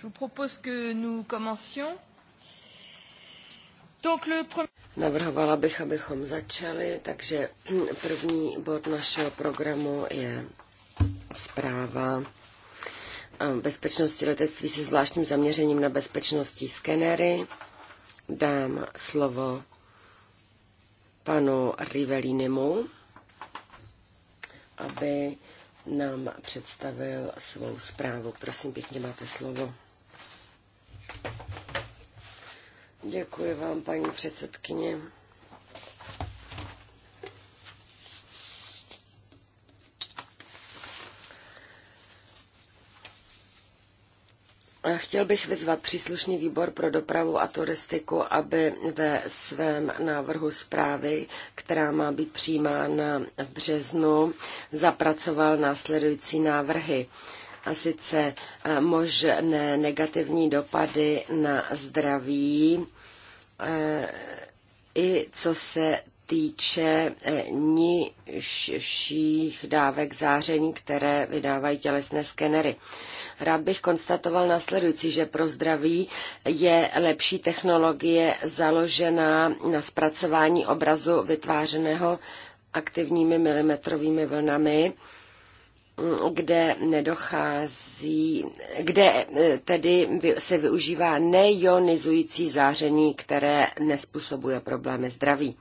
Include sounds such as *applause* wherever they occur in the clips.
Je vous propose que nous commencions. Donc le premier... Navrhovala bych, abychom začali, takže první bod našeho programu je zpráva bezpečnosti letectví se zvláštním zaměřením na bezpečnosti skenery. Dám slovo panu Rivelinimu, aby nám představil svou zprávu. Prosím, pěkně máte slovo. Děkuji vám, paní předsedkyně. Chtěl bych vyzvat příslušný výbor pro dopravu a turistiku, aby ve svém návrhu zprávy, která má být přijímána v březnu, zapracoval následující návrhy a sice eh, možné negativní dopady na zdraví eh, i co se týče eh, nižších dávek záření, které vydávají tělesné skenery. Rád bych konstatoval následující, že pro zdraví je lepší technologie založená na zpracování obrazu vytvářeného aktivními milimetrovými vlnami kde nedochází, kde eh, tedy se využívá neionizující záření, které nespůsobuje problémy zdraví.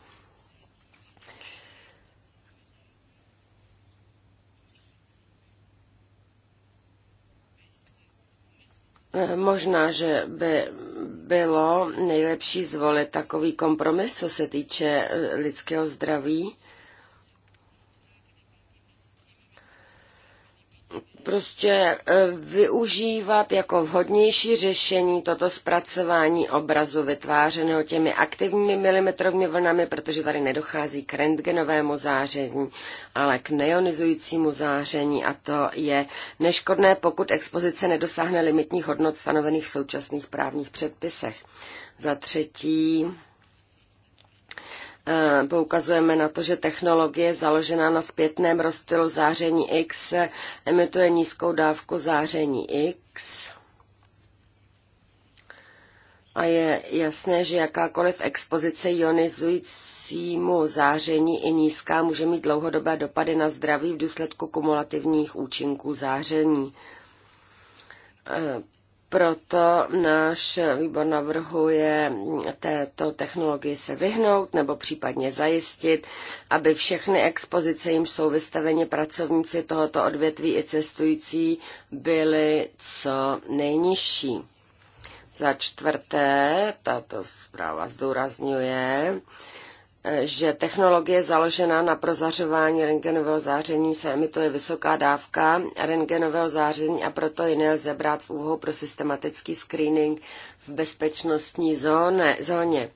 Eh, možná, že by bylo nejlepší zvolit takový kompromis, co se týče eh, lidského zdraví prostě e, využívat jako vhodnější řešení toto zpracování obrazu vytvářeného těmi aktivními milimetrovými vlnami, protože tady nedochází k rentgenovému záření, ale k neionizujícímu záření a to je neškodné, pokud expozice nedosáhne limitních hodnot stanovených v současných právních předpisech. Za třetí, Eh, poukazujeme na to, že technologie založená na zpětném rozptylu záření X emituje nízkou dávku záření X. A je jasné, že jakákoliv expozice ionizujícímu záření i nízká může mít dlouhodobé dopady na zdraví v důsledku kumulativních účinků záření eh, proto náš výbor navrhuje této technologii se vyhnout nebo případně zajistit, aby všechny expozice, jim jsou vystaveni pracovníci tohoto odvětví i cestující, byly co nejnižší. Za čtvrté, tato zpráva zdůrazňuje, že technologie založená na prozařování rentgenového záření se emituje vysoká dávka rentgenového záření a proto ji nelze brát v úvahu pro systematický screening v bezpečnostní zóne, zóně.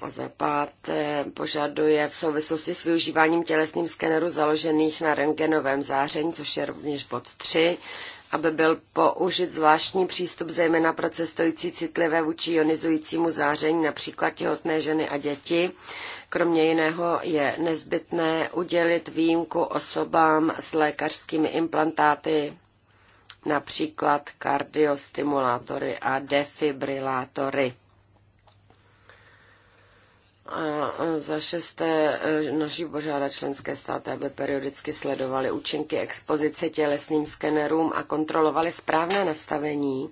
A za páté požaduje v souvislosti s využíváním tělesným skeneru založených na rentgenovém záření, což je rovněž bod 3, aby byl použit zvláštní přístup zejména pro cestující citlivé vůči ionizujícímu záření, například těhotné ženy a děti. Kromě jiného je nezbytné udělit výjimku osobám s lékařskými implantáty, například kardiostimulátory a defibrilátory. A za šesté e, naší pořáda členské státy, aby periodicky sledovali účinky expozice tělesným skenerům a kontrolovali správné nastavení,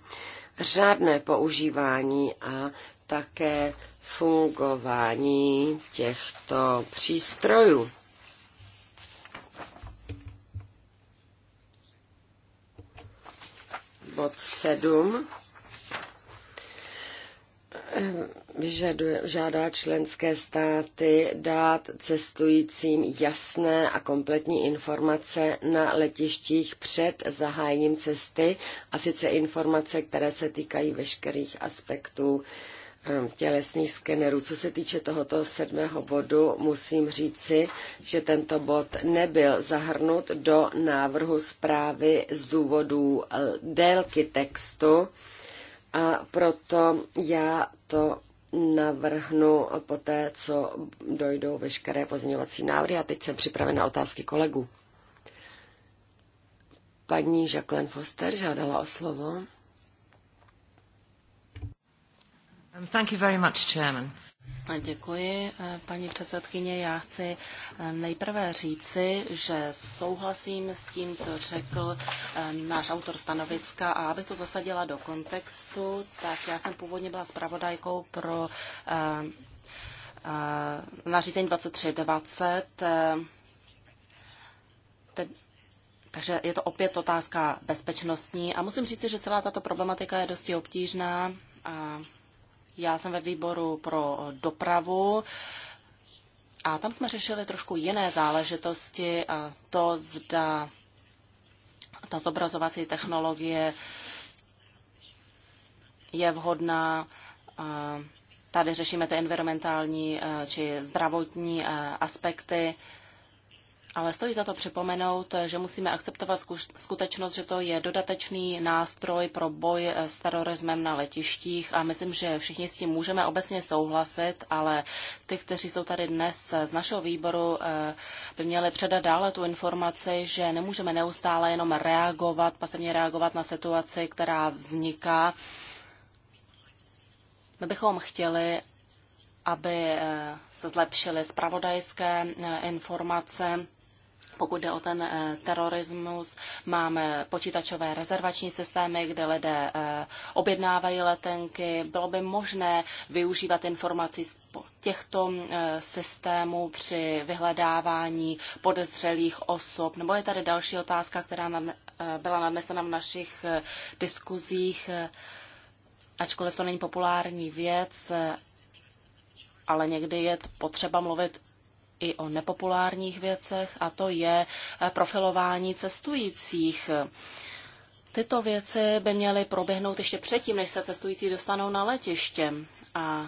řádné používání a také fungování těchto přístrojů. Bod 7 vyžaduje, ehm, žádá členské státy dát cestujícím jasné a kompletní informace na letištích před zahájením cesty a sice informace, které se týkají veškerých aspektů ehm, tělesných skenerů. Co se týče tohoto sedmého bodu, musím říci, že tento bod nebyl zahrnut do návrhu zprávy z důvodu eh, délky textu, a proto já to navrhnu po té, co dojdou veškeré pozměňovací návrhy. A teď jsem připravena na otázky kolegů. Paní Jacqueline Foster žádala o slovo. Um, thank you very much, Chairman. Děkuji, eh, paní předsedkyně. Já chci eh, nejprve říci, že souhlasím s tím, co řekl eh, náš autor stanoviska a abych to zasadila do kontextu, tak já jsem původně byla zpravodajkou pro nařízení 2320. Takže je to opět otázka bezpečnostní a musím říci, že celá tato problematika je dosti obtížná a já jsem ve výboru pro dopravu a tam jsme řešili trošku jiné záležitosti a to, zda ta zobrazovací technologie je vhodná. Tady řešíme ty environmentální eh, či zdravotní eh, aspekty. Ale stojí za to připomenout, že musíme akceptovat skutečnost, že to je dodatečný nástroj pro boj s terorismem na letištích a myslím, že všichni s tím můžeme obecně souhlasit, ale ty, kteří jsou tady dnes z našeho výboru, eh, by měli předat dále tu informaci, že nemůžeme neustále jenom reagovat, pasivně reagovat na situaci, která vzniká. My bychom chtěli, aby eh, se zlepšily spravodajské eh, informace pokud jde o ten eh, terorismus, máme počítačové rezervační systémy, kde lidé eh, objednávají letenky. Bylo by možné využívat informací z těchto eh, systémů při vyhledávání podezřelých osob? Nebo je tady další otázka, která byla nadnesena v našich diskuzích, ačkoliv to není populární věc, ale někdy je potřeba mluvit i o nepopulárních věcech a to je eh, profilování cestujících. Tyto věci by měly proběhnout ještě předtím, než se cestující dostanou na letiště. A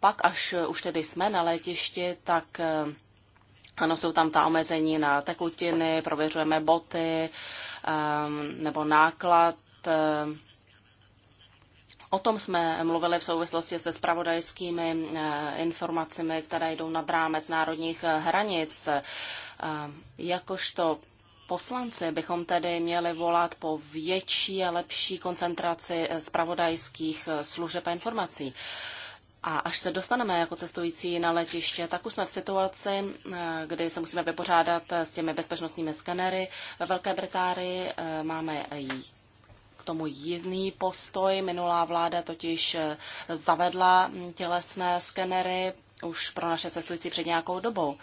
pak, až eh, už tedy jsme na letišti, tak eh, ano, jsou tam ta omezení na tekutiny, prověřujeme boty ehm, nebo náklad ehm, O tom jsme mluvili v souvislosti se spravodajskými eh, informacemi, které jdou nad rámec národních eh, hranic. Eh, jakožto poslanci bychom tedy měli volat po větší a lepší koncentraci spravodajských služeb a informací. A až se dostaneme jako cestující na letiště, tak už jsme v situaci, kdy se musíme vypořádat s těmi bezpečnostními skenery. Ve Velké Británii máme i tomu jiný postoj. Minulá vláda totiž eh, zavedla hm, tělesné skenery už pro naše cestující před nějakou dobou.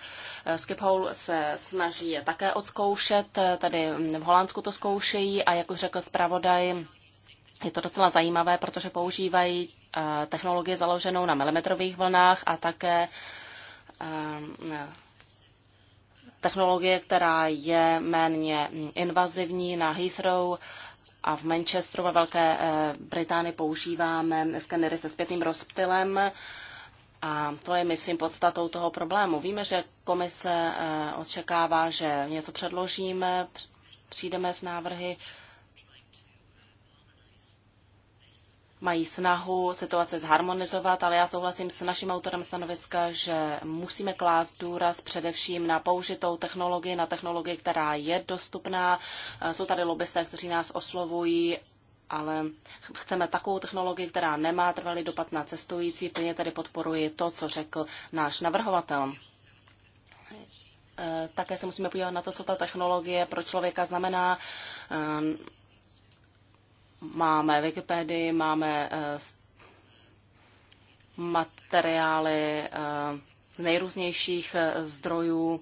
Eh, Skiphol se snaží je také odzkoušet, eh, tady hm, v Holandsku to zkoušejí a jak už řekl zpravodaj, je to docela zajímavé, protože používají technologii založenou na milimetrových vlnách a také hm, technologie, která je méně invazivní na Heathrow a v Manchesteru ve Velké eh, Británii používáme skenery se zpětným rozptylem. A to je, myslím, podstatou toho problému. Víme, že komise eh, očekává, že něco předložíme, přijdeme s návrhy mají snahu situace zharmonizovat, ale já souhlasím s naším autorem stanoviska, že musíme klást důraz především na použitou technologii, na technologii, která je dostupná. Eh, jsou tady lobbysté, kteří nás oslovují ale chceme takovou technologii, která nemá trvalý dopad na cestující, plně tedy podporuji to, co řekl náš navrhovatel. Eh, také se musíme podívat na to, co ta technologie pro člověka znamená eh, Máme Wikipedii, máme eh, materiály eh, z nejrůznějších eh, zdrojů.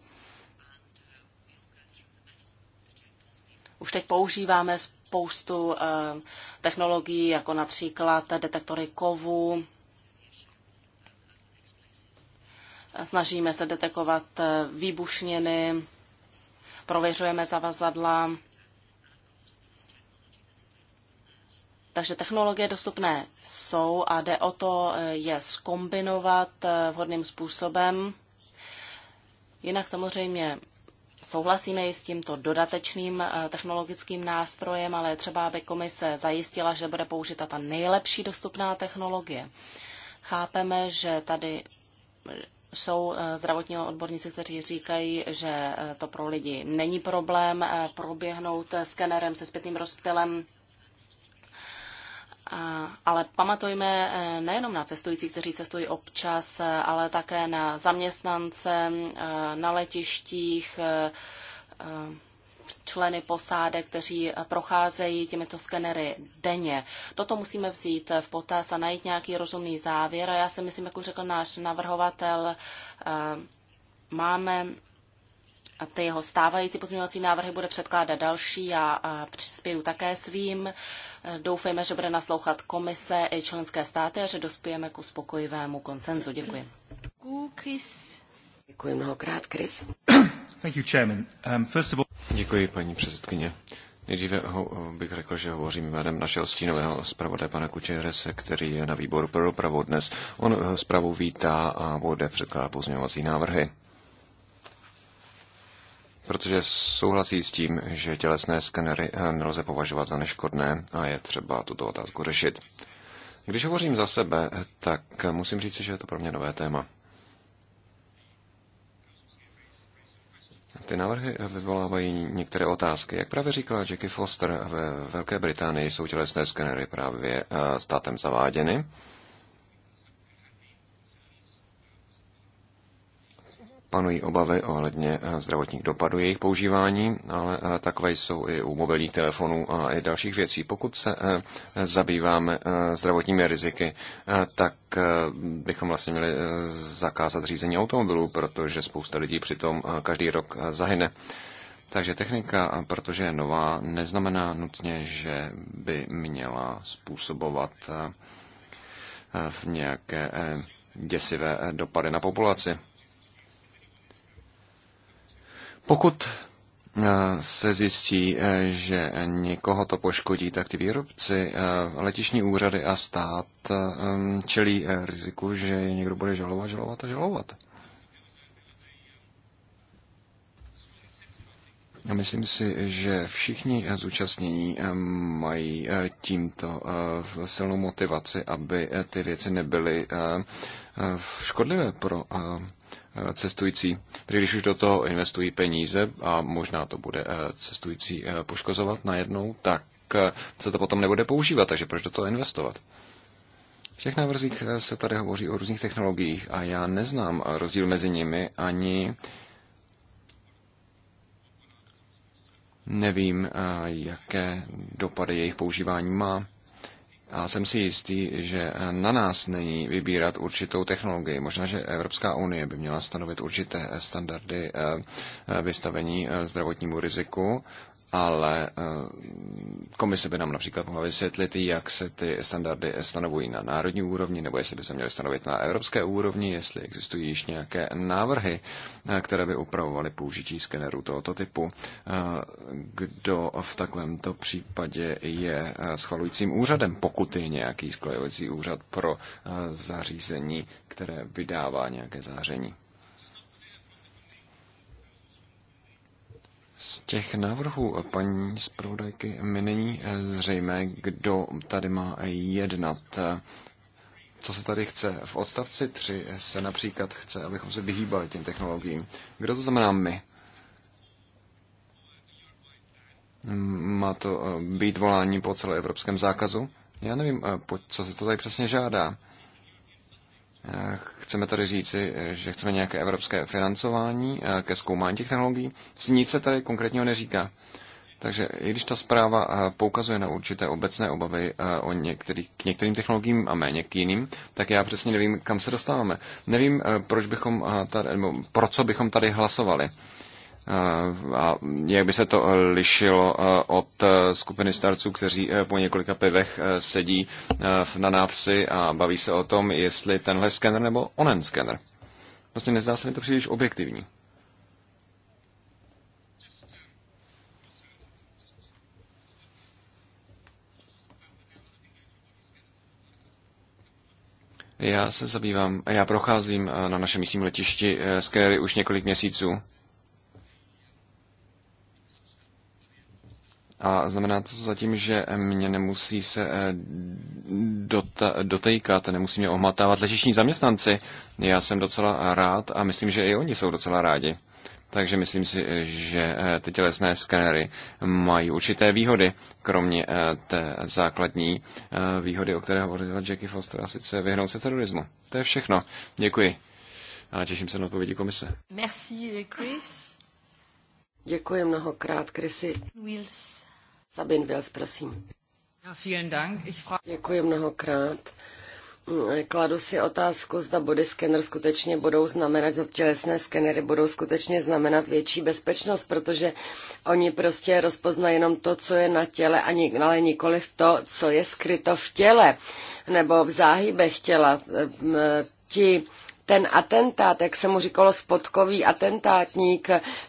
Už teď používáme spoustu technologií, jako například detektory kovů. Snažíme se detekovat výbušněny, prověřujeme zavazadla. Takže technologie dostupné jsou a jde o to eh, je skombinovat eh, vhodným způsobem. Jinak samozřejmě souhlasíme i s tímto dodatečným eh, technologickým nástrojem, ale je třeba, aby komise zajistila, že bude použita ta nejlepší dostupná technologie. Chápeme, že tady jsou zdravotní odborníci, kteří říkají, že to pro lidi není problém proběhnout skenerem se zpětným rozptylem ale pamatujme eh, nejenom na cestující, kteří cestují občas, eh, ale také na zaměstnance, eh, na letištích, členy posádek, kteří procházejí těmito skenery denně. Toto musíme vzít v potaz a najít nějaký rozumný závěr. A já si myslím, jak už řekl náš navrhovatel, máme ty jeho stávající pozměňovací návrhy bude předkládat další. a přispěju také svým. Doufejme, že bude naslouchat komise i členské státy a že dospějeme ku spokojivému konsenzu. Děkuji. Děkuji mnohokrát, Chris. Thank you, Chairman. Um, first of all... Děkuji, paní předsedkyně. Nejdříve bych řekl, že hovořím jménem našeho stínového zpravodaje pana Kučerese, který je na výboru pro dopravu dnes. On eh, zprávu vítá a bude předkládat pozměňovací návrhy protože souhlasí s tím, že tělesné skenery eh, nelze považovat za neškodné a je třeba tuto otázku řešit. Když hovořím za sebe, tak musím říct, že je to pro mě nové téma. Ty návrhy vyvolávají některé otázky. Jak právě říkala Jackie Foster, ve Velké Británii jsou tělesné skenery právě eh, státem zaváděny panují obavy ohledně eh, zdravotních dopadů jejich používání, ale eh, takové jsou i u mobilních telefonů a i dalších věcí. Pokud se eh, zabýváme zdravotními riziky, tak bychom vlastně měli zakázat řízení automobilů, protože spousta lidí přitom každý rok zahyne. Takže technika, protože je nová, neznamená nutně, že by měla způsobovat v nějaké děsivé dopady na populaci. Pokud eh, se zjistí, eh, že někoho to poškodí, tak ty výrobci, eh, letišní úřady a stát mm, čelí riziku, že je někdo bude žalovat, žalovat a žalovat. Myslím si, že všichni zúčastnění mají tímto silnou motivaci, aby ty věci nebyly škodlivé pro Eh, cestující. Protože když už do toho investují peníze a možná to bude eh, cestující eh, poškozovat najednou, tak se to potom nebude používat, takže proč do toho investovat? V těch návrzích se tady hovoří o různých technologiích a já neznám rozdíl mezi nimi ani nevím, jaké dopady jejich používání má. A jsem si jistý, že na nás není vybírat určitou technologii. Možná, že Evropská unie by měla stanovit určité standardy eh, eh, vystavení eh, zdravotnímu riziku ale eh, komise by nám například mohla vysvětlit, jak se ty standardy stanovují na národní úrovni, nebo jestli by se měly stanovit na evropské úrovni, jestli existují již nějaké návrhy, eh, které by upravovaly použití skenerů tohoto typu. Eh, kdo v takovémto případě je schvalujícím úřadem, pokud je nějaký schvalující úřad pro zařízení, které vydává nějaké záření? Z těch návrhů paní zpravodajky mi není eh, zřejmé, kdo tady má jednat. Co se tady chce? V odstavci 3 se například chce, abychom se vyhýbali těm technologiím. Kdo to znamená my? Má to eh, být volání po celoevropském zákazu? Já nevím, eh, co se to tady přesně žádá. Chceme tady říci, že chceme nějaké evropské financování eh, ke zkoumání těch technologií. Nic se tady konkrétního neříká. Takže i když ta zpráva eh, poukazuje na určité obecné obavy eh, o některý, k některým technologiím a méně k jiným, tak já přesně nevím, kam se dostáváme. Nevím, proč bychom tady, pro co bychom tady hlasovali. Eh, a jak by se to lišilo eh, od eh, skupiny starců, kteří po několika pivech sedí na návsi a baví se o tom, jestli tenhle skener nebo onen skener. Vlastně nezdá se mi to příliš objektivní. Já se zabývám, já procházím na našem místním letišti skenery už několik měsíců A znamená to zatím, že mě nemusí se eh, dotýkat, nemusí mě ohmatávat ležiční zaměstnanci. Já jsem docela rád a myslím, že i oni jsou docela rádi. Takže myslím si, že eh, ty tělesné skenery mají určité výhody, kromě eh, té základní výhody, o které hovořila Jackie Foster, a sice vyhnout se terorismu. To je všechno. Děkuji. A těším se na odpovědi komise. Merci, Chris. Děkuji mnohokrát, Chrisi. Sabin Wills, prosím. Děkuji mnohokrát. Kladu si otázku, zda body skener skutečně budou znamenat, že tělesné skenery budou skutečně znamenat větší bezpečnost, protože oni prostě rozpoznají jenom to, co je na těle, ale v to, co je skryto v těle nebo v záhybech těla. Ti ten atentát, jak se mu říkalo spodkový atentátník,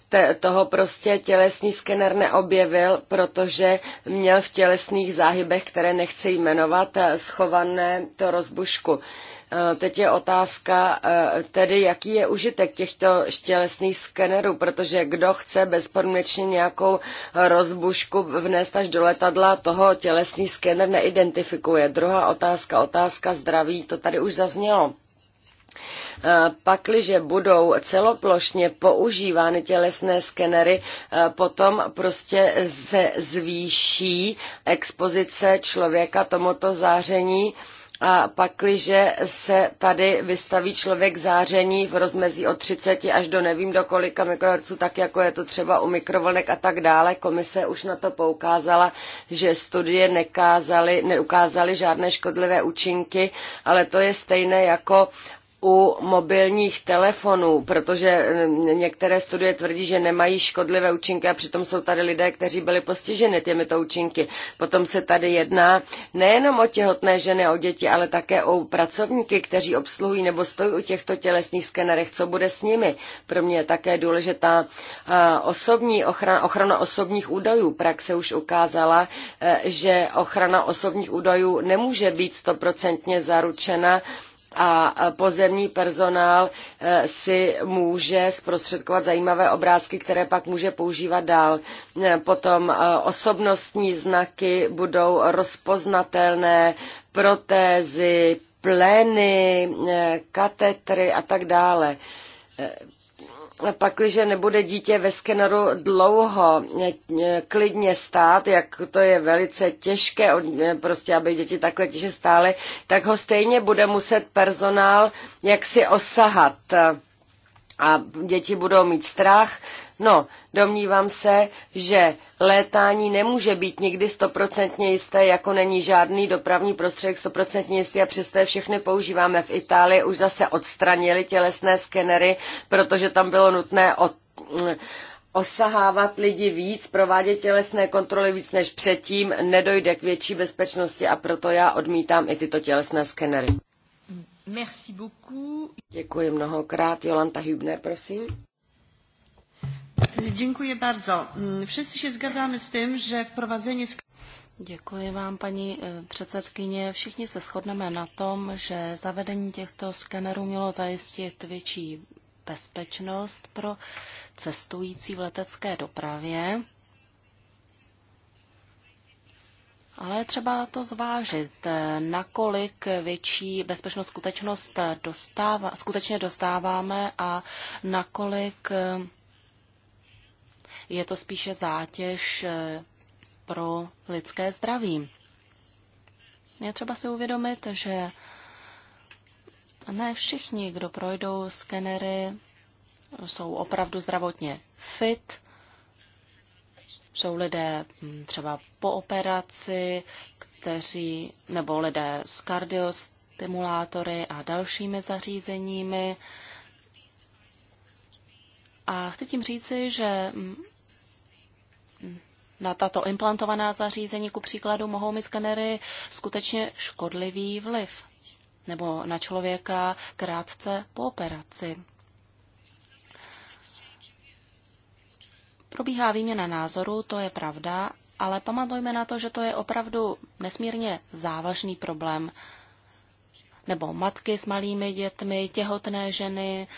te, toho prostě tělesný skener neobjevil, protože měl v tělesných záhybech, které nechci jmenovat, eh, schované to rozbušku. Eh, teď je otázka eh, tedy, jaký je užitek těchto tělesných skenerů, protože kdo chce bezpodmínečně nějakou rozbušku vnést až do letadla, toho tělesný skener neidentifikuje. Druhá otázka, otázka zdraví, to tady už zaznělo. Eh, pakliže budou celoplošně používány tělesné skenery, eh, potom prostě se zvýší expozice člověka tomuto záření a pakliže se tady vystaví člověk záření v rozmezí od 30 až do nevím do kolika mikroherců, tak jako je to třeba u mikrovlnek a tak dále, komise už na to poukázala, že studie nekázaly, neukázaly žádné škodlivé účinky, ale to je stejné jako u mobilních telefonů, protože mm, některé studie tvrdí, že nemají škodlivé účinky a přitom jsou tady lidé, kteří byli postiženi těmito účinky. Potom se tady jedná nejenom o těhotné ženy, o děti, ale také o pracovníky, kteří obsluhují nebo stojí u těchto tělesných skenerech, co bude s nimi. Pro mě je také důležitá osobní ochrana, ochrana osobních údajů. Praxe už ukázala, e, že ochrana osobních údajů nemůže být stoprocentně zaručena, a pozemní personál e, si může zprostředkovat zajímavé obrázky, které pak může používat dál. E, potom e, osobnostní znaky budou rozpoznatelné, protézy, pleny, katetry a tak dále pakliže nebude dítě ve skeneru dlouho e, e, klidně stát, jak to je velice těžké, e, prostě aby děti takhle těžké stály, tak ho stejně bude muset personál jaksi osahat a děti budou mít strach No, domnívám se, že létání nemůže být nikdy stoprocentně jisté, jako není žádný dopravní prostředek stoprocentně jistý a přesto je všechny používáme. V Itálii už zase odstranili tělesné skenery, protože tam bylo nutné od, osahávat lidi víc, provádět tělesné kontroly víc než předtím, nedojde k větší bezpečnosti a proto já odmítám i tyto tělesné skenery. Merci beaucoup. Děkuji mnohokrát. Jolanta Hübner, prosím. Dziękuję bardzo. Mm, wszyscy się zgadzamy z tym, że wprowadzenie... Děkuji vám, paní e, předsedkyně. Všichni se shodneme na tom, že zavedení těchto skenerů mělo zajistit větší bezpečnost pro cestující v letecké dopravě. Ale třeba to zvážit, e, nakolik větší bezpečnost skutečnost dostává, skutečně dostáváme a nakolik e, je to spíše zátěž eh, pro lidské zdraví. Je třeba si uvědomit, že ne všichni, kdo projdou skenery, jsou opravdu zdravotně fit. Jsou lidé hm, třeba po operaci, kteří, nebo lidé s kardiostimulátory a dalšími zařízeními. A chci tím říci, že hm, na tato implantovaná zařízení, ku příkladu, mohou mít skenery skutečně škodlivý vliv nebo na člověka krátce po operaci. Probíhá výměna názoru, to je pravda, ale pamatujme na to, že to je opravdu nesmírně závažný problém. Nebo matky s malými dětmi, těhotné ženy,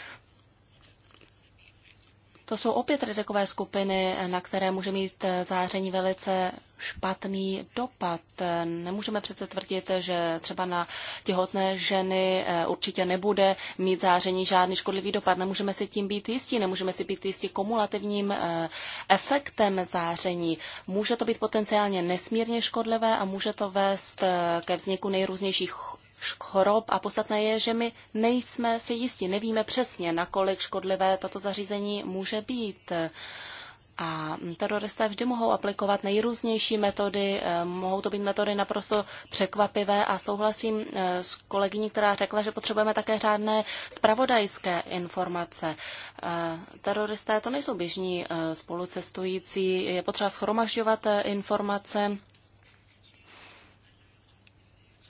to jsou opět rizikové skupiny, na které může mít záření velice špatný dopad. Nemůžeme přece tvrdit, že třeba na těhotné ženy eh, určitě nebude mít záření žádný škodlivý dopad. Nemůžeme si tím být jistí, nemůžeme si být jistí kumulativním eh, efektem záření. Může to být potenciálně nesmírně škodlivé a může to vést eh, ke vzniku nejrůznějších chorob a podstatné je, že my nejsme si jistí, nevíme přesně, nakolik škodlivé toto zařízení může být. A teroristé vždy mohou aplikovat nejrůznější metody, eh, mohou to být metody naprosto překvapivé a souhlasím eh, s kolegyní, která řekla, že potřebujeme také řádné spravodajské informace. Eh, teroristé to nejsou běžní spolucestující, je potřeba schromažďovat informace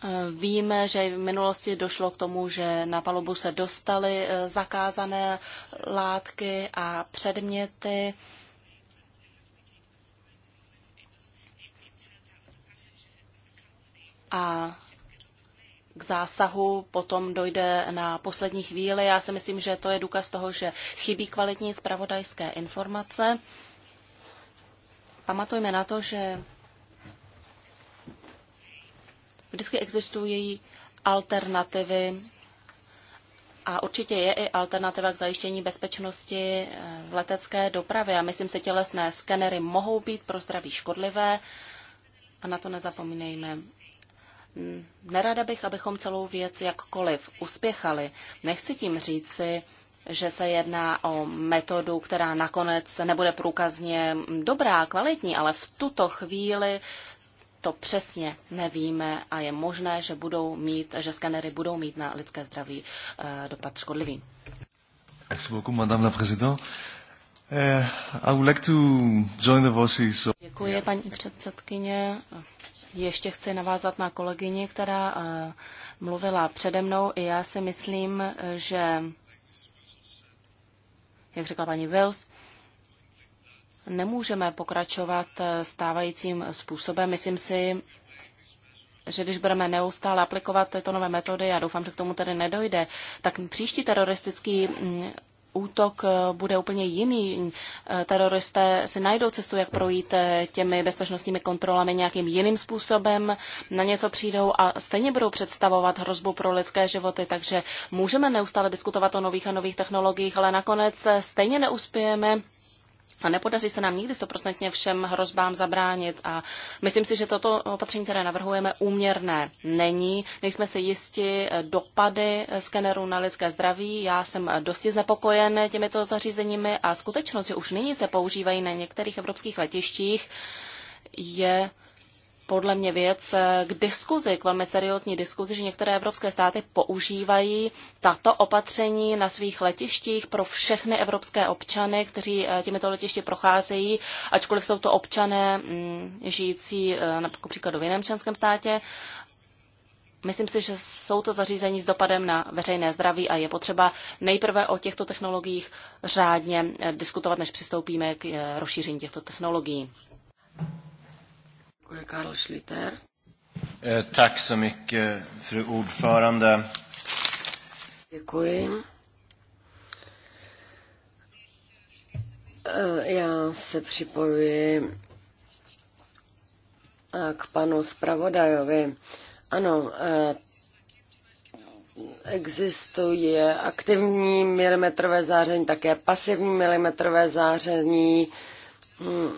Eh, víme, že v minulosti došlo k tomu, že na palubu se dostaly eh, zakázané látky a předměty. A k zásahu potom dojde na poslední chvíli. Já si myslím, že to je důkaz toho, že chybí kvalitní zpravodajské informace. Pamatujme na to, že Vždycky existují alternativy a určitě je i alternativa k zajištění bezpečnosti eh, v letecké dopravě. A myslím si, tělesné skenery mohou být pro zdraví škodlivé a na to nezapomínejme. Nerada bych, abychom celou věc jakkoliv uspěchali. Nechci tím říci, že se jedná o metodu, která nakonec nebude průkazně dobrá, kvalitní, ale v tuto chvíli to přesně nevíme a je možné, že budou mít, že skenery budou mít na lidské zdraví eh, dopad škodlivý. Eh, I would like to join the voices. Děkuji, paní předsedkyně. Ještě chci navázat na kolegyni, která eh, mluvila přede mnou. I já si myslím, že, jak řekla paní Wills, nemůžeme pokračovat stávajícím způsobem. Myslím si, že když budeme neustále aplikovat tyto nové metody, já doufám, že k tomu tedy nedojde, tak příští teroristický mm, útok eh, bude úplně jiný. Eh, teroristé si najdou cestu, jak projít eh, těmi bezpečnostními kontrolami nějakým jiným způsobem, na něco přijdou a stejně budou představovat hrozbu pro lidské životy, takže můžeme neustále diskutovat o nových a nových technologiích, ale nakonec stejně neuspějeme a nepodaří se nám nikdy stoprocentně všem hrozbám zabránit. A myslím si, že toto opatření, které navrhujeme, úměrné není. Nejsme si jisti eh, dopady eh, skenerů na lidské zdraví. Já jsem eh, dosti znepokojen těmito zařízeními a skutečnost, že už nyní se používají na některých evropských letištích, je podle mě věc eh, k diskuzi, k velmi seriózní diskuzi, že některé evropské státy používají tato opatření na svých letištích pro všechny evropské občany, kteří eh, těmito letišti procházejí, ačkoliv jsou to občané mm, žijící eh, například v jiném členském státě. Myslím si, že jsou to zařízení s dopadem na veřejné zdraví a je potřeba nejprve o těchto technologiích řádně diskutovat, než přistoupíme k rozšíření těchto technologií. Děkuji, eh, så mycket, fru ordförande. Děkuji. Eh, já se připojuji eh, k panu zpravodajovi. Ano, existuje aktivní milimetrové záření, také pasivní milimetrové záření. Hmm,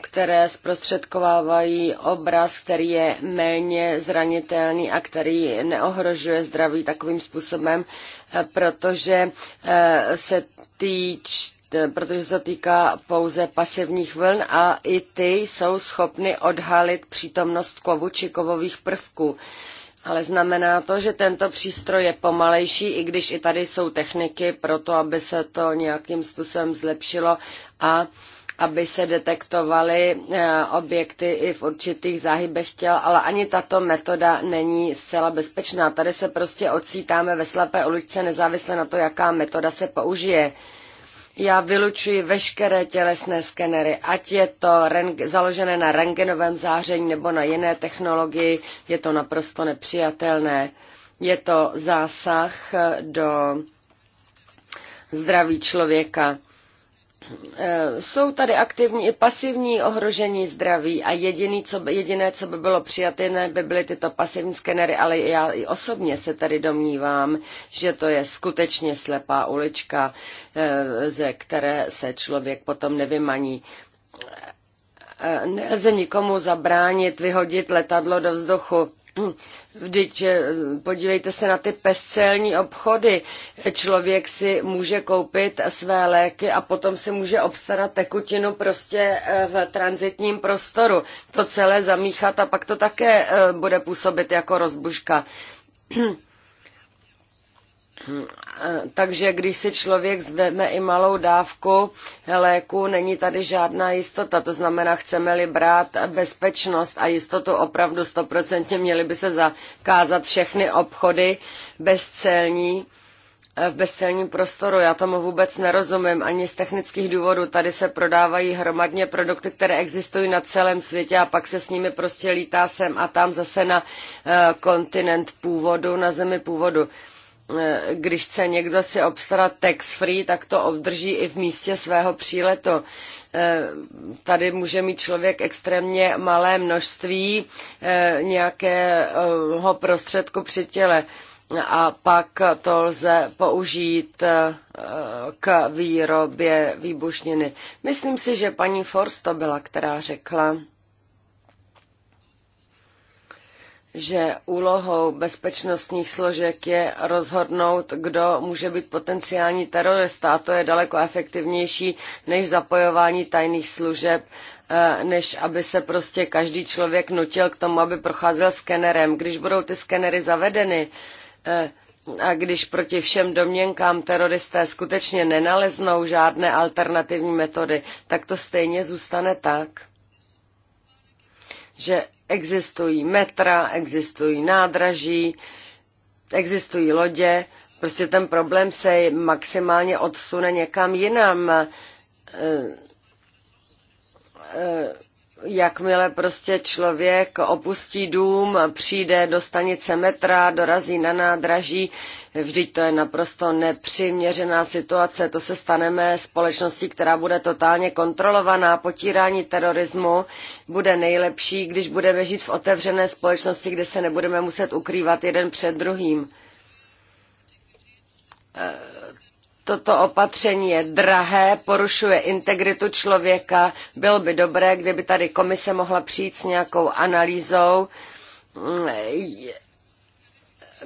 které zprostředkovávají obraz, který je méně zranitelný a který neohrožuje zdraví takovým způsobem, eh, protože eh, se týč, eh, protože se to týká pouze pasivních vln a i ty jsou schopny odhalit přítomnost kovu či kovových prvků. Ale znamená to, že tento přístroj je pomalejší, i když i tady jsou techniky pro to, aby se to nějakým způsobem zlepšilo a aby se detektovaly eh, objekty i v určitých záhybech těl, ale ani tato metoda není zcela bezpečná. Tady se prostě ocítáme ve slepé uličce nezávisle na to, jaká metoda se použije. Já vylučuji veškeré tělesné skenery, ať je to založené na rengenovém záření nebo na jiné technologii, je to naprosto nepřijatelné. Je to zásah eh, do zdraví člověka. Eh, jsou tady aktivní i pasivní ohrožení zdraví a jediný, co jediné, co by bylo přijatelné by byly tyto pasivní skenery, ale já i osobně se tady domnívám, že to je skutečně slepá ulička, eh, ze které se člověk potom nevymaní. Eh, nelze nikomu zabránit vyhodit letadlo do vzduchu Vždyť eh, podívejte se na ty pescelní obchody. Člověk si může koupit své léky a potom si může obstarat tekutinu prostě eh, v transitním prostoru. To celé zamíchat a pak to také eh, bude působit jako rozbuška. *clears throat* Eh, takže když se člověk zveme i malou dávku léku, není tady žádná jistota. To znamená, chceme-li brát bezpečnost a jistotu opravdu stoprocentně, měly by se zakázat všechny obchody bezcelní eh, v bezcelním prostoru. Já tomu vůbec nerozumím ani z technických důvodů. Tady se prodávají hromadně produkty, které existují na celém světě a pak se s nimi prostě lítá sem a tam zase na eh, kontinent původu, na zemi původu Eh, když chce někdo si obstarat tax free, tak to obdrží i v místě svého příletu. Eh, tady může mít člověk extrémně malé množství eh, nějakého prostředku při těle a pak to lze použít k výrobě výbušniny. Myslím si, že paní Forst to byla, která řekla, že úlohou bezpečnostních složek je rozhodnout, kdo může být potenciální terorista. A to je daleko efektivnější než zapojování tajných služeb, eh, než aby se prostě každý člověk nutil k tomu, aby procházel skenerem. Když budou ty skenery zavedeny, eh, a když proti všem domněnkám teroristé skutečně nenaleznou žádné alternativní metody, tak to stejně zůstane tak, že Existují metra, existují nádraží, existují lodě, prostě ten problém se maximálně odsune někam jinam. E, e, jakmile prostě člověk opustí dům, přijde do stanice metra, dorazí na nádraží, vždyť to je naprosto nepřiměřená situace, to se staneme společností, která bude totálně kontrolovaná, potírání terorismu bude nejlepší, když budeme žít v otevřené společnosti, kde se nebudeme muset ukrývat jeden před druhým Toto opatření je drahé, porušuje integritu člověka. Bylo by dobré, kdyby tady komise mohla přijít s nějakou analýzou mm,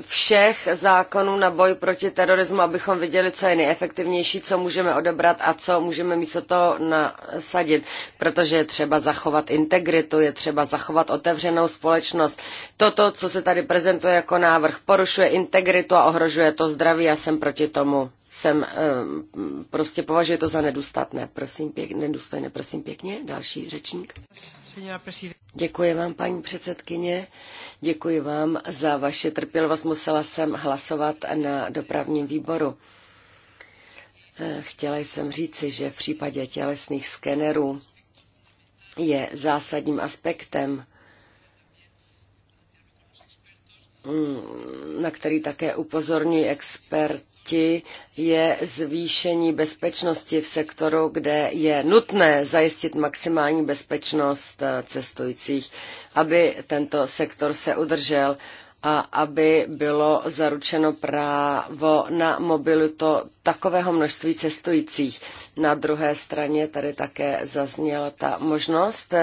všech zákonů na boj proti terorismu, abychom viděli, co je nejefektivnější, co můžeme odebrat a co můžeme místo toho nasadit. Protože je třeba zachovat integritu, je třeba zachovat otevřenou společnost. Toto, co se tady prezentuje jako návrh, porušuje integritu a ohrožuje to zdraví. Já jsem proti tomu jsem eh, prostě považuje to za nedostatné. Prosím pěkně, nedůstojné, prosím pěkně, další řečník. Děkuji vám, paní předsedkyně, děkuji vám za vaše trpělivost. Musela jsem hlasovat na dopravním výboru. Eh, chtěla jsem říci, že v případě tělesných skenerů je zásadním aspektem mm, na který také upozorňují expert, oblasti je zvýšení bezpečnosti v sektoru, kde je nutné zajistit maximální bezpečnost eh, cestujících, aby tento sektor se udržel a aby bylo zaručeno právo na mobilitu takového množství cestujících. Na druhé straně tady také zazněla ta možnost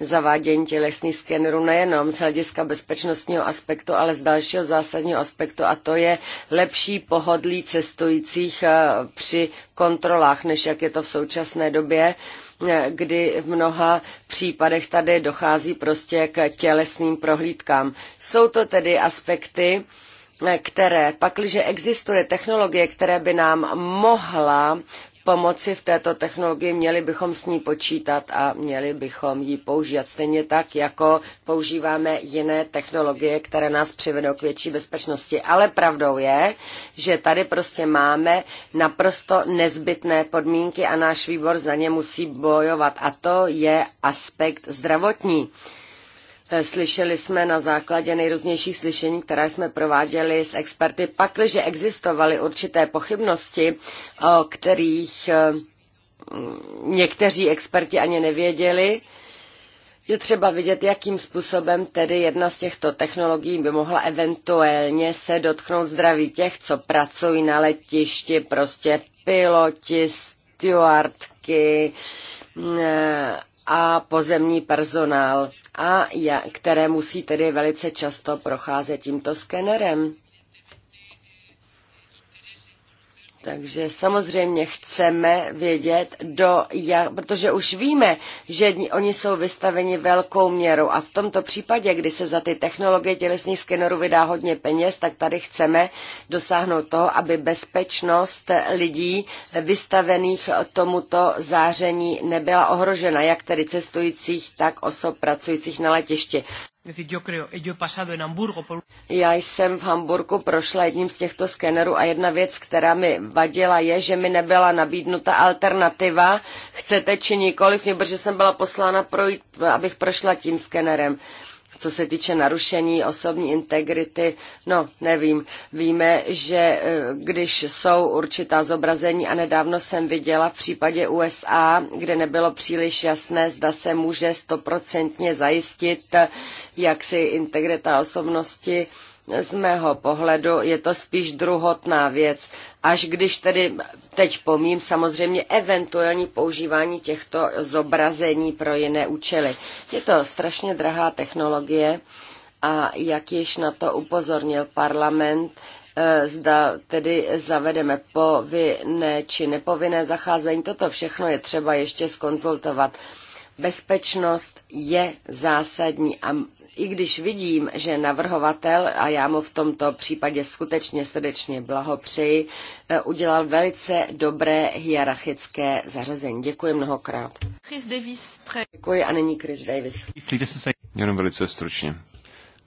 zavádění tělesných skenerů nejenom z hlediska bezpečnostního aspektu, ale z dalšího zásadního aspektu a to je lepší pohodlí cestujících eh, při kontrolách, než jak je to v současné době. Eh, kdy v mnoha případech tady dochází prostě k tělesným prohlídkám. Jsou to tedy aspekty, eh, které, pakliže existuje technologie, které by nám mohla pomoci v této technologii, měli bychom s ní počítat a měli bychom ji používat. Stejně tak, jako používáme jiné technologie, které nás přivedou k větší bezpečnosti. Ale pravdou je, že tady prostě máme naprosto nezbytné podmínky a náš výbor za ně musí bojovat. A to je aspekt zdravotní. Eh, slyšeli jsme na základě nejrůznějších slyšení, která jsme prováděli s experty, pakliže existovaly určité pochybnosti, o kterých eh, někteří experti ani nevěděli, je třeba vidět, jakým způsobem tedy jedna z těchto technologií by mohla eventuálně se dotknout zdraví těch, co pracují na letišti, prostě piloti, stewardky eh, a pozemní personál a které musí tedy velice často procházet tímto skenerem. Takže samozřejmě chceme vědět, do jak, protože už víme, že oni jsou vystaveni velkou měrou a v tomto případě, kdy se za ty technologie tělesných skenerů vydá hodně peněz, tak tady chceme dosáhnout toho, aby bezpečnost lidí vystavených tomuto záření nebyla ohrožena, jak tedy cestujících, tak osob pracujících na letišti. Já jsem v Hamburgu prošla jedním z těchto skenerů a jedna věc, která mi vadila, je, že mi nebyla nabídnuta alternativa, chcete či nikoliv, protože jsem byla poslána projít, abych prošla tím skenerem co se týče narušení osobní integrity, no nevím, víme, že e, když jsou určitá zobrazení a nedávno jsem viděla v případě USA, kde nebylo příliš jasné, zda se může stoprocentně zajistit, jak si integrita osobnosti z mého pohledu je to spíš druhotná věc, až když tedy teď pomím samozřejmě eventuální používání těchto zobrazení pro jiné účely. Je to strašně drahá technologie a jak již na to upozornil parlament, eh, zda tedy zavedeme povinné či nepovinné zacházení, toto všechno je třeba ještě skonzultovat. Bezpečnost je zásadní a i když vidím, že navrhovatel, a já mu v tomto případě skutečně srdečně blahopřeji, eh, udělal velice dobré hierarchické zařazení. Děkuji mnohokrát. Chris Davis. Děkuji a nyní Chris Davis. Jenom velice stručně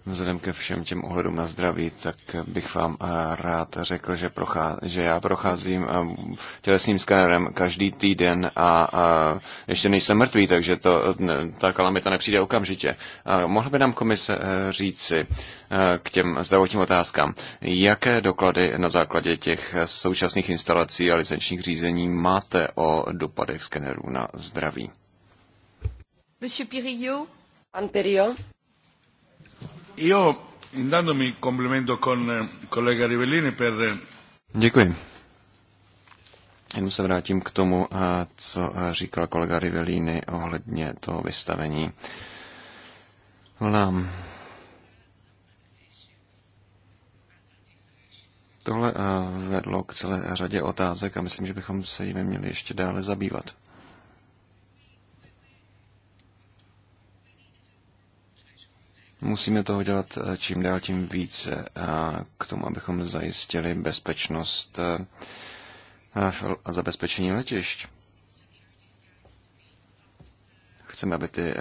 vzhledem ke všem těm ohledům na zdraví, tak bych vám eh, rád řekl, že, prochá, že já procházím eh, tělesným skenerem každý týden a, a ještě nejsem mrtvý, takže to, ta kalamita nepřijde okamžitě. A mohl by nám komise eh, říci k těm zdravotním otázkám, jaké doklady na základě těch současných instalací a licenčních řízení máte o dopadech skenerů na zdraví? Monsieur Pirillo. Pan Pirillo. Jo, intanto mi complimento con kolega eh, Rivellini per... Eh, Děkuji. Jenom se vrátím k tomu, eh, co říkal kolega Rivellini ohledně toho vystavení Vlám. No, Tohle vedlo k celé řadě otázek a myslím, že bychom se jimi měli ještě dále zabývat. Musíme toho dělat eh, čím dál tím více eh, k tomu, abychom zajistili bezpečnost eh, a zabezpečení letišť. Chceme, aby ty,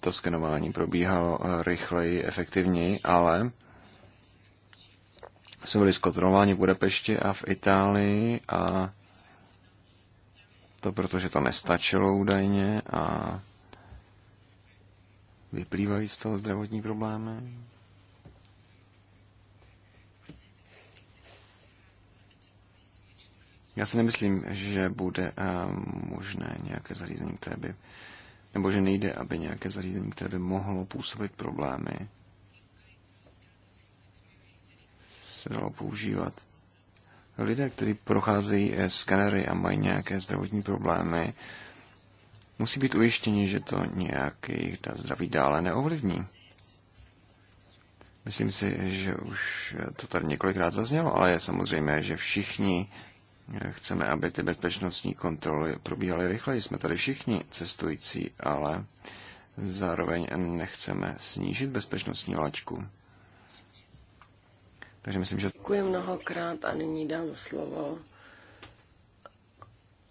to skenování probíhalo rychleji, efektivněji, ale jsme byli zkontrolováni v Budapešti a v Itálii a to protože to nestačilo údajně a Vyplývají z toho zdravotní problémy? Já si nemyslím, že bude eh, možné nějaké zařízení, které by, nebo že nejde, aby nějaké zařízení, které by mohlo působit problémy, se dalo používat. Lidé, kteří procházejí eh, skanery a mají nějaké zdravotní problémy, musí být ujištěni, že to nějak jejich zdraví dále neovlivní. Myslím si, že už to tady několikrát zaznělo, ale je samozřejmé, že všichni chceme, aby ty bezpečnostní kontroly probíhaly rychleji. Jsme tady všichni cestující, ale zároveň nechceme snížit bezpečnostní lačku. Takže myslím, že... Děkuji mnohokrát a nyní dám slovo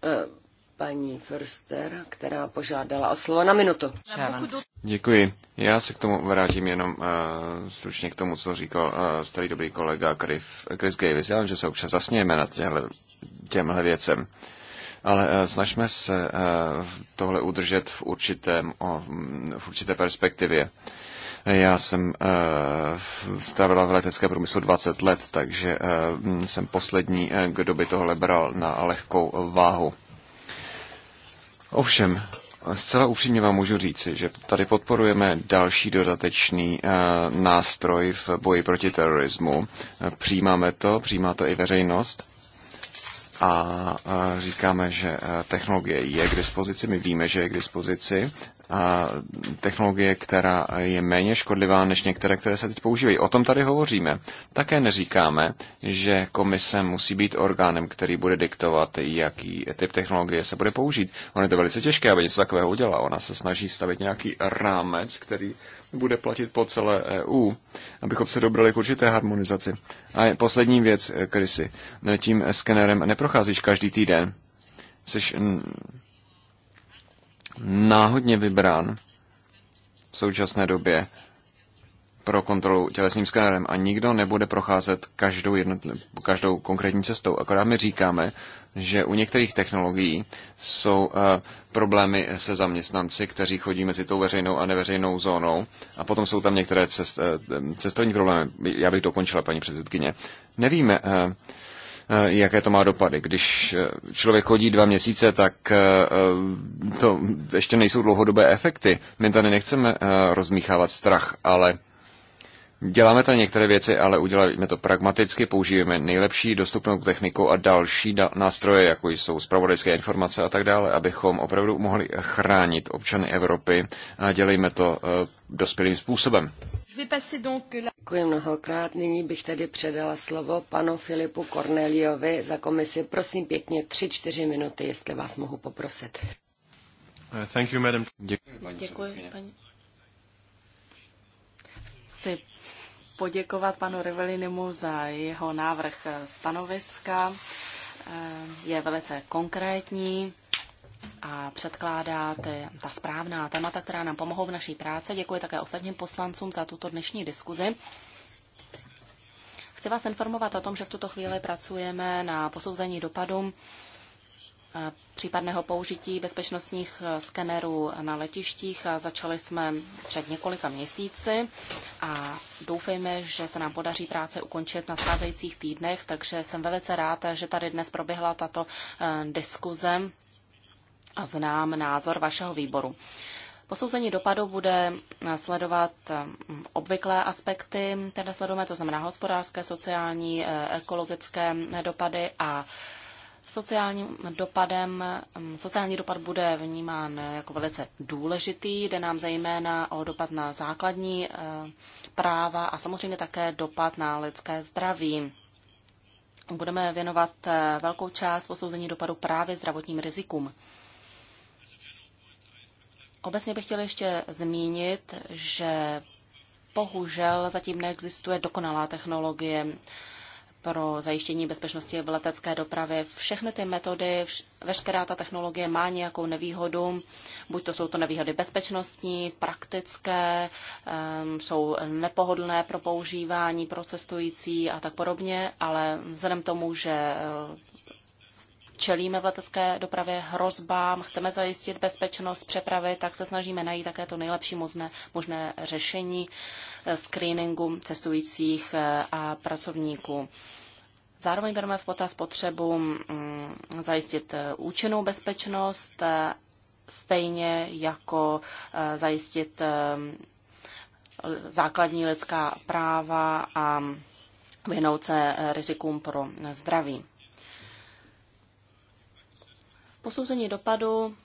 eh, paní Förster, která požádala o slovo na minutu. Děkuji. Já se k tomu vrátím jenom uh, stručně k tomu, co říkal uh, starý dobrý kolega Chris, Chris Davis. Já vím, že se občas zasnějeme nad těhle, těmhle věcem. Ale uh, snažme se uh, tohle udržet v, určitém, uh, v určité perspektivě. Já jsem uh, strávila v letecké průmyslu 20 let, takže uh, jsem poslední, kdo by tohle bral na lehkou váhu. Ovšem, zcela upřímně vám můžu říci, že tady podporujeme další dodatečný eh, nástroj v boji proti terorismu. Eh, přijímáme to, přijímá to i veřejnost a eh, říkáme, že technologie je k dispozici, my víme, že je k dispozici technologie, která je méně škodlivá než některé, které se teď používají. O tom tady hovoříme. Také neříkáme, že komise musí být orgánem, který bude diktovat, jaký typ technologie se bude použít. Ono je to velice těžké, aby něco takového udělala. Ona se snaží stavit nějaký rámec, který bude platit po celé EU, abychom se dobrali k určité harmonizaci. A poslední věc, Krysy. Tím skenerem neprocházíš každý týden. Jsi náhodně vybrán v současné době pro kontrolu tělesným skenerem a nikdo nebude procházet každou, každou konkrétní cestou. Akorát my říkáme, že u některých technologií jsou uh, problémy se zaměstnanci, kteří chodí mezi tou veřejnou a neveřejnou zónou a potom jsou tam některé cest, uh, cestovní problémy. Já bych dokončila, paní předsedkyně. Nevíme, uh, Eh, jaké to má dopady. Když eh, člověk chodí dva měsíce, tak eh, to ještě nejsou dlouhodobé efekty. My tady nechceme rozmíchávat strach, ale Děláme tady některé věci, ale uděláme to pragmaticky, použijeme nejlepší dostupnou techniku a další nástroje, jako jsou zpravodajské informace a tak dále, abychom opravdu mohli chránit občany Evropy a dělejme to dospělým způsobem. Děkuji mnohokrát. Nyní bych tedy předala slovo panu Filipu Corneliovi za komisi. Prosím pěkně, tři, čtyři minuty, jestli vás mohu poprosit. Uh, thank you, madam. Děkuji, paní Děkuji, Chci poděkovat panu Revelinimu za jeho návrh stanoviska. Eh, je velice konkrétní a předkládá ta správná témata, která nám pomohou v naší práci. Děkuji také ostatním poslancům za tuto dnešní diskuzi. Chci vás informovat o tom, že v tuto chvíli pracujeme na posouzení dopadu eh, případného použití bezpečnostních eh, skenerů na letištích. Začali jsme před několika měsíci a doufejme, že se nám podaří práce ukončit na scházejících týdnech, takže jsem velice rád, že tady dnes proběhla tato eh, diskuze a znám názor vašeho výboru. Posouzení dopadu bude sledovat mm, obvyklé aspekty, které sledujeme, to znamená hospodářské, sociální, eh, ekologické dopady a sociálním dopadem, mm, sociální dopad bude vnímán jako velice důležitý. Jde nám zejména o dopad na základní eh, práva a samozřejmě také dopad na lidské zdraví. Budeme věnovat eh, velkou část posouzení dopadu právě zdravotním rizikům. Obecně bych chtěl ještě zmínit, že bohužel zatím neexistuje dokonalá technologie pro zajištění bezpečnosti v letecké dopravě. Všechny ty metody, vš- veškerá ta technologie má nějakou nevýhodu. Buď to jsou to nevýhody bezpečnostní, praktické, um, jsou nepohodlné pro používání, pro cestující a tak podobně, ale vzhledem tomu, že čelíme v letecké dopravě hrozbám, chceme zajistit bezpečnost přepravy, tak se snažíme najít také to nejlepší možné, možné řešení eh, screeningu cestujících eh, a pracovníků. Zároveň bereme v potaz potřebu mm, zajistit eh, účinnou bezpečnost, stejně jako zajistit základní lidská práva a vyhnout se rizikům pro zdraví. Posouzení dopadu,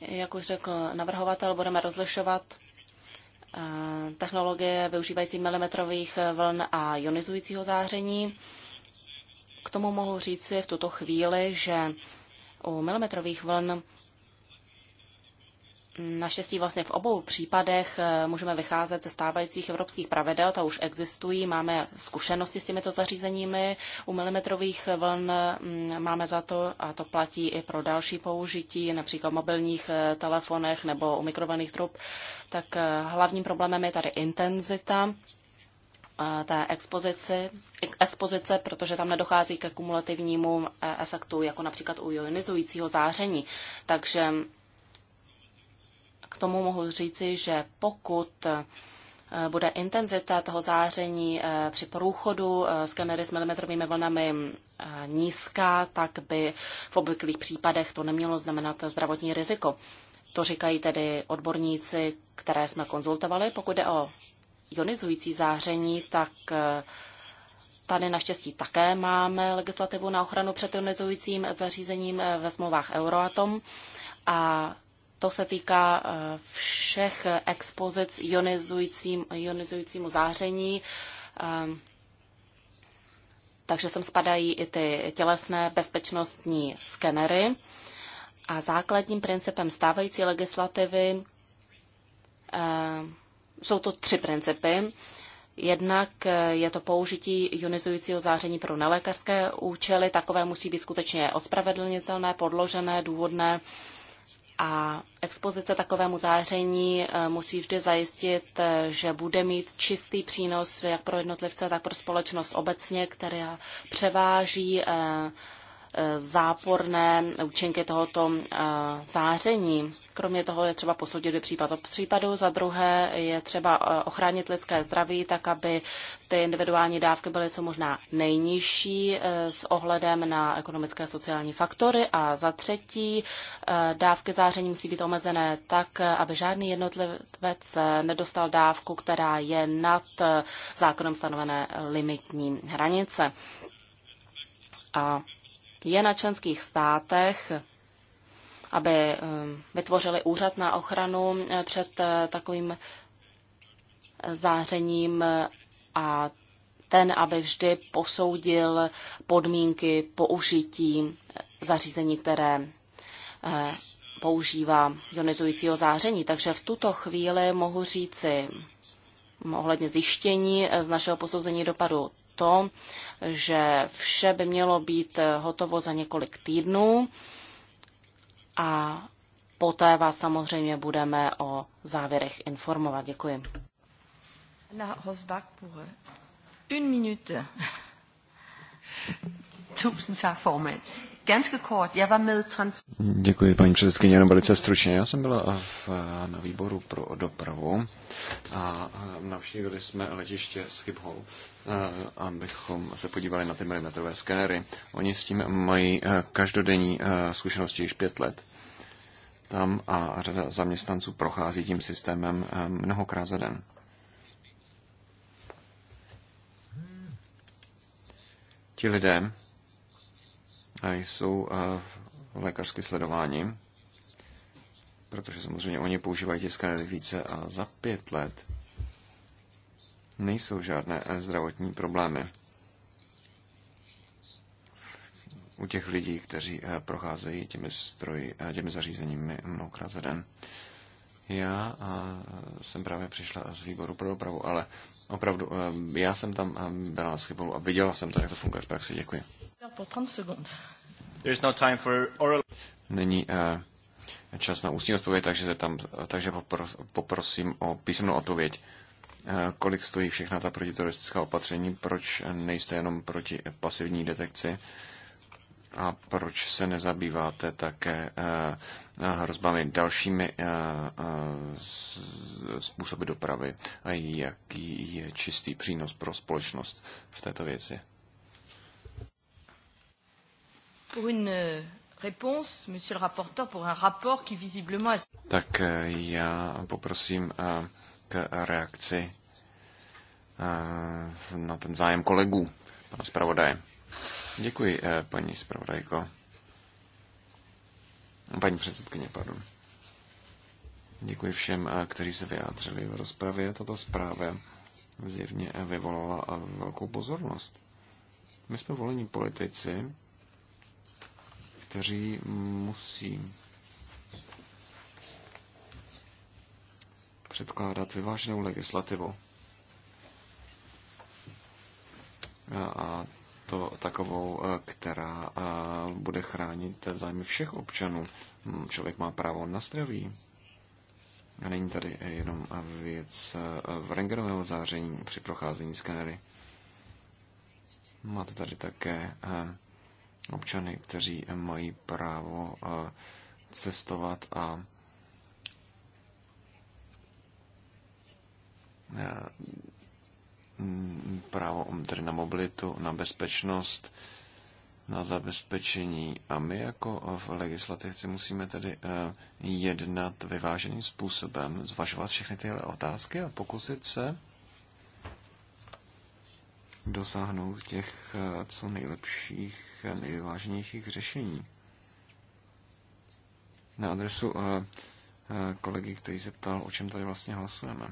jak už řekl navrhovatel, budeme rozlišovat eh, technologie využívající milimetrových vln a ionizujícího záření. K tomu mohu říci v tuto chvíli, že u milimetrových vln Naštěstí vlastně v obou případech eh, můžeme vycházet ze stávajících evropských pravidel, ta už existují, máme zkušenosti s těmito zařízeními. U milimetrových vln mm, máme za to, a to platí i pro další použití, například v mobilních eh, telefonech nebo u mikrovlnných trub, tak eh, hlavním problémem je tady intenzita té expozici, expozice, protože tam nedochází ke kumulativnímu efektu, jako například u ionizujícího záření. Takže k tomu mohu říci, že pokud eh, bude intenzita toho záření eh, při průchodu eh, skenery s milimetrovými vlnami nízká, tak by v obvyklých případech to nemělo znamenat zdravotní riziko. To říkají tedy odborníci, které jsme konzultovali. Pokud jde o ionizující záření, tak Tady naštěstí také máme legislativu na ochranu před ionizujícím zařízením ve smlouvách Euroatom a to se týká eh, všech expozic ionizujícím, ionizujícímu záření. Ehm, takže sem spadají i ty tělesné bezpečnostní skenery. A základním principem stávající legislativy ehm, jsou to tři principy. Jednak eh, je to použití ionizujícího záření pro nelékařské účely, takové musí být skutečně ospravedlnitelné, podložené, důvodné a expozice takovému záření eh, musí vždy zajistit, eh, že bude mít čistý přínos jak pro jednotlivce, tak pro společnost obecně, která převáží eh, Eh, záporné účinky tohoto eh, záření. Kromě toho je třeba posoudit případ od případu. Za druhé je třeba eh, ochránit lidské zdraví tak, aby ty individuální dávky byly co možná nejnižší s ohledem na ekonomické a sociální faktory. A za třetí dávky záření musí být omezené tak, aby žádný jednotlivec nedostal dávku, která je nad zákonem stanovené limitní hranice. A je na členských státech, aby um, vytvořili úřad na ochranu uh, před uh, takovým zářením a ten, aby vždy posoudil podmínky použití zařízení, které uh, používá ionizujícího záření. Takže v tuto chvíli mohu říci ohledně zjištění z našeho posouzení dopadu to, že vše by mělo být eh, hotovo za několik týdnů a poté vás samozřejmě budeme o závěrech informovat. Děkuji. Na Hosbach pour une minute. *laughs* Tusen tak, formand. Ganske kort, já vám med trans... Děkuji, paní předsedkyně, jenom velice stručně. Já jsem byla v, na výboru pro dopravu a navštívili jsme letiště s Chybhou, abychom se podívali na ty milimetrové skenery. Oni s tím mají e, každodenní e, zkušenosti již pět let tam a řada zaměstnanců prochází tím systémem e, mnohokrát za den. Ti lidé jsou eh, lékařsky sledováni, protože samozřejmě oni používají ty skanery více a za pět let nejsou žádné eh, zdravotní problémy u těch lidí, kteří eh, procházejí těmi stroji, těmi zařízeními mnohokrát za den. Já jsem právě přišla z výboru pro dopravu, ale opravdu, já jsem tam byla na Schybolu a viděla jsem to, jak to funguje v praxi. Děkuji. No Není eh, čas na ústní odpověď, takže, se tam, takže poprosím o písemnou odpověď. Eh, kolik stojí všechna ta protiteroristická opatření? Proč nejste jenom proti pasivní detekci? A proč se nezabýváte také uh, hrozbami dalšími způsoby dopravy? A jaký je čistý přínos pro společnost v této věci? pour une euh, réponse, monsieur le rapporteur, pour un rapport qui visiblement... Tak eh, já poprosím eh, k reakci eh, na ten zájem kolegů, pana zpravodaje. Děkuji, paní zpravodajko. Paní předsedkyně, pardon. Děkuji všem, kteří se vyjádřili v rozpravě. Tato zpráva zjevně vyvolala velkou pozornost. My jsme volení politici kteří musí předkládat vyváženou legislativu. A to takovou, která bude chránit zájmy všech občanů. Hm, člověk má právo na zdraví. A není tady jenom věc v rengenového záření při procházení skenery. Máte tady také občany, kteří mají právo eh, cestovat a eh, právo tedy na mobilitu, na bezpečnost, na zabezpečení. A my jako eh, v legislativci musíme tedy jednat vyváženým způsobem, zvažovat všechny tyhle otázky a pokusit se dosáhnout těch eh, co nejlepších, eh, nejvážnějších řešení. Na adresu eh, kolegy, který se ptal, o čem tady vlastně hlasujeme.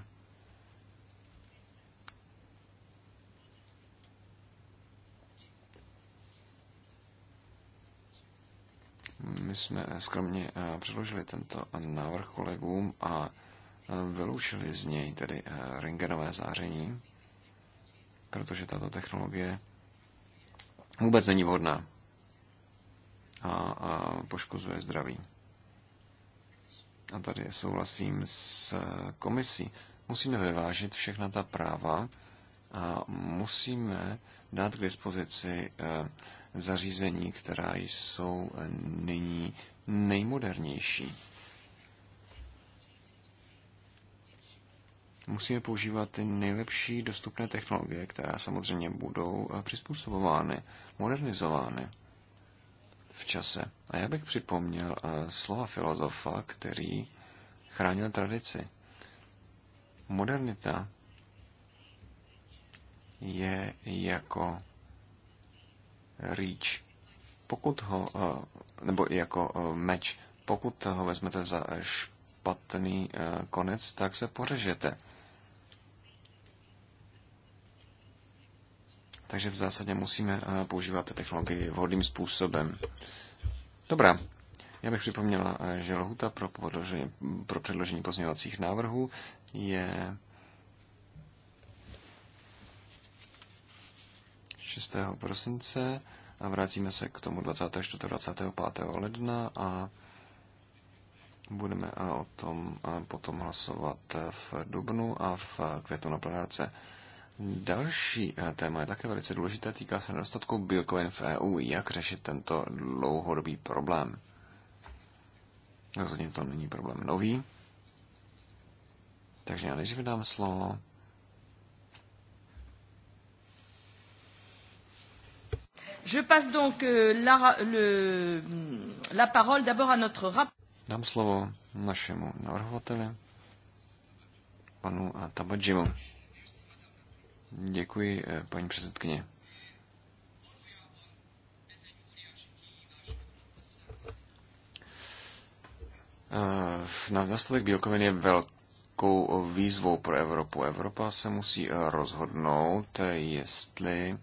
My jsme skromně předložili tento návrh kolegům a vyloučili z něj tedy rengenové záření protože tato technologie vůbec není vhodná a, a poškozuje zdraví. A tady souhlasím s komisí. Musíme vyvážit všechna ta práva a musíme dát k dispozici eh, zařízení, která jsou nyní nejmodernější. Musíme používat ty nejlepší dostupné technologie, které samozřejmě budou eh, přizpůsobovány, modernizovány v čase. A já bych připomněl eh, slova filozofa, který chránil tradici. Modernita je jako rýč. Pokud ho, eh, nebo jako meč, pokud ho vezmete za špatný konec, tak se pořežete. Takže v zásadě musíme eh, používat technologii vhodným způsobem. Dobrá. Já bych připomněla, eh, že lhuta pro, podložení, pro předložení pozměňovacích návrhů je 6. prosince a vrátíme se k tomu 24. 25. ledna a budeme eh, o tom potom hlasovat v dubnu a v květnu na plenárce. Další eh, téma je také velice důležité, týká se nedostatku bílkovin v EU. Jak řešit tento dlouhodobý problém? Rozhodně to není problém nový. Takže já než vydám slovo. Je passe donc euh, la, le, la parole d'abord à notre rap... Dám slovo našemu navrhovateli, panu eh, Tabadžimu. Děkuji, eh, paní předsedkyně. Eh, Nedostatek bílkovin je velkou výzvou pro Evropu. Evropa se musí eh, rozhodnout, jestli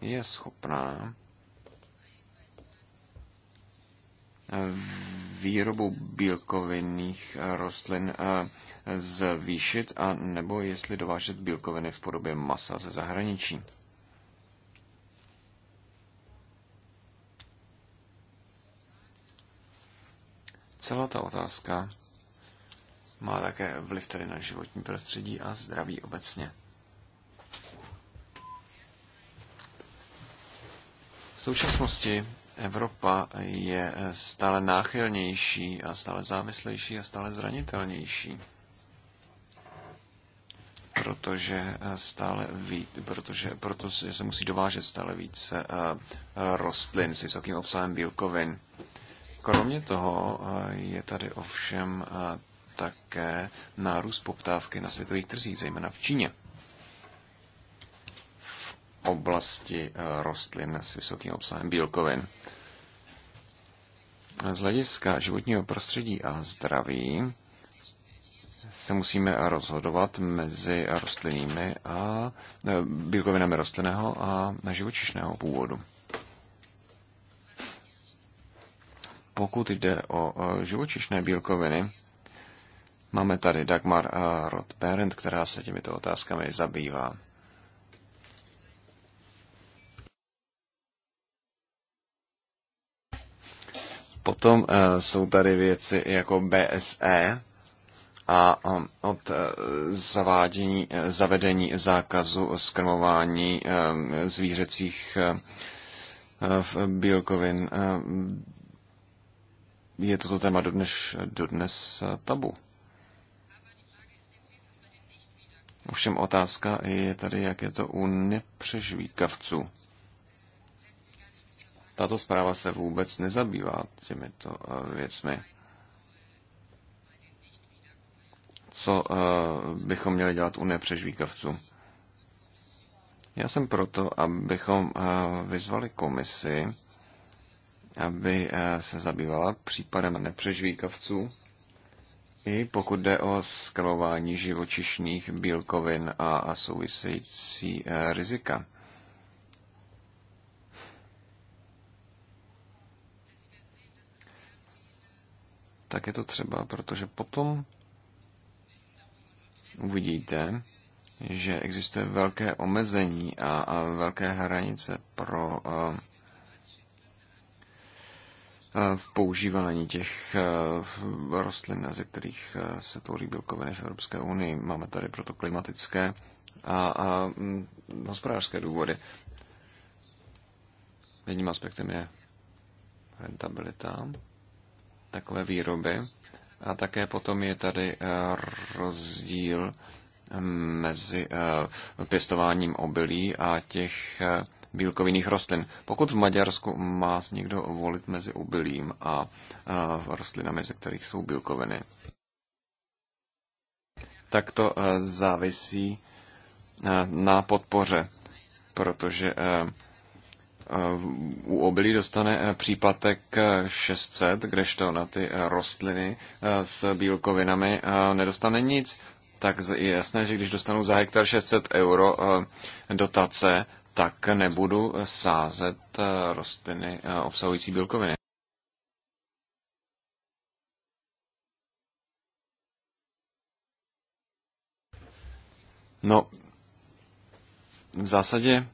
je schopná výrobu bílkovinných rostlin zvýšit a nebo jestli dovážet bílkoviny v podobě masa ze zahraničí. Celá ta otázka má také vliv tedy na životní prostředí a zdraví obecně. V současnosti Evropa je stále náchylnější a stále závislejší a stále zranitelnější protože eh, stále víc, protože proto se musí dovážet stále více eh, eh, rostlin s vysokým obsahem bílkovin. Kromě toho je tady ovšem také nárůst poptávky na světových trzích, zejména v Číně. V oblasti rostlin s vysokým obsahem bílkovin. Z hlediska životního prostředí a zdraví se musíme rozhodovat mezi rostlinnými a e, bílkovinami rostlinného a živočišného původu. Pokud jde o e, živočišné bílkoviny, máme tady Dagmar Parent, e, která se těmito otázkami zabývá. Potom jsou tady věci jako BSE, a od e, zavádění, e, zavedení zákazu skrmování e, zvířecích bílkovin je toto téma dodnes, dodnes tabu. Ovšem otázka je tady, jak je to u nepřežvíkavců. Tato zpráva se vůbec nezabývá těmito věcmi. co eh, bychom měli dělat u nepřežvíkavců. Já jsem proto, abychom eh, vyzvali komisi, aby eh, se zabývala případem nepřežvíkavců, i pokud jde o skalování živočišných bílkovin a související rizika. Tak je to třeba, protože potom uvidíte, že existuje velké omezení a, a velké hranice pro a, a v používání těch a, rostlin, ze kterých se tvoří bílkoviny v Evropské unii. Máme tady proto klimatické a, a m, hospodářské důvody. Jedním aspektem je rentabilita takové výroby a také potom je tady eh, rozdíl eh, mezi eh, pěstováním obilí a těch bílkovinných rostlin. Pokud v Maďarsku má někdo volit mezi obilím a rostlinami, ze kterých jsou bílkoviny, tak to závisí na podpoře, protože u obilí dostane eh, příplatek 600, eh, kdežto na ty eh, rostliny s bílkovinami nedostane nic. Tak je jasné, že když dostanu za hektar 600 euro dotace, tak nebudu sázet rostliny obsahující bílkoviny. No, v zásadě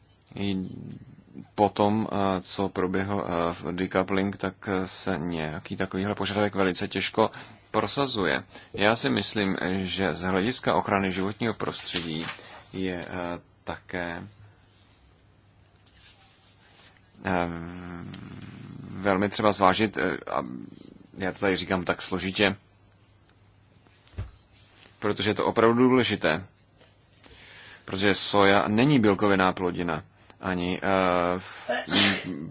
potom, eh, co proběhl eh, v decoupling, tak eh, se nějaký takovýhle požadavek velice těžko prosazuje. Já si myslím, že z hlediska ochrany životního prostředí je také velmi třeba zvážit, a já to tady říkám tak složitě, protože je to opravdu důležité, protože soja není bílkoviná plodina ani uh,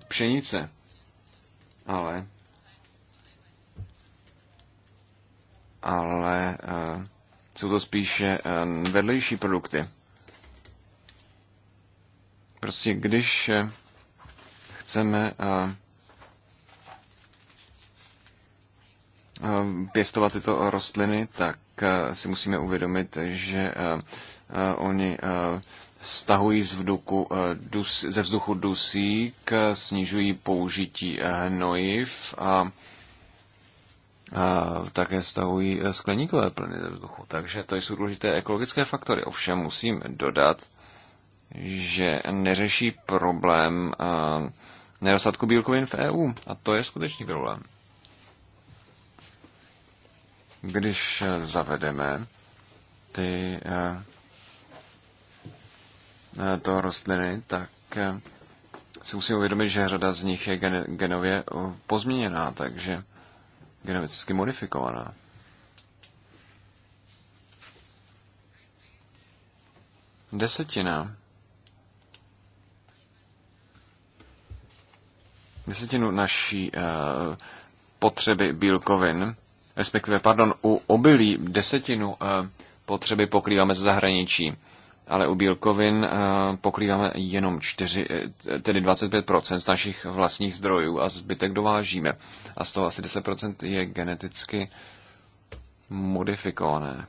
pšenice. Ale ale uh, jsou to spíše uh, vedlejší produkty. Prostě když uh, chceme uh, pěstovat tyto rostliny, tak si musíme uvědomit, že oni stahují z vduku, eh, dus, ze vzduchu dusík, snižují použití eh, hnojiv a, a také stahují eh, skleníkové plyny ze vzduchu. Takže to jsou důležité ekologické faktory. Ovšem musím dodat, že neřeší problém nedostatku bílkovin v EU. A to je skutečný problém. Když zavedeme ty Eh, to rostliny, tak eh, si musí uvědomit, že řada z nich je gen, genově eh, pozměněná, takže geneticky modifikovaná. Desetina. Desetinu naší uh, potřeby bílkovin, respektive, pardon, u obilí desetinu uh, potřeby pokrýváme z zahraničí ale u bílkovin eh, pokrýváme jenom 4, eh, tedy 25% z našich vlastních zdrojů a zbytek dovážíme. A z toho asi 10% je geneticky modifikované.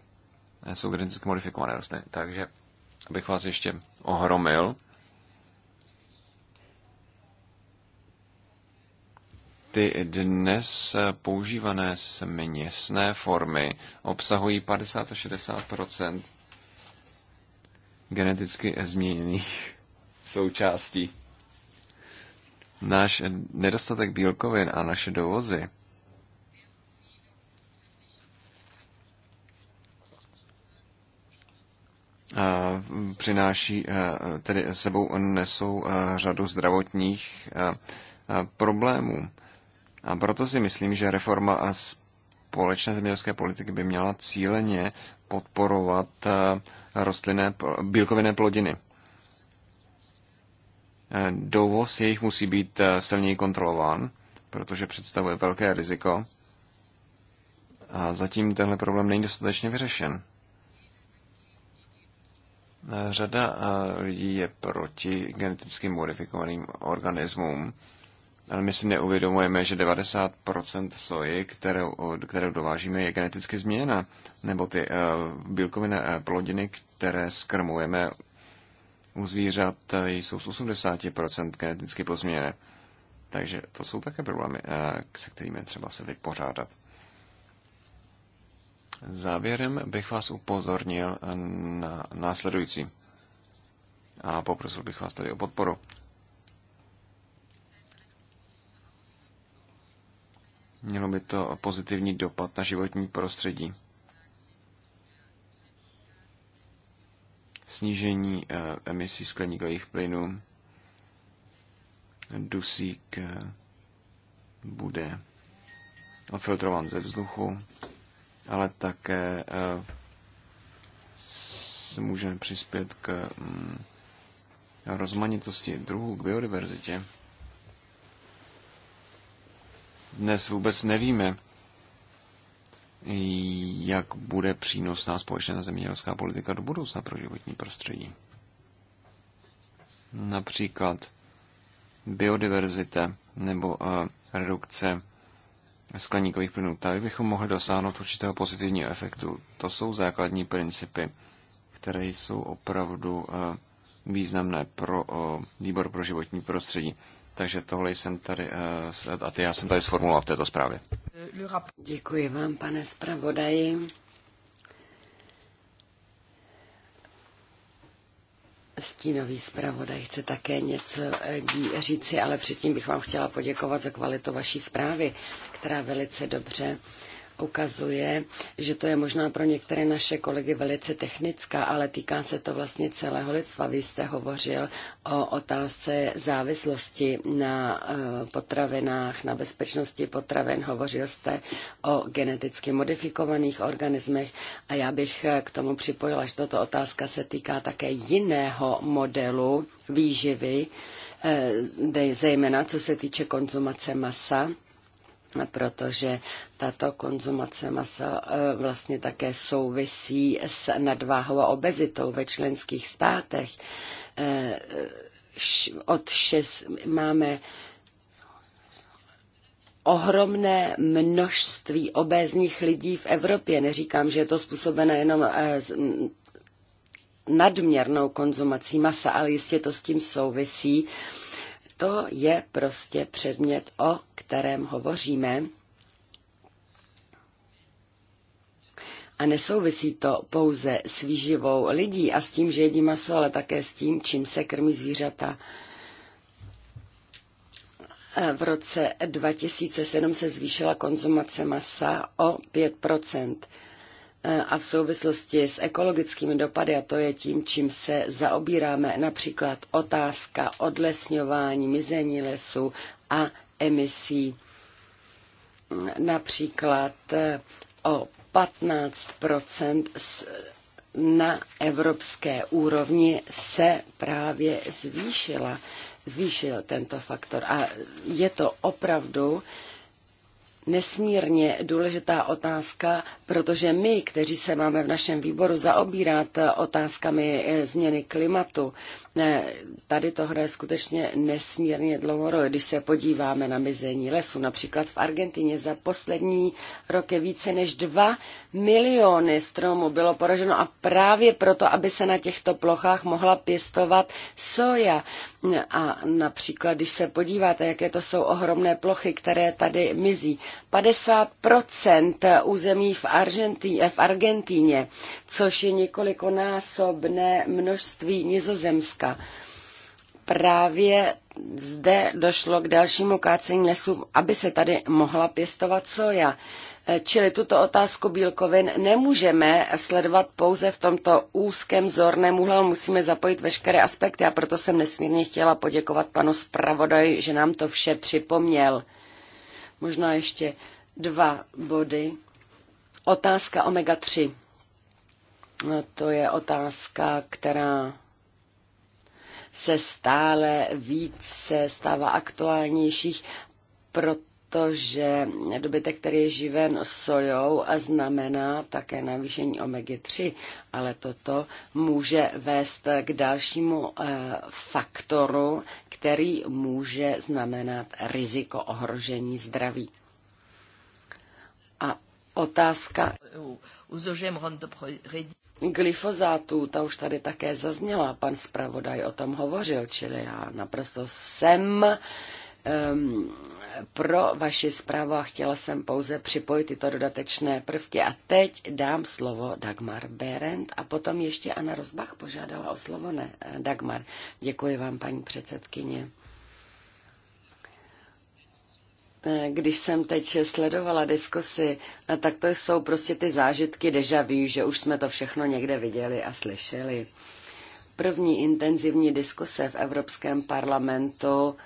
Eh, jsou geneticky modifikované rostliny. Takže abych vás ještě ohromil, ty dnes používané směsné formy obsahují 50 až 60 geneticky změněných *laughs* součástí. Náš nedostatek bílkovin a naše dovozy přináší, tedy sebou nesou řadu zdravotních problémů. A proto si myslím, že reforma a společné zemědělské politiky by měla cíleně podporovat rostlinné bílkovinné plodiny. Eh, dovoz jejich musí být eh, silněji kontrolován, protože představuje velké riziko. A zatím tenhle problém není dostatečně vyřešen. Eh, řada lidí je proti geneticky modifikovaným organismům ale my si neuvědomujeme, že 90% soji, kterou, kterou dovážíme, je geneticky změněna. Nebo ty uh, uh, plodiny, které skrmujeme u zvířat, eh, jsou z 80% geneticky pozměněné. Takže to jsou také problémy, uh, se kterými třeba se vypořádat. Závěrem bych vás upozornil na následující. A poprosil bych vás tady o podporu. Mělo by to pozitivní dopad na životní prostředí. Snížení eh, emisí skleníkových plynů dusík eh, bude filtrovan ze vzduchu, ale také eh, můžeme přispět k mm, rozmanitosti druhů, k biodiverzitě dnes vůbec nevíme, jak bude přínosná společná zemědělská politika do budoucna pro životní prostředí. Například biodiverzita nebo eh, redukce skleníkových plynů. Tady bychom mohli dosáhnout určitého pozitivního efektu. To jsou základní principy, které jsou opravdu eh, významné pro eh, výbor pro životní prostředí. Takže tohle jsem tady, eh, a ty já jsem tady sformuloval v této zprávě. Děkuji vám, pane zpravodaji. Stínový zpravodaj chce také něco eh, říci, ale předtím bych vám chtěla poděkovat za kvalitu vaší zprávy, která velice dobře ukazuje, že to je možná pro některé naše kolegy velice technická, ale týká se to vlastně celého lidstva. Vy jste hovořil o otázce závislosti na eh, potravinách, na bezpečnosti potravin. Hovořil jste o geneticky modifikovaných organismech a já bych eh, k tomu připojila, že tato otázka se týká také jiného modelu výživy, eh, zejména co se týče konzumace masa protože tato konzumace masa e, vlastně také souvisí s nadváhou a obezitou ve členských státech. E, od šest máme ohromné množství obézních lidí v Evropě. Neříkám, že je to způsobené jenom e, nadměrnou konzumací masa, ale jistě to s tím souvisí to je prostě předmět, o kterém hovoříme. A nesouvisí to pouze s výživou lidí a s tím, že jedí maso, ale také s tím, čím se krmí zvířata. E, v roce 2007 se zvýšila konzumace masa o 5 a v souvislosti s ekologickými dopady, a to je tím, čím se zaobíráme, například otázka odlesňování, mizení lesů a emisí. Například eh, o 15 na evropské úrovni se právě zvýšila, zvýšil tento faktor. A je to opravdu nesmírně důležitá otázka, protože my, kteří se máme v našem výboru zaobírat otázkami eh, změny klimatu, eh, tady to hraje skutečně nesmírně dlouho roli. Když se podíváme na mizení lesu, například v Argentině za poslední roky více než 2 miliony stromů bylo poraženo a právě proto, aby se na těchto plochách mohla pěstovat soja. A například, když se podíváte, jaké to jsou ohromné plochy, které tady mizí, 50 území v, Argentí, v Argentíně, což je několikonásobné množství Nizozemska. Právě zde došlo k dalšímu kácení lesů, aby se tady mohla pěstovat soja. Čili tuto otázku bílkovin nemůžeme sledovat pouze v tomto úzkém zorném úhlu, musíme zapojit veškeré aspekty a proto jsem nesmírně chtěla poděkovat panu zpravodaji, že nám to vše připomněl. Možná ještě dva body. Otázka omega-3. No, to je otázka, která se stále více stává aktuálnějších, proto to, že dobytek, který je živen sojou, znamená také navýšení omega-3, ale toto může vést k dalšímu eh, faktoru, který může znamenat riziko ohrožení zdraví. A otázka glyfozátů, ta už tady také zazněla, pan zpravodaj o tom hovořil, čili já naprosto jsem ehm, pro vaši zprávu a chtěla jsem pouze připojit tyto dodatečné prvky. A teď dám slovo Dagmar Berend a potom ještě Anna Rozbach požádala o slovo. Ne, Dagmar, děkuji vám, paní předsedkyně. Když jsem teď sledovala diskusy, tak to jsou prostě ty zážitky deja vu, že už jsme to všechno někde viděli a slyšeli. První intenzivní diskuse v Evropském parlamentu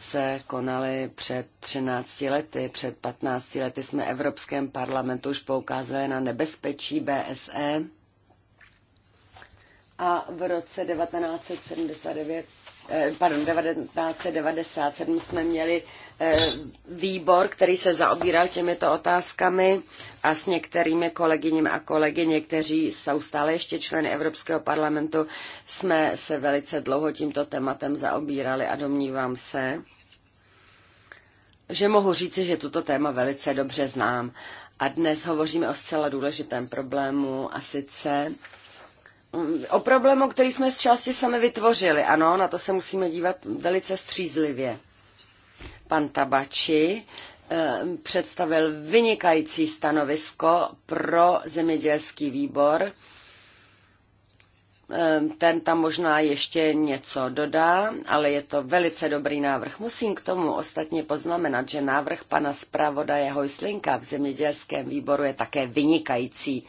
se konaly před 13 lety, před 15 lety jsme Evropském parlamentu už poukázali na nebezpečí BSE a v roce 1979 Eh, pardon, 1997 jsme měli eh, výbor, který se zaobíral těmito otázkami a s některými kolegyněmi a kolegy, někteří jsou stále ještě členy Evropského parlamentu, jsme se velice dlouho tímto tématem zaobírali a domnívám se, že mohu říci, že tuto téma velice dobře znám. A dnes hovoříme o zcela důležitém problému a sice o problému, který jsme z části sami vytvořili. Ano, na to se musíme dívat velice střízlivě. Pan Tabači eh, představil vynikající stanovisko pro zemědělský výbor. Eh, ten tam možná ještě něco dodá, ale je to velice dobrý návrh. Musím k tomu ostatně poznamenat, že návrh pana zpravodaje Hojslinka v zemědělském výboru je také vynikající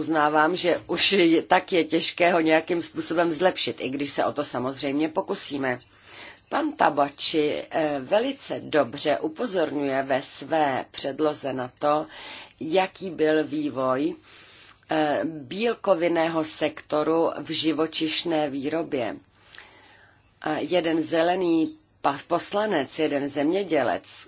uznávám, že už je, tak je těžké ho nějakým způsobem zlepšit, i když se o to samozřejmě pokusíme. Pan Tabači eh, velice dobře upozorňuje ve své předloze na to, jaký byl vývoj eh, bílkovinného sektoru v živočišné výrobě. Jeden zelený poslanec, jeden zemědělec,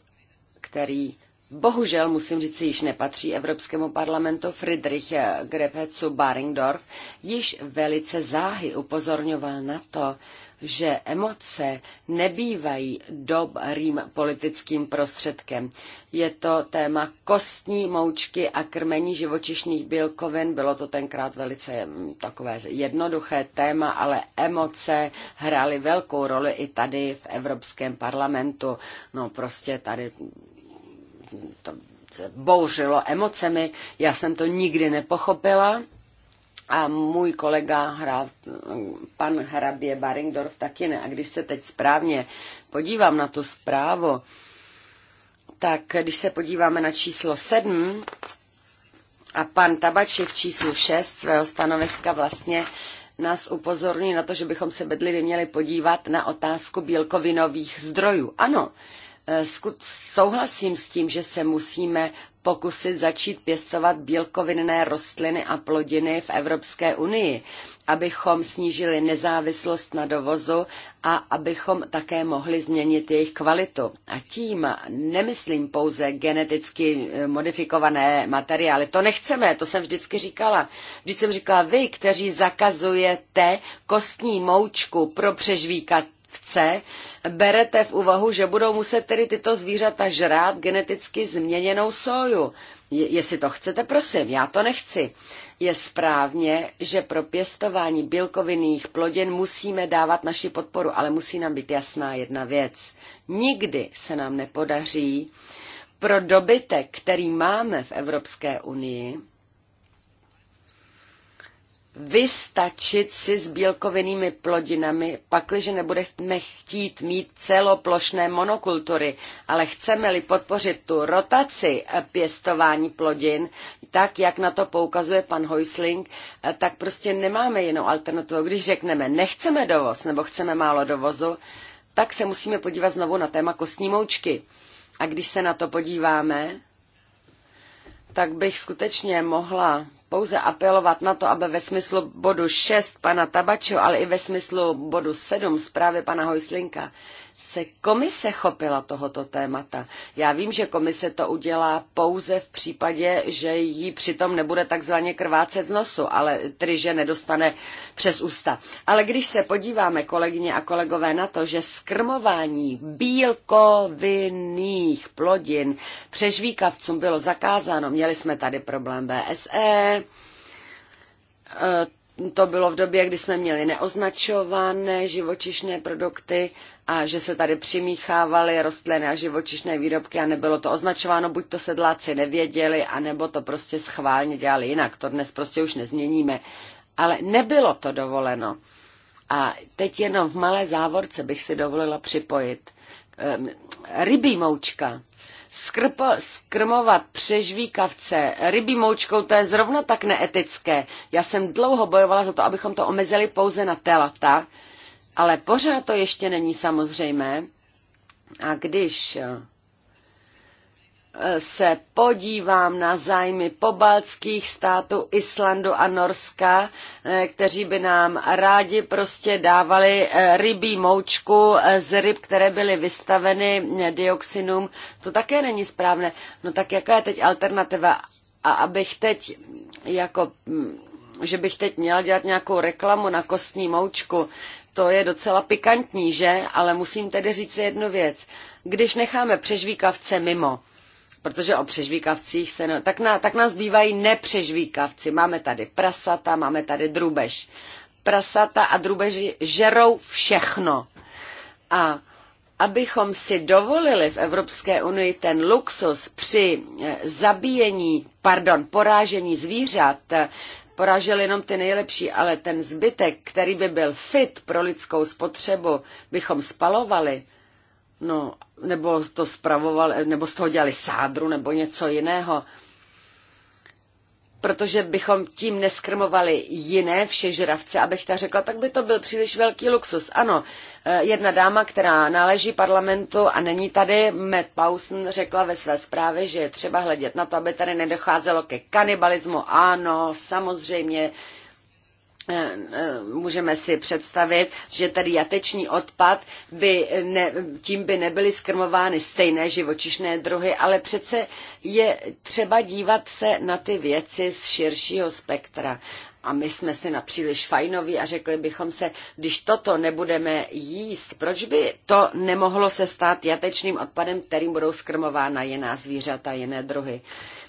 který bohužel musím říct, již nepatří Evropskému parlamentu Friedrich Grepecu Baringdorf, již velice záhy upozorňoval na to, že emoce nebývají dobrým politickým prostředkem. Je to téma kostní moučky a krmení živočišných bílkovin. Bylo to tenkrát velice mm, takové jednoduché téma, ale emoce hrály velkou roli i tady v Evropském parlamentu. No prostě tady to se bouřilo emocemi, já jsem to nikdy nepochopila. A můj kolega, hra, pan hrabě Baringdorf, taky ne. A když se teď správně podívám na tu zprávu, tak když se podíváme na číslo 7 a pan Tabači v číslu 6 svého stanoviska vlastně nás upozorní na to, že bychom se bedlivě měli podívat na otázku bílkovinových zdrojů. Ano, Eh, souhlasím s tím, že se musíme pokusit začít pěstovat bílkovinné rostliny a plodiny v Evropské unii, abychom snížili nezávislost na dovozu a abychom také mohli změnit jejich kvalitu. A tím nemyslím pouze geneticky eh, modifikované materiály. To nechceme, to jsem vždycky říkala. Vždycky jsem říkala, vy, kteří zakazujete kostní moučku pro přežvíkat výrobce berete v úvahu, že budou muset tedy tyto zvířata žrát geneticky změněnou soju. Je, jestli to chcete, prosím, já to nechci. Je správně, že pro pěstování bílkovinných plodin musíme dávat naši podporu, ale musí nám být jasná jedna věc. Nikdy se nám nepodaří pro dobytek, který máme v Evropské unii, vystačit si s bílkovinnými plodinami, pakliže nebudeme chtít mít celoplošné monokultury, ale chceme-li podpořit tu rotaci pěstování plodin, tak jak na to poukazuje pan Hoisling, tak prostě nemáme jinou alternativu. Když řekneme, nechceme dovoz nebo chceme málo dovozu, tak se musíme podívat znovu na téma kostní moučky. A když se na to podíváme, tak bych skutečně mohla pouze apelovat na to, aby ve smyslu bodu 6 pana Tabačo, ale i ve smyslu bodu 7 zprávy pana Hojslinka, se komise chopila tohoto témata. Já vím, že komise to udělá pouze v případě, že jí přitom nebude takzvaně krvácet z nosu, ale tedy, že nedostane přes ústa. Ale když se podíváme, kolegyně a kolegové, na to, že skrmování bílkovinných plodin přežvíkavcům bylo zakázáno, měli jsme tady problém BSE, eh, to bylo v době, kdy jsme měli neoznačované živočišné produkty a že se tady přimíchávaly rostliny a živočišné výrobky a nebylo to označováno, buď to sedláci nevěděli, anebo to prostě schválně dělali jinak. To dnes prostě už nezměníme. Ale nebylo to dovoleno. A teď jenom v malé závorce bych si dovolila připojit. Ehm, rybí moučka. Skrpo, skrmovat přežvíkavce rybí moučkou, to je zrovna tak neetické. Já jsem dlouho bojovala za to, abychom to omezili pouze na telata, ale pořád to ještě není samozřejmé. A když eh, eh, se podívám na zájmy pobaltských států, Islandu a Norska, eh, kteří by nám rádi prostě dávali rybí moučku z ryb, které byly vystaveny dioxinům. To také není správné. No tak jaká je teď alternativa? A abych teď jako mm, že bych teď měla dělat nějakou reklamu na kostní moučku. To je docela pikantní, že? Ale musím tedy říct jednu věc. Když necháme přežvíkavce mimo, protože o přežvíkavcích se... No, tak, na, tak nás bývají nepřežvíkavci. Máme tady prasata, máme tady drubež. Prasata a drubeži žerou všechno. A abychom si dovolili v Evropské unii ten luxus při eh, zabíjení, pardon, porážení zvířat poražil jenom ty nejlepší, ale ten zbytek, který by byl fit pro lidskou spotřebu, bychom spalovali, no, nebo to spravoval, nebo z toho dělali sádru, nebo něco jiného, protože bychom tím neskrmovali jiné všežravce, abych ta řekla, tak by to byl příliš velký luxus. Ano, eh, jedna dáma, která náleží parlamentu a není tady, Matt Pausen, řekla ve své zprávě, že je třeba hledět na to, aby tady nedocházelo ke kanibalismu. Ano, samozřejmě, Eh, eh, můžeme si představit, že tady jateční odpad by ne, tím by nebyly skrmovány stejné živočišné druhy, ale přece je třeba dívat se na ty věci z širšího spektra. A my jsme si napříliš fajnoví a řekli bychom se, když toto nebudeme jíst, proč by to nemohlo se stát jatečným odpadem, kterým budou skrmována jiná zvířata, jiné druhy. Uh,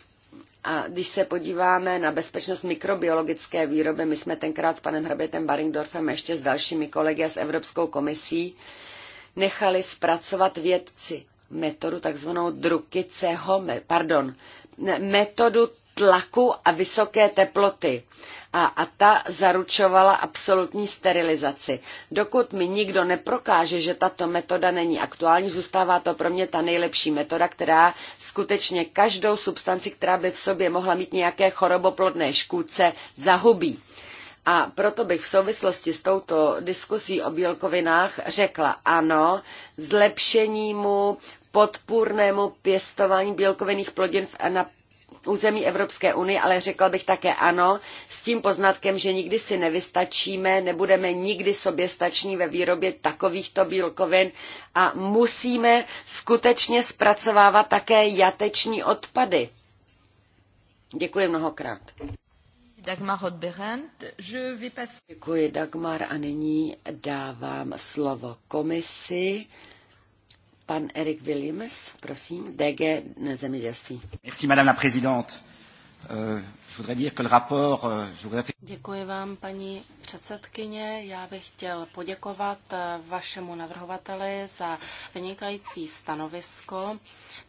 a když se podíváme na bezpečnost mikrobiologické výroby, my jsme tenkrát s panem Hrabětem Baringdorfem ještě s dalšími kolegy a s Evropskou komisí nechali zpracovat vědci metodu takzvanou drukiceho, e. pardon, metodu tlaku a vysoké teploty. A, a ta zaručovala absolutní sterilizaci. Dokud mi nikdo neprokáže, že tato metoda není aktuální, zůstává to pro mě ta nejlepší metoda, která skutečně každou substanci, která by v sobě mohla mít nějaké choroboplodné škůdce, zahubí. A proto bych v souvislosti s touto diskusí o bílkovinách řekla ano, zlepšenímu podpůrnému pěstování bílkovinných plodin na území Evropské unie, ale řekla bych také ano, s tím poznatkem, že nikdy si nevystačíme, nebudeme nikdy soběstační ve výrobě takovýchto bílkovin a musíme skutečně zpracovávat také jateční odpady. Děkuji mnohokrát. Dagmar Rodberend, je vais Děkuji Dagmar a nyní dávám slovo komisi. Pan Williams, prosím, DG zemědělství. Merci, madame la présidente. Euh, euh, Děkuji vám, paní předsedkyně. Já bych chtěl poděkovat eh, vašemu navrhovateli za vynikající stanovisko.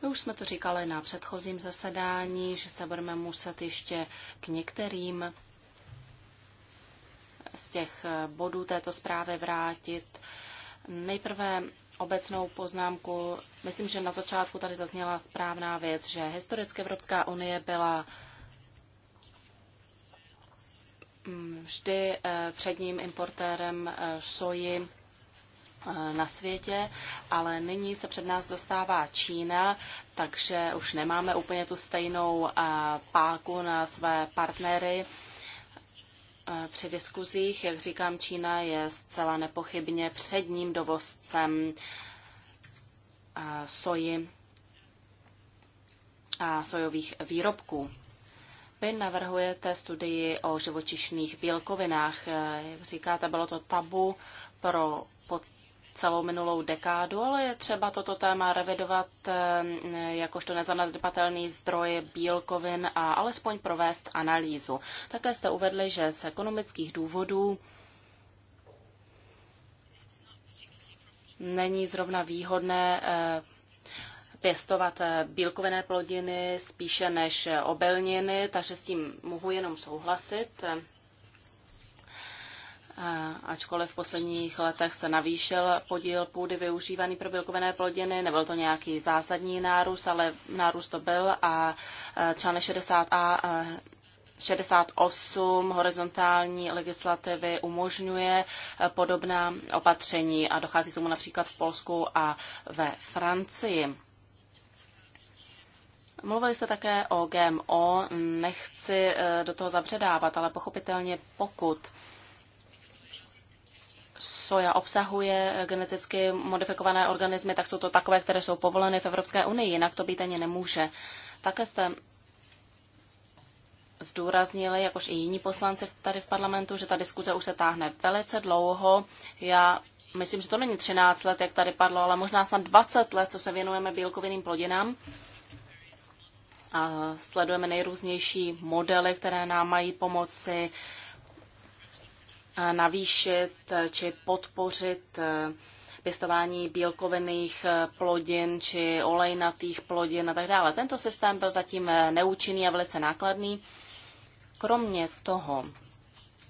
My už jsme to říkali na předchozím zasedání, že se budeme muset ještě k některým z těch eh, bodů této zprávy vrátit. Nejprve obecnou poznámku. Myslím, že na začátku tady zazněla správná věc, že historicky Evropská unie byla mm, vždy eh, předním importérem eh, soji eh, na světě, ale nyní se před nás dostává Čína, takže už nemáme úplně tu stejnou páku na své partnery Eh, při diskuzích. Jak říkám, Čína je zcela nepochybně předním dovozcem eh, soji a sojových výrobků. Vy navrhujete studii o živočišných bílkovinách. Eh, jak říkáte, bylo to tabu pro pod celou minulou dekádu, ale je třeba toto téma revidovat eh, jakožto nezanedbatelný zdroj bílkovin a alespoň provést analýzu. Také jste uvedli, že z ekonomických důvodů není zrovna výhodné eh, pěstovat eh, bílkovinné plodiny spíše než obelniny, takže s tím mohu jenom souhlasit ačkoliv v posledních letech se navýšil podíl půdy využívaný pro bílkovinné plodiny. Nebyl to nějaký zásadní nárůst, ale nárůst to byl a e, článek 60a 68 e, horizontální legislativy umožňuje e, podobná opatření a dochází k tomu například v Polsku a ve Francii. Mluvili jste také o GMO, nechci do toho zabředávat, ale pochopitelně pokud soja obsahuje eh, geneticky modifikované organismy, tak jsou to takové, které jsou povoleny v Evropské unii, jinak to být ani nemůže. Také jste zdůraznili, jakož i jiní poslanci tady v parlamentu, že ta diskuze už se táhne velice dlouho. Já myslím, že to není 13 let, jak tady padlo, ale možná snad 20 let, co se věnujeme bílkovinným plodinám. A sledujeme nejrůznější modely, které nám mají pomoci Eh, navýšit eh, či podpořit eh, pěstování bílkovinných plodin či olejnatých plodin a tak dále. Tento systém byl zatím neúčinný a velice nákladný. Kromě toho,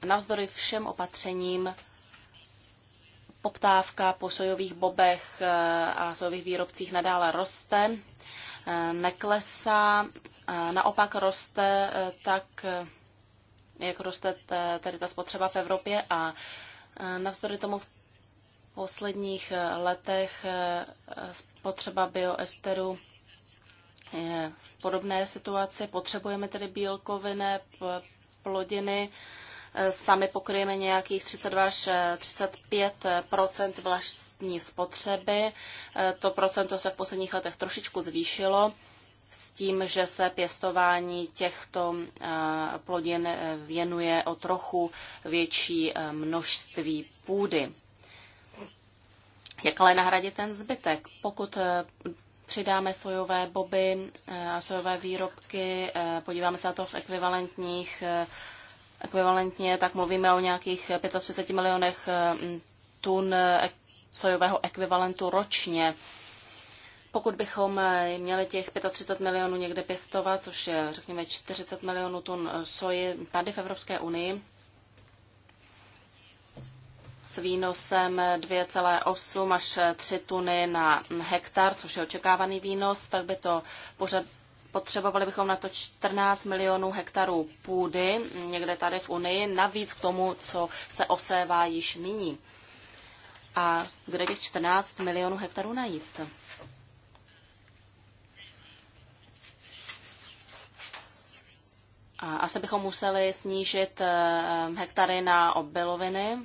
navzdory všem opatřením, poptávka po sojových bobech a sojových výrobcích nadále roste, neklesá, naopak roste tak jak roste tady ta spotřeba v Evropě a navzdory tomu v posledních eh, letech eh, spotřeba bioesteru je v podobné situaci. Potřebujeme tedy bílkoviny, plodiny. Eh, sami pokryjeme nějakých 32 až 35 vlastní spotřeby. To procento se v posledních letech trošičku zvýšilo tím, že se pěstování těchto eh, plodin eh, věnuje o trochu větší eh, množství půdy. Jak ale nahradit ten zbytek? Pokud přidáme sojové boby a sojové výrobky, podíváme se na to v ekvivalentních ekvivalentně, tak mluvíme o nějakých 35 milionech tun sojového ekvivalentu ročně. Pokud bychom eh, měli těch 35 milionů někde pěstovat, což je řekněme 40 milionů tun eh, soji tady v Evropské unii, s výnosem 2,8 eh, až 3 tuny na hektar, což je očekávaný výnos, tak by to pořad, potřebovali bychom na to 14 milionů hektarů půdy mm, někde tady v Unii, navíc k tomu, co se osévá již nyní. A kde těch 14 milionů hektarů najít? Asi bychom museli snížit eh, eh, hektary na obiloviny.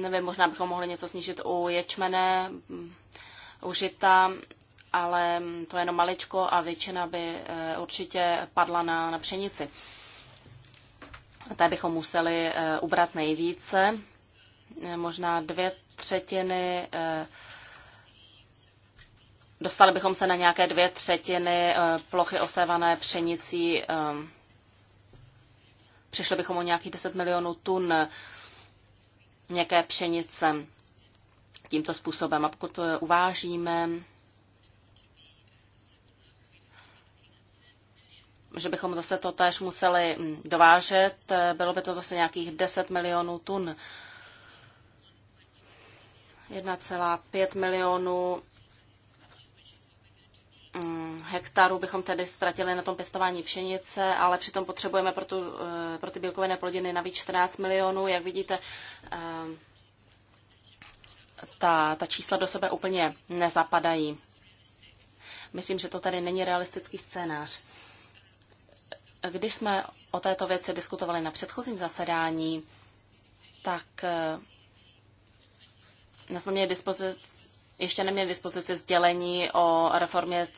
Nevím, možná bychom mohli něco snížit u ječmene, mm, u žita, ale mm, to je jenom maličko a většina by eh, určitě padla na, na pšenici. Té bychom museli ubrat nejvíce, možná dvě třetiny Dostali bychom se na nějaké dvě třetiny eh, plochy osévané pšenicí. Eh, přišli bychom o nějakých 10 milionů tun měkké pšenice tímto způsobem. A pokud uvážíme, že bychom zase to též museli hm, dovážet, eh, bylo by to zase nějakých 10 milionů tun. 1,5 milionů Mm, hektarů bychom tedy ztratili na tom pěstování pšenice, ale přitom potřebujeme pro, tu, eh, pro ty bílkoviné plodiny navíc 14 milionů. Jak vidíte, eh, ta, ta čísla do sebe úplně nezapadají. Myslím, že to tady není realistický scénář. Když jsme o této věci diskutovali na předchozím zasedání, tak eh, jsme měli dispozici, ještě neměli dispozici sdělení o reformě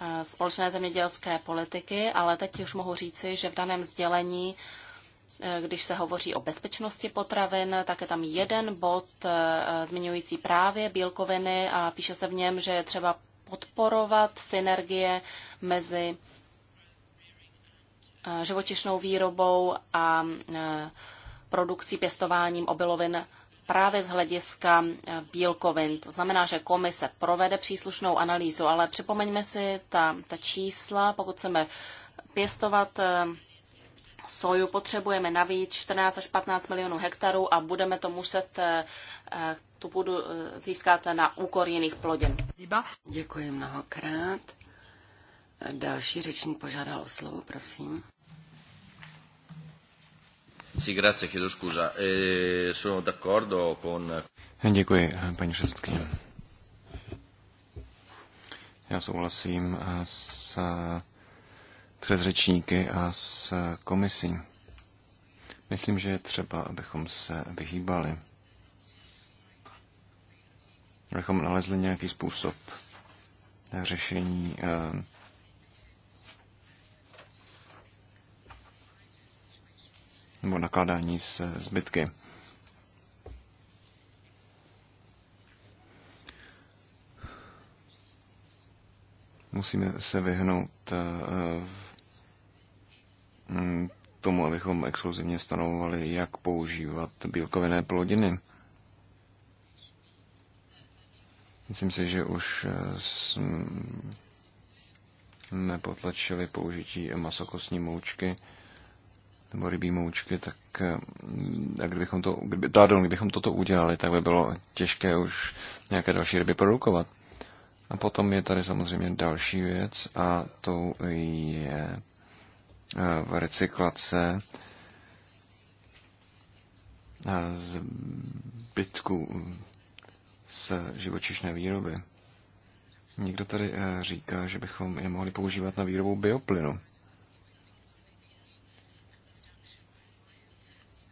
Eh, společné zemědělské politiky, ale teď už mohu říci, že v daném sdělení, eh, když se hovoří o bezpečnosti potravin, tak je tam jeden bod eh, zmiňující právě bílkoviny a píše se v něm, že je třeba podporovat synergie mezi živočišnou výrobou a produkcí pěstováním obilovin právě z hlediska eh, bílkovin. To znamená, že komise provede příslušnou analýzu, ale připomeňme si ta, ta čísla, pokud chceme pěstovat eh, soju, potřebujeme navíc 14 až 15 milionů hektarů a budeme to muset eh, tu půdu získat na úkor jiných plodin. Děkuji mnohokrát. Další řečník požádal o slovo, prosím. Sì, grazie, chiedo scusa. E sono d'accordo con... Děkuji, paní předsedkyně. Já souhlasím eh, s eh, předřečníky a s komisí. Myslím, že je třeba, abychom se vyhýbali. Abychom nalezli nějaký způsob řešení nebo nakládání s zbytky. Musíme se vyhnout eh, eh, tomu, abychom exkluzivně stanovovali, jak používat bílkovinné plodiny. Myslím si, že už eh, jsme nepotlačili použití masokostní moučky nebo rybí moučky, tak eh, a kdybychom, to, kdyby, pardon, kdybychom toto udělali, tak by bylo těžké už nějaké další ryby produkovat. A potom je tady samozřejmě další věc a to je v eh, recyklace eh, zbytku z živočišné výroby. Někdo tady říká, že bychom je mohli používat na výrobu bioplynu.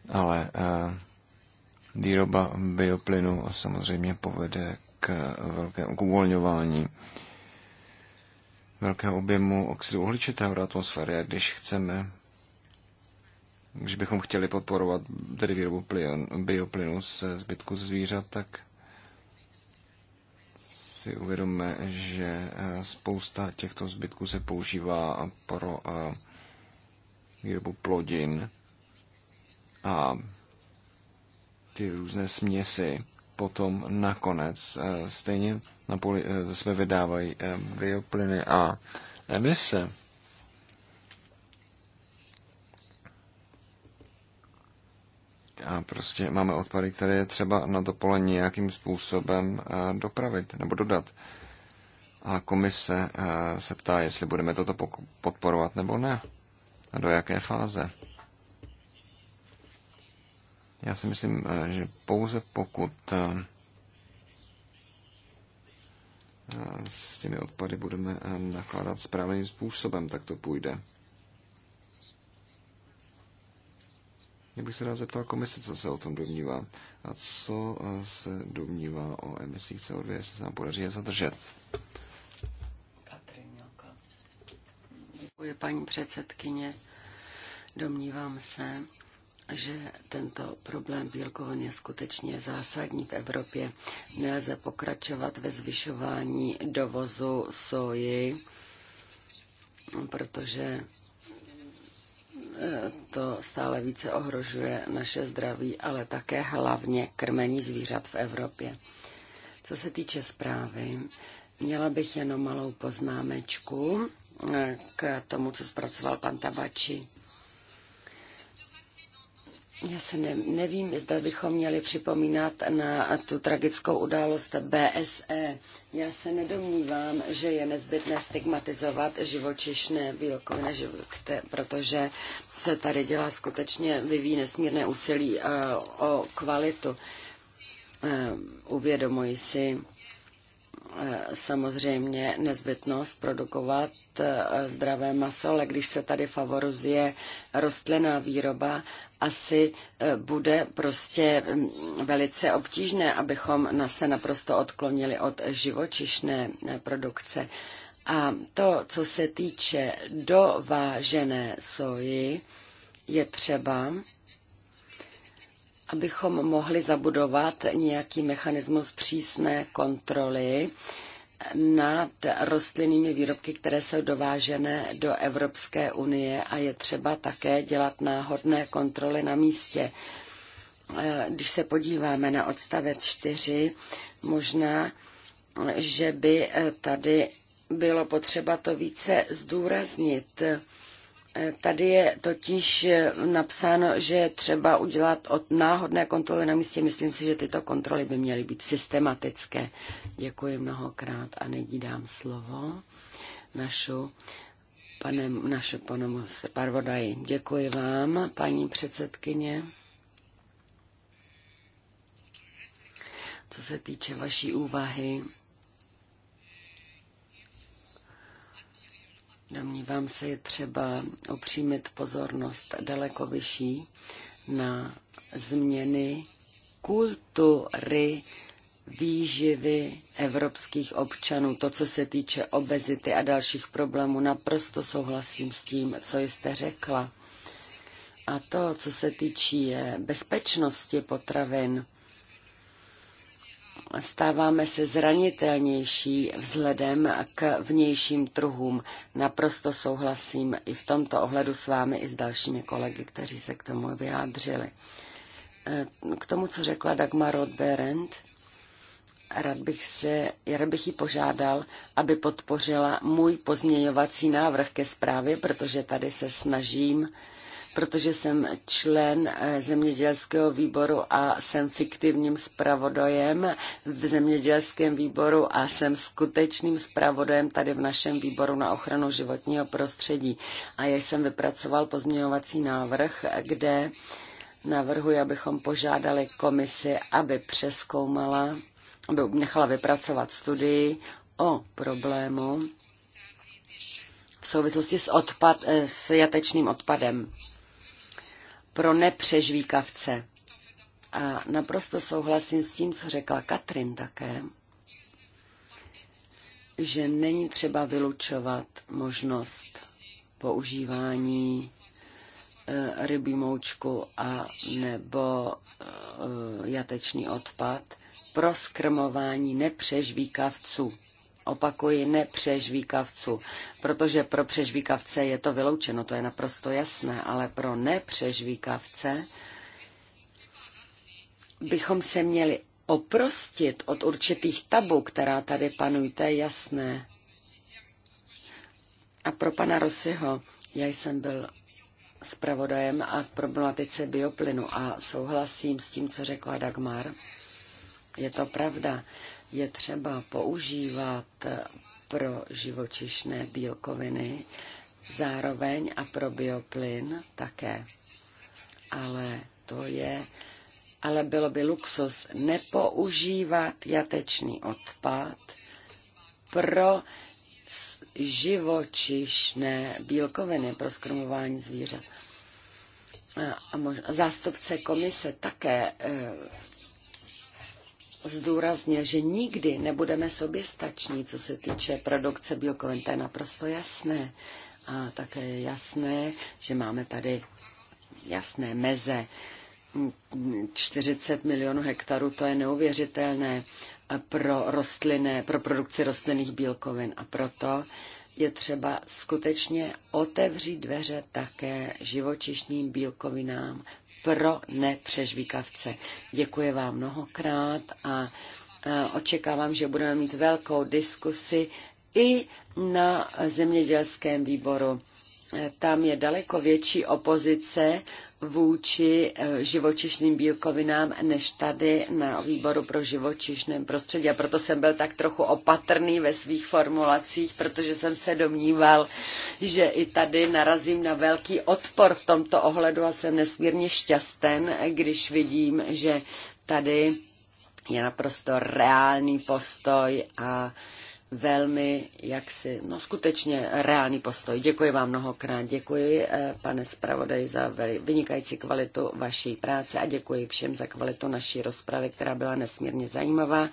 Ale eh, výroba bioplynu samozřejmě povede k velkému uvolňování velkého objemu oxidu uhličitého do atmosféry. A když chceme, když bychom chtěli podporovat tedy výrobu bioplynu ze zbytku zvířat, tak si uvědomme, že eh, spousta těchto zbytků se používá pro eh, výrobu plodin, a ty různé směsi potom nakonec eh, stejně na poli, eh, zase vydávají eh, bioplyny a emise. A prostě máme odpady, které je třeba na to pole nějakým způsobem dopravit nebo dodat. A komise se ptá, jestli budeme toto podporovat nebo ne. A do jaké fáze. Já si myslím, eh, že pouze pokud eh, eh, s těmi odpady budeme nakládat správným způsobem, tak to půjde. Já bych se rád zeptal komise, co se o tom domnívá a co se domnívá o emisích CO2, jestli se nám podaří je zadržet. Děkuji, paní předsedkyně. Domnívám se, že tento problém bílkovin je skutečně zásadní v Evropě. Nelze pokračovat ve zvyšování dovozu soji, protože eh, to stále více ohrožuje naše zdraví, ale také hlavně krmení zvířat v Evropě. Co se týče zprávy, měla bych jenom malou poznámečku eh, k tomu, co zpracoval pan Tabači já se ne, nevím, zda bychom měli připomínat na tu tragickou událost BSE. Já se nedomnívám, že je nezbytné stigmatizovat živočišné bílkoviny, protože se tady dělá skutečně, vyvíjí nesmírné úsilí eh, o kvalitu. Eh, uvědomuji si, Eh, samozřejmě nezbytnost produkovat eh, zdravé maso, ale když se tady favorizuje rostlinná výroba, asi eh, bude prostě mm, velice obtížné, abychom se naprosto odklonili od živočišné produkce. A to, co se týče dovážené soji, je třeba abychom mohli zabudovat nějaký mechanismus přísné kontroly nad rostlinnými výrobky, které jsou dovážené do Evropské unie a je třeba také dělat náhodné kontroly na místě. Když se podíváme na odstavec 4, možná, že by tady bylo potřeba to více zdůraznit Tady je totiž eh, napsáno, že je třeba udělat od náhodné kontroly na místě. Myslím si, že tyto kontroly by měly být systematické. Děkuji mnohokrát a nyní dám slovo našu panem, našu panu parvodaji. Děkuji vám, paní předsedkyně. Co se týče vaší úvahy, Domnívám se, je třeba opřímit pozornost daleko vyšší na změny kultury výživy evropských občanů. To, co se týče obezity a dalších problémů, naprosto souhlasím s tím, co jste řekla. A to, co se týče bezpečnosti potravin, stáváme se zranitelnější vzhledem k vnějším trhům. Naprosto souhlasím i v tomto ohledu s vámi i s dalšími kolegy, kteří se k tomu vyjádřili. Eh, k tomu, co řekla Dagmar Rodberend, rád bych, se, rád bych ji požádal, aby podpořila můj pozměňovací návrh ke zprávě, protože tady se snažím protože jsem člen eh, zemědělského výboru a jsem fiktivním zpravodajem v zemědělském výboru a jsem skutečným zpravodajem tady v našem výboru na ochranu životního prostředí. A já jsem vypracoval pozměňovací návrh, kde navrhuji, abychom požádali komisi, aby přeskoumala, aby nechala vypracovat studii o problému v souvislosti s, odpad, eh, s jatečným odpadem pro nepřežvíkavce. A naprosto souhlasím s tím, co řekla Katrin také, že není třeba vylučovat možnost používání e, rybí moučku a nebo e, e, jatečný odpad pro skrmování nepřežvíkavců opakuji, ne přežvíkavců, protože pro přežvíkavce je to vyloučeno, to je naprosto jasné, ale pro nepřežvíkavce bychom se měli oprostit od určitých tabu, která tady panují, to je jasné. A pro pana Rosyho já jsem byl zpravodajem a k problematice bioplynu a souhlasím s tím, co řekla Dagmar. Je to pravda je třeba používat pro živočišné bílkoviny, zároveň a pro bioplyn také. Ale to je, ale bylo by luxus nepoužívat jatečný odpad pro živočišné bílkoviny pro skrmování zvířat. A mož, zástupce komise také eh, zdůraznil, že nikdy nebudeme soběstační, co se týče produkce bílkovin. To je naprosto jasné. A také je jasné, že máme tady jasné meze. 40 milionů hektarů, to je neuvěřitelné pro, rostlinné, pro produkci rostlinných bílkovin. A proto je třeba skutečně otevřít dveře také živočišným bílkovinám pro nepřežvíkavce. Děkuji vám mnohokrát a očekávám, že budeme mít velkou diskusi i na zemědělském výboru tam je daleko větší opozice vůči eh, živočišným bílkovinám než tady na výboru pro živočišné prostředí. A proto jsem byl tak trochu opatrný ve svých formulacích, protože jsem se domníval, že i tady narazím na velký odpor v tomto ohledu a jsem nesmírně šťasten, když vidím, že tady je naprosto reálný postoj a uh, velmi jaksi, no skutečně reálný postoj. Děkuji vám mnohokrát, děkuji eh, pane zpravodaji za vynikající kvalitu vaší práce a děkuji všem za kvalitu naší rozpravy, která byla nesmírně zajímavá.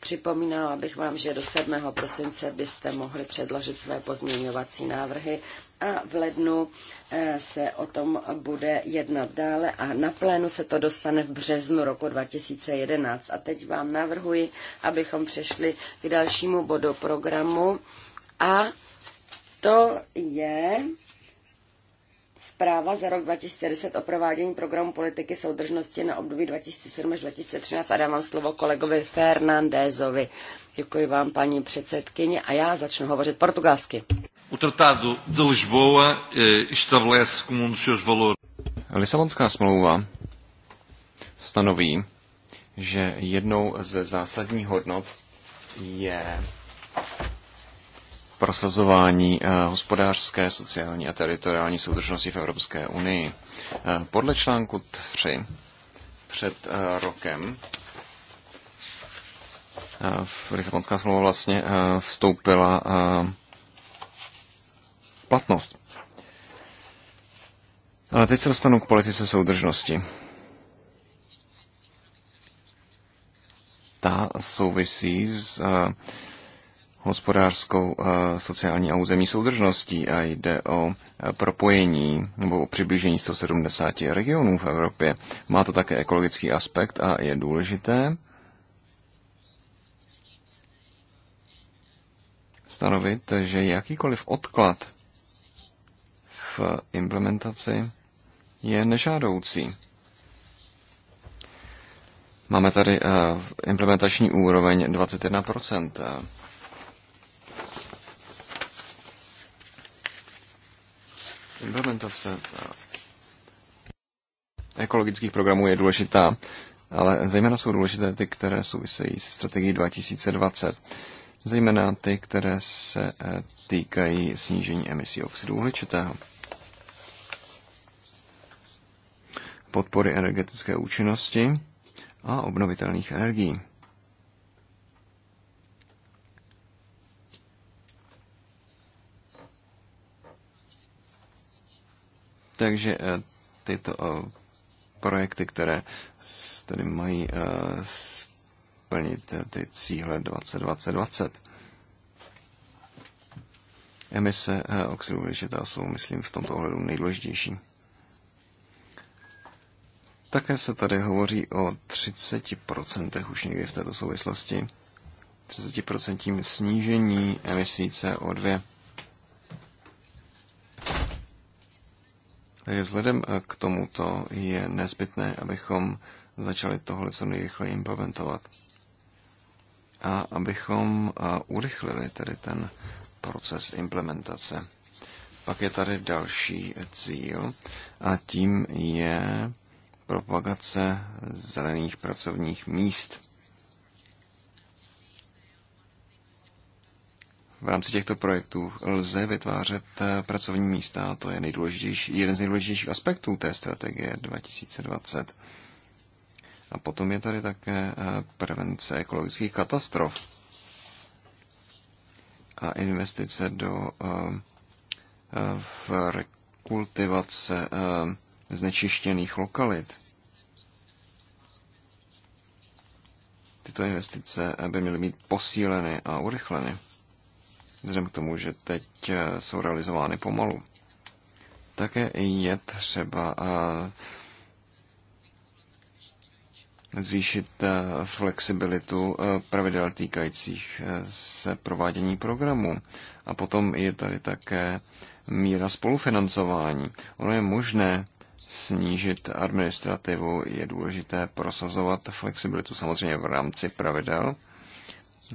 Připomínám, abych vám, že do 7. prosince byste mohli předložit své pozměňovací návrhy a v lednu eh, se o tom bude jednat dále a na plénu se to dostane v březnu roku 2011. A teď vám navrhuji, abychom přešli k dalšímu bodu programu a to je zpráva za rok 2010 o provádění programu politiky soudržnosti na období 2007 až 2013 a dávám slovo kolegovi Fernandézovi. Děkuji vám, paní předsedkyně, a já začnu hovořit portugalsky. O Tratado de Lisboa eh, estabelece como um dos seus valores. A Lisabonská smlouva stanoví, že jednou ze zásadních hodnot je prosazování eh, hospodářské, sociální a teritoriální soudržnosti v Evropské unii. Eh, podle článku 3 před rokem v Lisabonská smlouva vlastně vstoupila platnost. Ale teď se dostanu k politice soudržnosti. Ta souvisí s uh, hospodářskou, eh, sociální a územní soudržností a jde o eh, propojení nebo o přiblížení 170 regionů v Evropě. Má to také ekologický aspekt a je důležité stanovit, že jakýkoliv odklad implementaci je nežádoucí. Máme tady eh, implementační úroveň 21%. Implementace eh, ekologických programů je důležitá, ale zejména jsou důležité ty, které souvisejí se strategií 2020, zejména ty, které se eh, týkají snížení emisí oxidu uhličitého. podpory energetické účinnosti a obnovitelných energií. Takže eh, tyto eh, projekty, které tedy mají eh, splnit ty cíle 2020-2020. Emise oxidu uhličitá jsou, myslím, v tomto ohledu nejdůležitější. Také se tady hovoří o 30% už někdy v této souvislosti. 30% snížení emisí CO2. Takže vzhledem k tomuto je nezbytné, abychom začali tohle co nejrychleji implementovat. A abychom urychlili tedy ten proces implementace. Pak je tady další cíl a tím je propagace zelených pracovních míst. V rámci těchto projektů lze vytvářet eh, pracovní místa a to je nejdůležitější, jeden z nejdůležitějších aspektů té strategie 2020. A potom je tady také eh, prevence ekologických katastrof a investice do eh, v rekultivace znečištěných lokalit. Tyto investice by měly být posíleny a urychleny, vzhledem k tomu, že teď eh, jsou realizovány pomalu. Také je třeba eh, zvýšit eh, flexibilitu pravidel týkajících se provádění programu. A potom je tady také míra spolufinancování. Ono je možné snížit administrativu, je důležité prosazovat flexibilitu samozřejmě v rámci pravidel.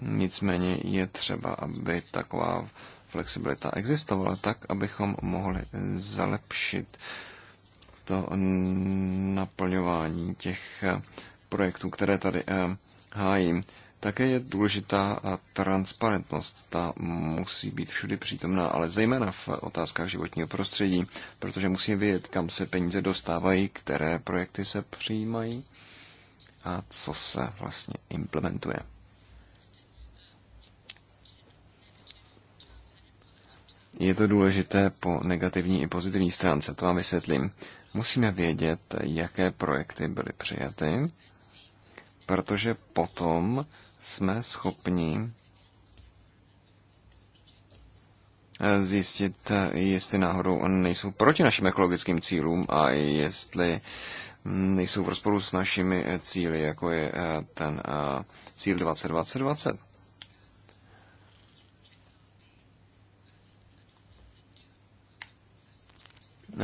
Nicméně je třeba, aby taková flexibilita existovala tak, abychom mohli zalepšit to naplňování těch eh, projektů, které tady eh, hájím. Také je důležitá a transparentnost. Ta musí být všudy přítomná, ale zejména v otázkách životního prostředí, protože musí vědět, kam se peníze dostávají, které projekty se přijímají a co se vlastně implementuje. Je to důležité po negativní i pozitivní stránce, to vám vysvětlím. Musíme vědět, jaké projekty byly přijaty, protože potom jsme schopni eh, zjistit, eh, jestli náhodou nejsou proti našim ekologickým cílům a jestli hm, nejsou v rozporu s našimi eh, cíly, jako je ten cíl 2020.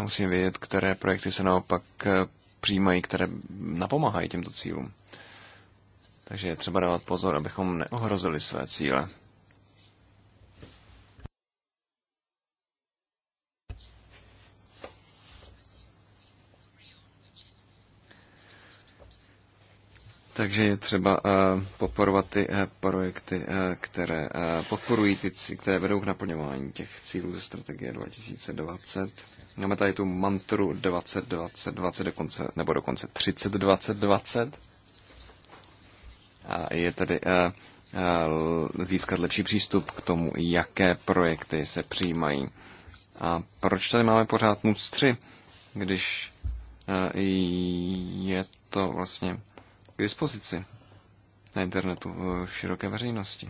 Musím vědět, které projekty se naopak přijímají, které napomáhají těmto cílům. Takže je třeba dávat pozor, abychom neohrozili své cíle. Takže je třeba eh, podporovat ty eh, projekty, eh, které podporují ty, které vedou k naplňování těch cílů ze strategie 2020. Máme tady tu mantru 2020, 20, 20 dokonce, nebo dokonce 30, 20, 20. A je tedy eh, eh, získat lepší přístup k tomu, jaké projekty se přijímají. A proč tady máme pořád NUC 3, když eh, je to vlastně k dispozici na internetu v široké veřejnosti?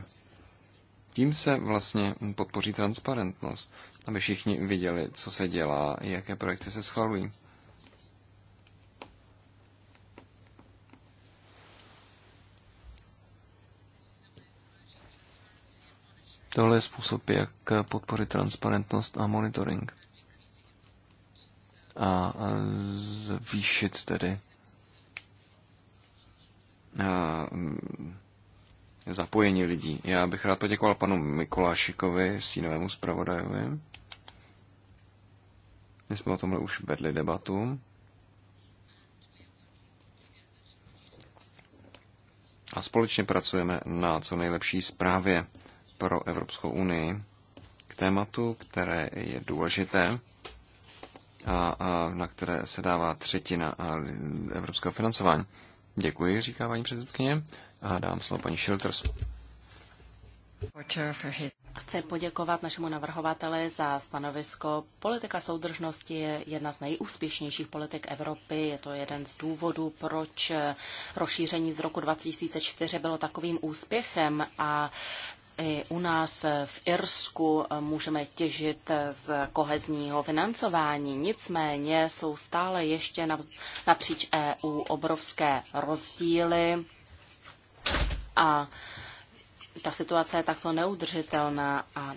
Tím se vlastně podpoří transparentnost, aby všichni viděli, co se dělá, jaké projekty se schvalují. Tohle je způsob, jak podpořit transparentnost a monitoring. A zvýšit tedy a mm, zapojení lidí. Já bych rád poděkoval panu Mikolášikovi, stínovému zpravodajovi. My jsme o tomhle už vedli debatu. A společně pracujeme na co nejlepší zprávě pro Evropskou unii k tématu, které je důležité a, a na které se dává třetina evropského financování. Děkuji, říká paní předsedkyně a dám slovo paní Schilters. Chci poděkovat našemu navrhovateli za stanovisko. Politika soudržnosti je jedna z nejúspěšnějších politik Evropy. Je to jeden z důvodů, proč rozšíření z roku 2004 bylo takovým úspěchem a i u nás v Irsku můžeme těžit z kohezního financování. Nicméně jsou stále ještě napříč EU obrovské rozdíly a ta situace je takto neudržitelná. A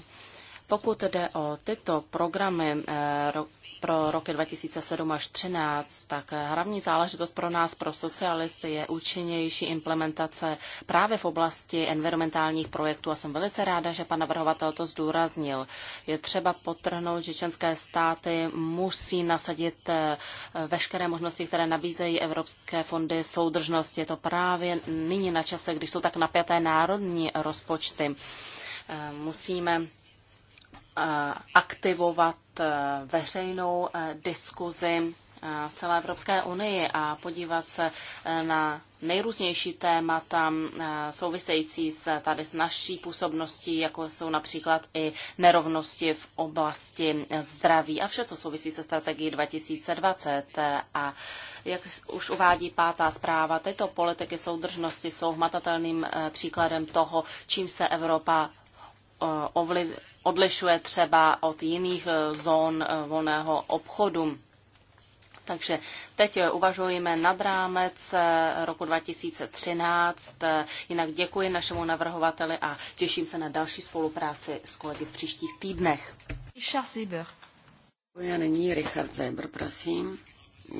pokud jde o tyto programy eh, pro roky 2007 až 2013, tak hlavní záležitost pro nás, pro socialisty, je účinnější implementace právě v oblasti environmentálních projektů a jsem velice ráda, že pan navrhovatel to zdůraznil. Je třeba potrhnout, že členské státy musí nasadit eh, veškeré možnosti, které nabízejí evropské fondy soudržnosti. Je to právě nyní na čase, když jsou tak napjaté národní rozpočty. Eh, musíme Eh, aktivovat eh, veřejnou eh, diskuzi v celé Evropské unii a podívat se na nejrůznější témata související se tady s naší působností, jako jsou například i nerovnosti v oblasti zdraví a vše, co souvisí se strategií 2020. A jak už uvádí pátá zpráva, tyto politiky soudržnosti jsou hmatatelným příkladem toho, čím se Evropa ovlivňuje odlišuje třeba od jiných eh, zón eh, volného obchodu. Takže teď eh, uvažujeme nad rámec roku 2013. Jinak děkuji našemu navrhovateli a těším se na další spolupráci s kolegy v příštích týdnech. Já nyní Richard Zeber, prosím.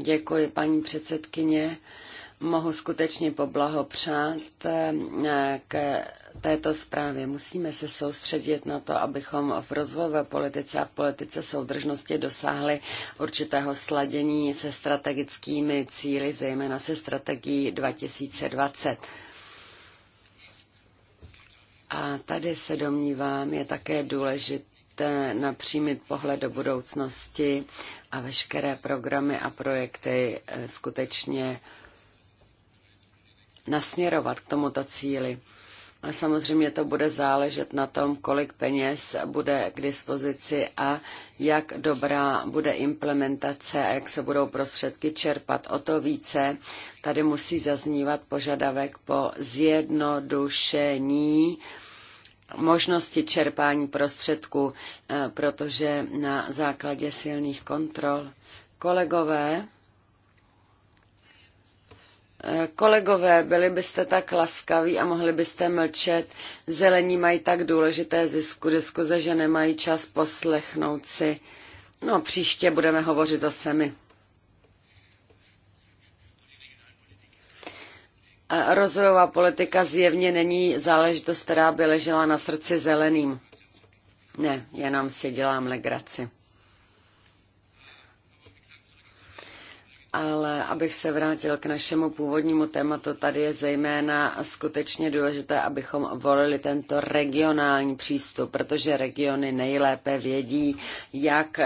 Děkuji, paní předsedkyně mohu skutečně poblahopřát eh, k této zprávě. Musíme se soustředit na to, abychom v rozvojové politice a v politice soudržnosti dosáhli určitého sladění se strategickými cíly, zejména se strategií 2020. A tady se domnívám, je také důležité napřímit pohled do budoucnosti a veškeré programy a projekty eh, skutečně nasměrovat k tomuto cíli. A samozřejmě to bude záležet na tom, kolik peněz bude k dispozici a jak dobrá bude implementace a jak se budou prostředky čerpat. O to více tady musí zaznívat požadavek po zjednodušení možnosti čerpání prostředků, eh, protože na základě silných kontrol kolegové Kolegové, byli byste tak laskaví a mohli byste mlčet. Zelení mají tak důležité zisku diskuze, že nemají čas poslechnout si. No, příště budeme hovořit o semi. rozvojová politika zjevně není záležitost, která by ležela na srdci zeleným. Ne, jenom si dělám legraci. Ale abych se vrátil k našemu původnímu tématu, tady je zejména skutečně důležité, abychom volili tento regionální přístup, protože regiony nejlépe vědí, jak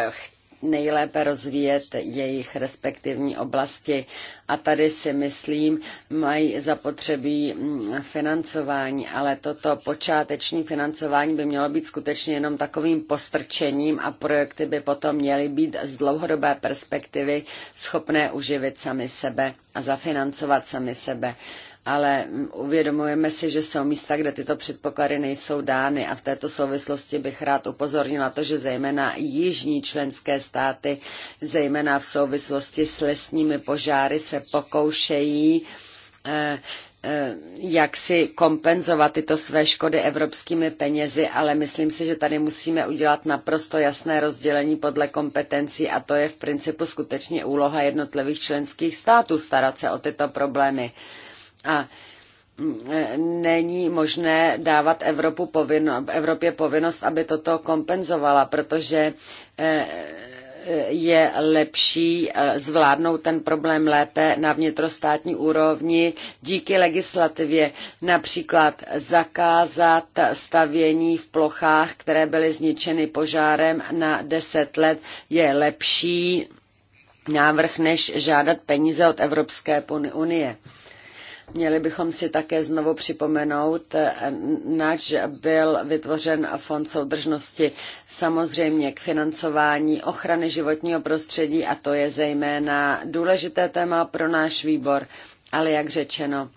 nejlépe rozvíjet jejich respektivní oblasti. A tady si myslím, mají zapotřebí mm, financování, ale toto počáteční financování by mělo být skutečně jenom takovým postrčením a projekty by potom měly být z dlouhodobé perspektivy schopné uživit sami sebe a zafinancovat sami sebe ale uvědomujeme si, že jsou místa, kde tyto předpoklady nejsou dány a v této souvislosti bych rád upozornila to, že zejména jižní členské státy, zejména v souvislosti s lesními požáry se pokoušejí eh, eh, jak si kompenzovat tyto své škody evropskými penězi, ale myslím si, že tady musíme udělat naprosto jasné rozdělení podle kompetencí a to je v principu skutečně úloha jednotlivých členských států starat se o tyto problémy. A e, není možné dávat Evropu povinno, Evropě povinnost, aby toto kompenzovala, protože e, je lepší e, zvládnout ten problém lépe na vnitrostátní úrovni díky legislativě, například zakázat stavění v plochách, které byly zničeny požárem na 10 let, je lepší návrh, než žádat peníze od Evropské unie. Měli bychom si také znovu připomenout, nač byl vytvořen fond soudržnosti samozřejmě k financování ochrany životního prostředí a to je zejména důležité téma pro náš výbor. Ale jak řečeno,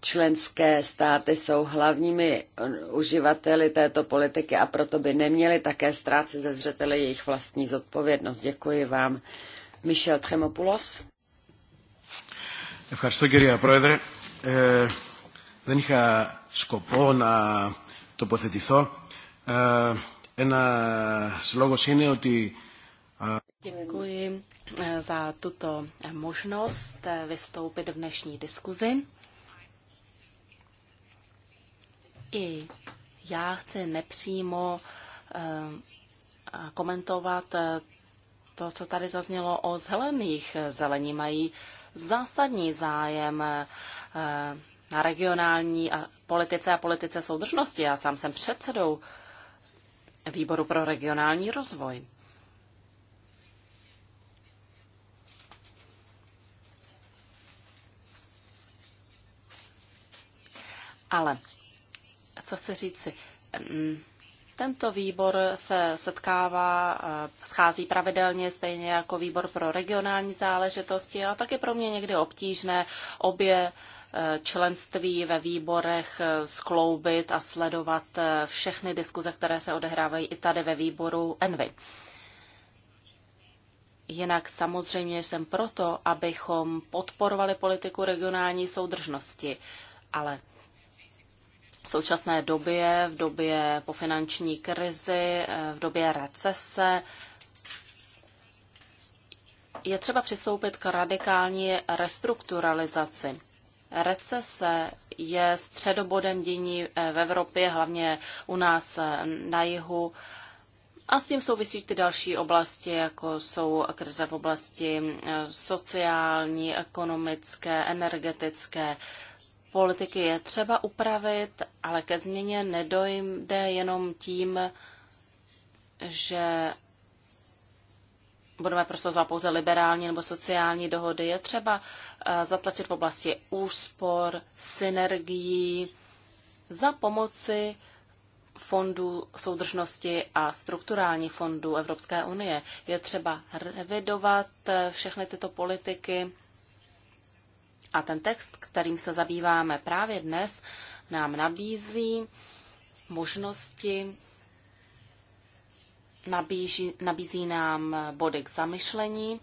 členské státy jsou hlavními uživateli této politiky a proto by neměly také ztrácet ze zřetele jejich vlastní zodpovědnost. Děkuji vám. Michel Tremopoulos. Ευχαριστώ κυρία Πρόεδρε. Ε, δεν είχα σκοπό να τοποθετηθώ. Ε, ένας λόγος είναι ότι... Děkuji za tuto možnost vystoupit v dnešní diskuzi. I já chci nepřímo e, komentovat e, to, co tady zaznělo o zelených. E, zelení mají zásadní zájem eh, na regionální politice a politice soudržnosti. Já sám jsem předsedou Výboru pro regionální rozvoj. Ale co chci říci, mm, tento výbor se setkává, eh, schází pravidelně, stejně jako výbor pro regionální záležitosti a je pro mě někdy obtížné obě eh, členství ve výborech eh, skloubit a sledovat všechny diskuze, které se odehrávají i tady ve výboru Envy. Jinak samozřejmě jsem proto, abychom podporovali politiku regionální soudržnosti, ale v současné době, v době po finanční krizi, eh, v době recese, je třeba přistoupit k radikální restrukturalizaci. Recese je středobodem dění eh, v Evropě, hlavně u nás eh, na jihu. A s tím souvisí ty další oblasti, jako jsou krize v oblasti sociální, ekonomické, energetické politiky je třeba upravit, ale ke změně nedojde jenom tím, že budeme prosazovat pouze liberální nebo sociální dohody. Je třeba eh, zatlačit v oblasti úspor, synergií za pomoci fondů soudržnosti a strukturální fondů Evropské unie. Je třeba revidovat eh, všechny tyto politiky a ten text, kterým se zabýváme právě dnes, nám nabízí možnosti, nabízí, nabízí nám body k zamyšlení.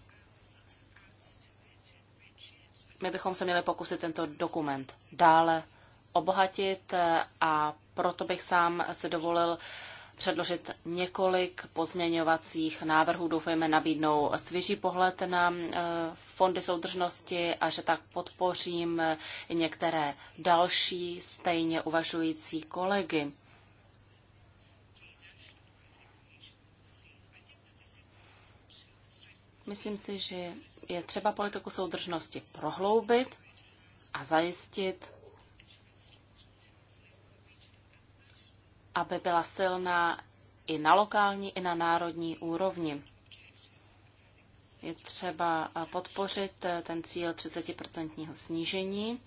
My bychom se měli pokusit tento dokument dále obohatit a proto bych sám si dovolil předložit několik pozměňovacích návrhů. Doufujeme nabídnou svěží pohled na eh, fondy soudržnosti a že tak podpořím eh, některé další stejně uvažující kolegy. Myslím si, že je třeba politiku soudržnosti prohloubit a zajistit, aby byla silná i na lokální, i na národní úrovni. Je třeba podpořit eh, ten cíl 30% snížení.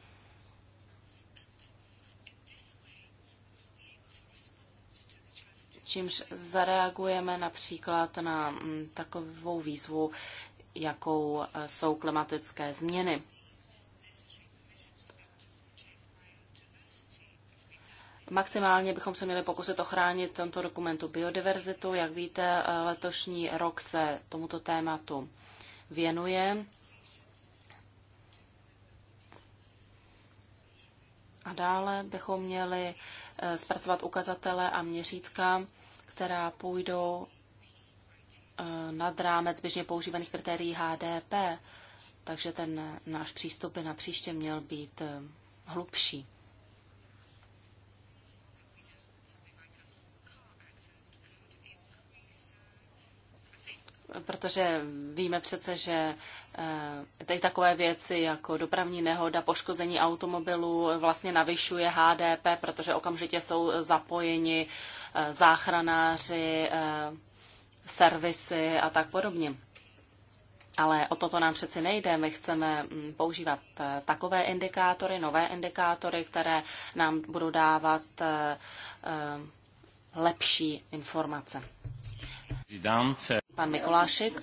čímž zareagujeme například na mm, takovou výzvu, jakou eh, jsou klimatické změny. Maximálně bychom se měli pokusit ochránit tomto dokumentu biodiverzitu. Jak víte, letošní rok se tomuto tématu věnuje. A dále bychom měli eh, zpracovat ukazatele a měřítka, která půjdou eh, nad rámec běžně používaných kritérií HDP. Takže ten náš přístup by na příště měl být eh, hlubší. protože víme přece, že teď eh, takové věci jako dopravní nehoda, poškození automobilu vlastně navyšuje HDP, protože okamžitě jsou zapojeni eh, záchranáři, eh, servisy a tak podobně. Ale o toto nám přeci nejde. My chceme mm, používat takové indikátory, nové indikátory, které nám budou dávat lepší informace. Zidánce. Pan Mikolášek.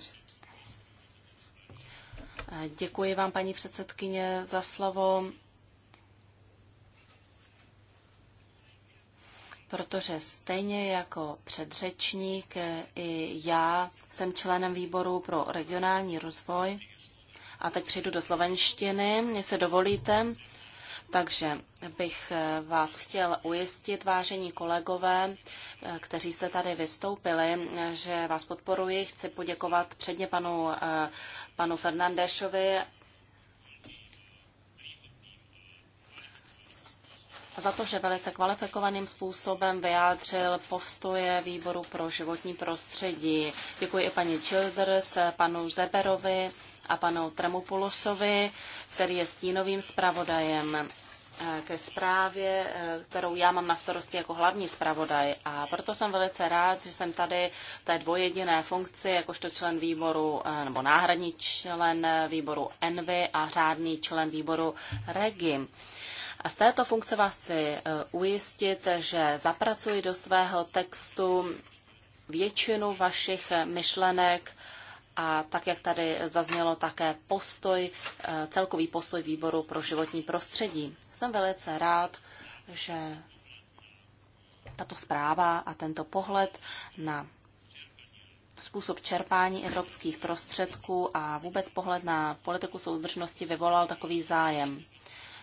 Děkuji vám, paní předsedkyně, za slovo. protože stejně jako předřečník i já jsem členem výboru pro regionální rozvoj. A teď přijdu do slovenštiny, jestli dovolíte. Takže bych eh, vás chtěl ujistit, vážení kolegové, eh, kteří se tady vystoupili, eh, že vás podporuji. Chci poděkovat předně panu, panu Fernandešovi za to, že velice kvalifikovaným způsobem vyjádřil postoje výboru pro životní prostředí. Děkuji i paní Childers, panu Zeberovi a panu Tremopulosovi, který je stínovým zpravodajem. Eh, ke zprávě, eh, kterou já mám na starosti jako hlavní zpravodaj. A proto jsem velice rád, že jsem tady v té dvojjediné funkci, jakožto člen výboru, eh, nebo náhradní člen výboru Envy a řádný člen výboru Regim. A z této funkce vás chci ujistit, že zapracuji do svého textu většinu vašich myšlenek, a tak, jak tady zaznělo také postoj, eh, celkový postoj výboru pro životní prostředí. Jsem velice rád, že tato zpráva a tento pohled na způsob čerpání evropských prostředků a vůbec pohled na politiku soudržnosti vyvolal takový zájem.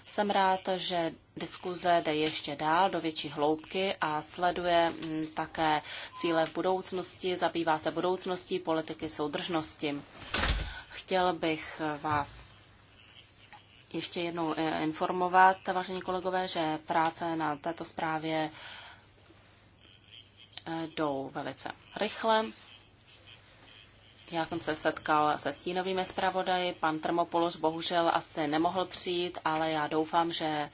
Jsem rád, že diskuze jde ještě dál do větší hloubky a sleduje mm, také cíle v budoucnosti, zabývá se budoucností politiky soudržnosti. Chtěl bych vás ještě jednou eh, informovat, vážení kolegové, že práce na této zprávě eh, jdou velice rychle. Já jsem se setkal se stínovými zpravodaji, pan Trmopoulos bohužel asi nemohl přijít, ale já doufám, že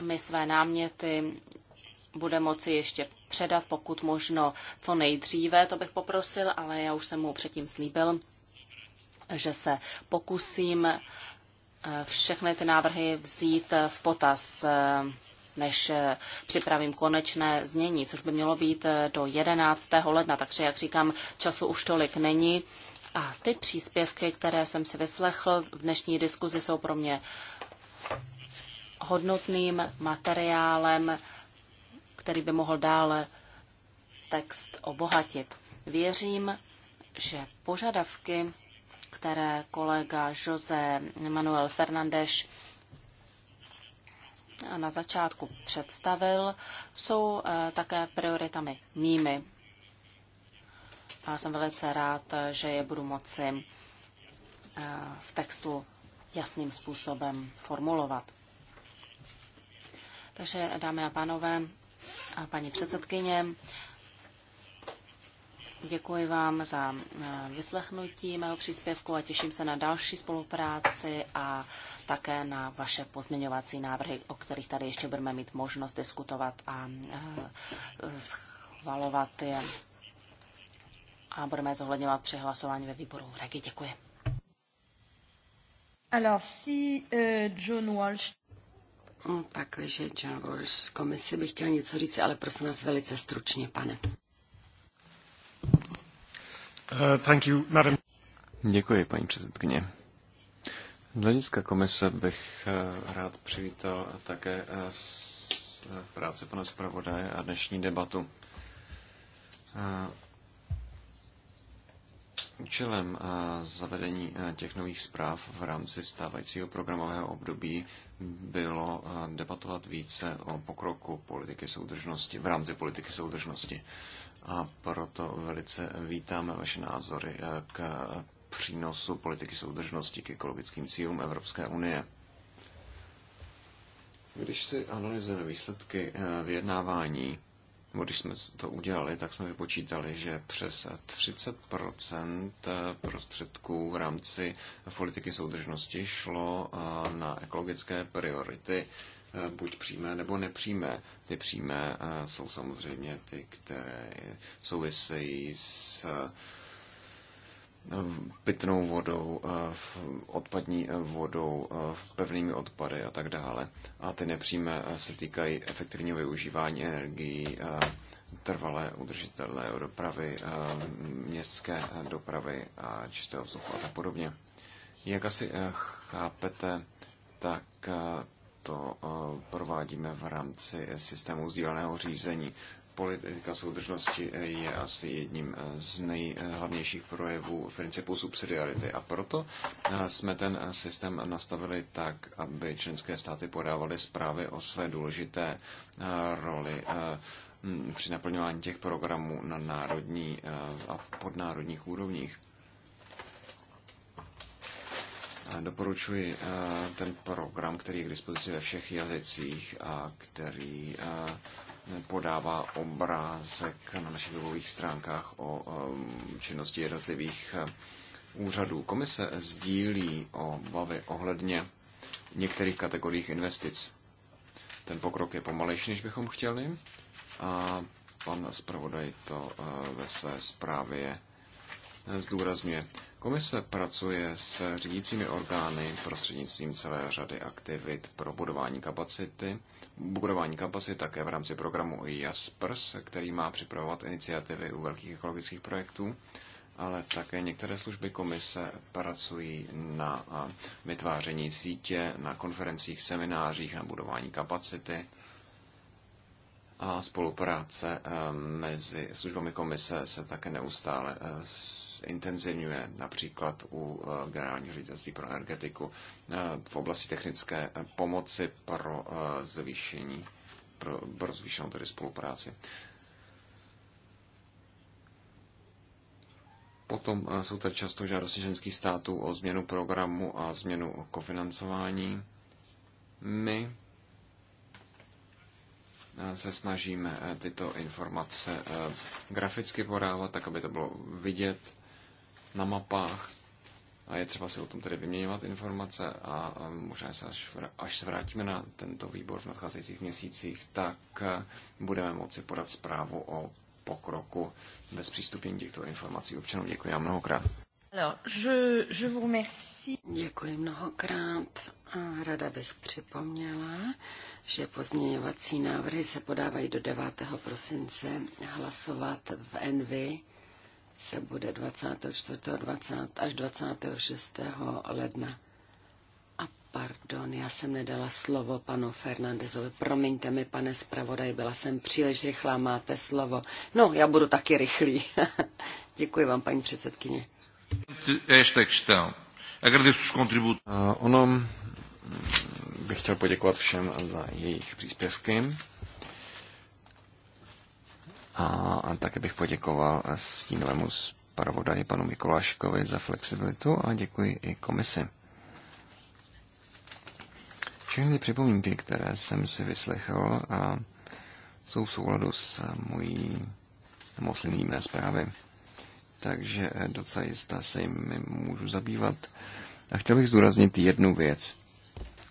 my své náměty bude moci ještě předat, pokud možno co nejdříve, to bych poprosil, ale já už jsem mu předtím slíbil, že se pokusím eh, všechny ty návrhy vzít v potaz. Eh, než eh, připravím konečné znění, což by mělo být eh, do 11. ledna. Takže, jak říkám, času už tolik není. A ty příspěvky, které jsem si vyslechl v dnešní diskuzi, jsou pro mě hodnotným materiálem, který by mohl dále text obohatit. Věřím, že požadavky, které kolega Jose Manuel Fernandez na začátku představil, jsou eh, také prioritami mými. A jsem velice rád, že je budu moci eh, v textu jasným způsobem formulovat. Takže, dámy a pánové, a paní předsedkyně, děkuji vám za eh, vyslechnutí mého příspěvku a těším se na další spolupráci a také na vaše pozměňovací návrhy, o kterých tady ještě budeme mít možnost diskutovat a eh, schvalovat je. A budeme je zohledňovat při hlasování ve výboru Regi. Děkuji. Alors, si uh, John Walsh... No, pak, že John Walsh z komise bych chtěl něco říct, ale prosím vás velice stručně, pane. Uh, thank you, madam. Děkuji, paní předsedkyně. Z hlediska komise bych eh, rád přivítal také z eh, práce pana zpravodaje a dnešní debatu. Eh, účelem zavedení těch nových zpráv v rámci stávajícího programového období bylo debatovat více o pokroku politiky soudržnosti v rámci politiky soudržnosti. A proto velice vítáme vaše názory k přínosu politiky soudržnosti k ekologickým cílům Evropské unie. Když si analyzujeme výsledky eh, vyjednávání, nebo když jsme to udělali, tak jsme vypočítali, že přes 30 eh, prostředků v rámci politiky soudržnosti šlo eh, na ekologické priority, buď přímé nebo nepřímé. Ty přímé jsou samozřejmě ty, které souvisejí s pitnou vodou, eh, odpadní vodou, eh, pevnými odpady a tak dále. A ty nepříjme eh, se týkají efektivního využívání energií, trvalé udržitelné dopravy, městské dopravy a čistého vzduchu a tak podobně. Jak asi chápete, tak to provádíme v rámci systému sdíleného řízení politika soudržnosti je asi jedním z nejhlavnějších projevů principu subsidiarity a proto jsme ten systém nastavili tak, aby členské státy podávaly zprávy o své důležité roli eh, při naplňování těch programů na národní eh, a podnárodních úrovních. Doporučuji eh, ten program, který je k dispozici ve všech jazycích a který podává obrázek na našich webových stránkách o činnosti jednotlivých e, úřadů. Komise sdílí obavy ohledně některých kategoriích investic. Ten pokrok je pomalejší, než bychom chtěli a pan zpravodaj to e, ve své zprávě e, zdůrazňuje. Komise pracuje s řídícími orgány prostřednictvím celé řady aktivit pro budování kapacity, budování kapacity také v rámci programu JASPERS, který má připravovat iniciativy u velkých ekologických projektů, ale také některé služby komise pracují na vytváření sítě, na konferencích, seminářích, na budování kapacity a spolupráce eh, mezi službami komise se také neustále eh, intenzivňuje, například u eh, generálního ředitelství pro energetiku v oblasti technické pomoci pro zvýšení, pro, pro zvýšenou tedy spolupráci. Potom jsou tady často žádosti členských států o změnu programu a změnu kofinancování. My se snažíme eh, tyto informace eh, graficky podávat, tak aby to bylo vidět na mapách. A je třeba si o tom tedy vyměňovat informace a možná se až, až se vrátíme na tento výbor v nadcházejících měsících, tak eh, budeme moci podat zprávu o pokroku bez zpřístupnění těchto informací občanům. Děkuji vám mnohokrát. Alors, je, je vous remercie. Děkuji mnohokrát. A rada bych připomněla, že pozměňovací návrhy se podávají do 9. prosince. Hlasovat v Envy se bude 24. 20 až 26. ledna. A pardon, já jsem nedala slovo panu Fernandezovi. Promiňte mi, pane zpravodaj, byla jsem příliš rychlá, máte slovo. No, já budu taky rychlý. *laughs* Děkuji vám, paní předsedkyně. Esta Agradeço os contributos. Uh, ono bych chtěl poděkovat všem za jejich příspěvky. A, a také bych poděkoval stínovému zpravodaji panu Mikuláškovi za flexibilitu a děkuji i komisi. Všechny připomínky, které jsem si vyslechl, a jsou v souladu s mojí moslinným mé zprávy. Takže docela jistá se jim můžu zabývat. A chtěl bych zdůraznit jednu věc.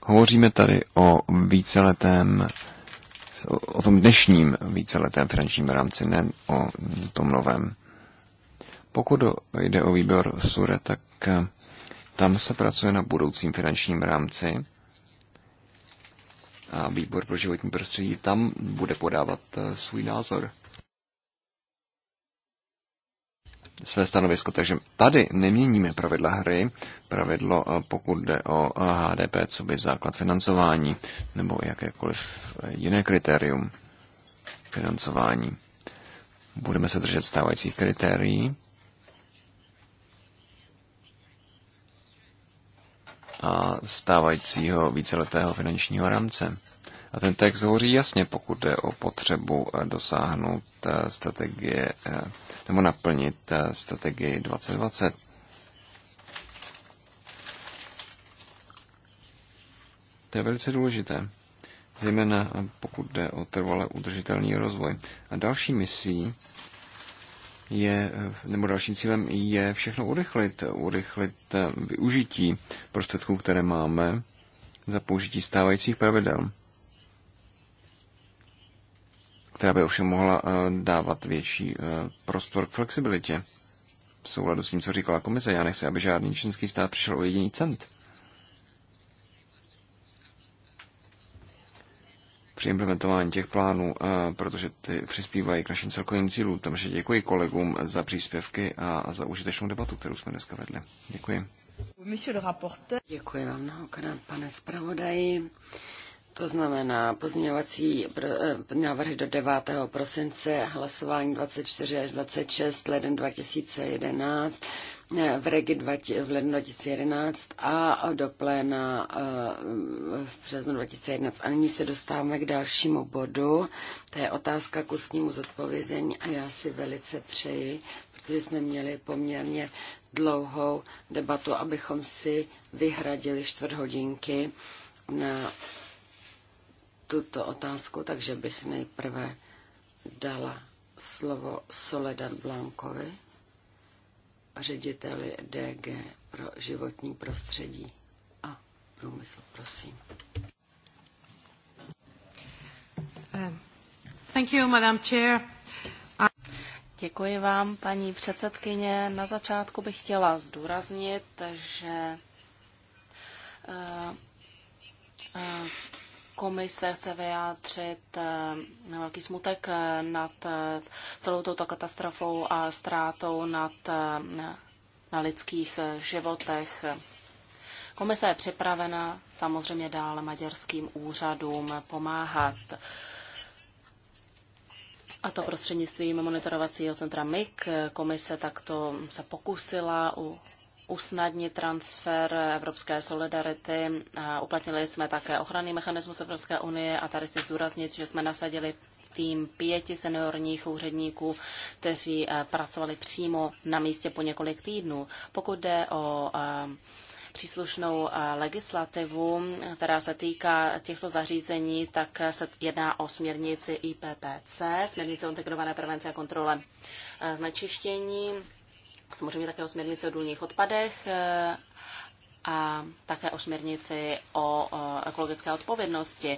Hovoříme tady o víceletém, o tom dnešním víceletém finančním rámci, ne o tom novém. Pokud jde o výbor SURE, tak eh, tam se pracuje na budoucím finančním rámci a výbor pro životní prostředí tam bude podávat eh, svůj názor. své stanovisko. Takže tady neměníme pravidla hry, pravidlo eh, pokud jde o HDP, eh, co by základ financování, nebo jakékoliv eh, jiné kritérium financování. Budeme se držet stávajících kritérií. a stávajícího víceletého finančního rámce. A ten text hovoří jasně, pokud jde o potřebu dosáhnout strategie nebo naplnit eh, strategii 2020. To je velice důležité, zejména eh, pokud jde o trvalé udržitelný rozvoj. A další misí je, eh, nebo dalším cílem je všechno urychlit, urychlit využití prostředků, které máme za použití stávajících pravidel která by ovšem mohla eh, dávat větší eh, prostor k flexibilitě. V souladu s tím, co říkala komise, já nechci, aby žádný členský stát přišel o jediný cent. při implementování těch plánů, eh, protože ty přispívají k našim celkovým cílům. Takže děkuji kolegům za příspěvky a za užitečnou debatu, kterou jsme dneska vedli. Děkuji. Děkuji vám mnohokrát, pane zpravodaji. To znamená pozměňovací eh, návrhy do 9. prosince, hlasování 24 až 26, leden 2011, eh, v regi 20, v lednu 2011 a do pléna eh, v březnu 2011. A nyní se dostáváme k dalšímu bodu. To je otázka k ústnímu zodpovězení a já si velice přeji, protože jsme měli poměrně dlouhou debatu, abychom si vyhradili čtvrt hodinky na tuto otázku, takže bych nejprve dala slovo Soledad Blankovi, řediteli DG pro životní prostředí a průmysl, prosím. Eh, thank you, Madam Chair. A... Děkuji vám, paní předsedkyně. Na začátku bych chtěla zdůraznit, že eh, eh, komise chce vyjádřit eh, velký smutek eh, nad eh, celou touto katastrofou a ztrátou nad, na lidských životech. Komise je připravena samozřejmě dále maďarským úřadům pomáhat. A to prostřednictvím monitorovacího centra MIG. Komise takto se pokusila u usnadnit transfer evropské solidarity. Uplatnili jsme také ochranný mechanismus Evropské unie a tady chci zdůraznit, že jsme nasadili tým pěti seniorních úředníků, kteří eh, pracovali přímo na místě po několik týdnů. Pokud jde o eh, příslušnou eh, legislativu, která se týká těchto zařízení, tak se jedná o směrnici IPPC, směrnici integrované prevence a kontrole znečištění samozřejmě také o směrnici o důlních odpadech eh, a také o směrnici o ekologické odpovědnosti.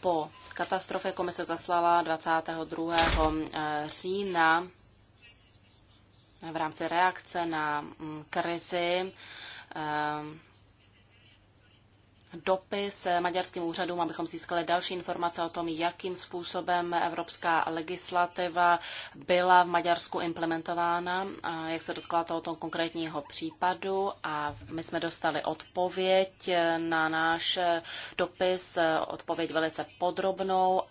Po katastrofě komise zaslala 22. Eh, října v rámci reakce na mm, krizi eh, dopis maďarským úřadům, abychom získali další informace o tom, jakým způsobem evropská legislativa byla v Maďarsku implementována, jak se dotkla tom konkrétního případu a my jsme dostali odpověď na náš dopis, odpověď velice podrobnou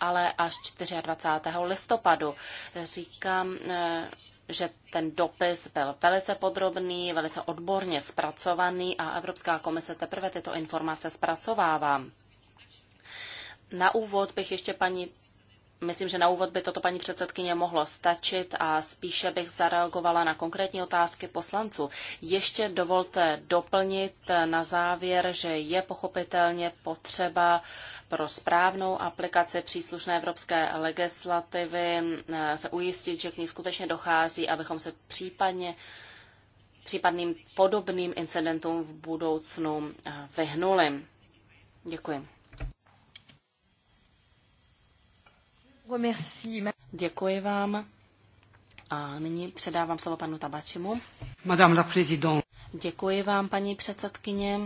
ale až 24. listopadu. Říkám, že ten dopis byl velice podrobný, velice odborně zpracovaný a Evropská komise teprve tyto informace zpracovává. Na úvod bych ještě paní Myslím, že na úvod by toto paní předsedkyně mohlo stačit a spíše bych zareagovala na konkrétní otázky poslanců. Ještě dovolte doplnit na závěr, že je pochopitelně potřeba pro správnou aplikaci příslušné evropské legislativy eh, se ujistit, že k ní skutečně dochází, abychom se případně případným podobným incidentům v budoucnu eh, vyhnuli. Děkuji. Děkuji vám. A nyní předávám slovo panu Tabačimu. Madame la présidente. Děkuji vám, paní předsedkyně.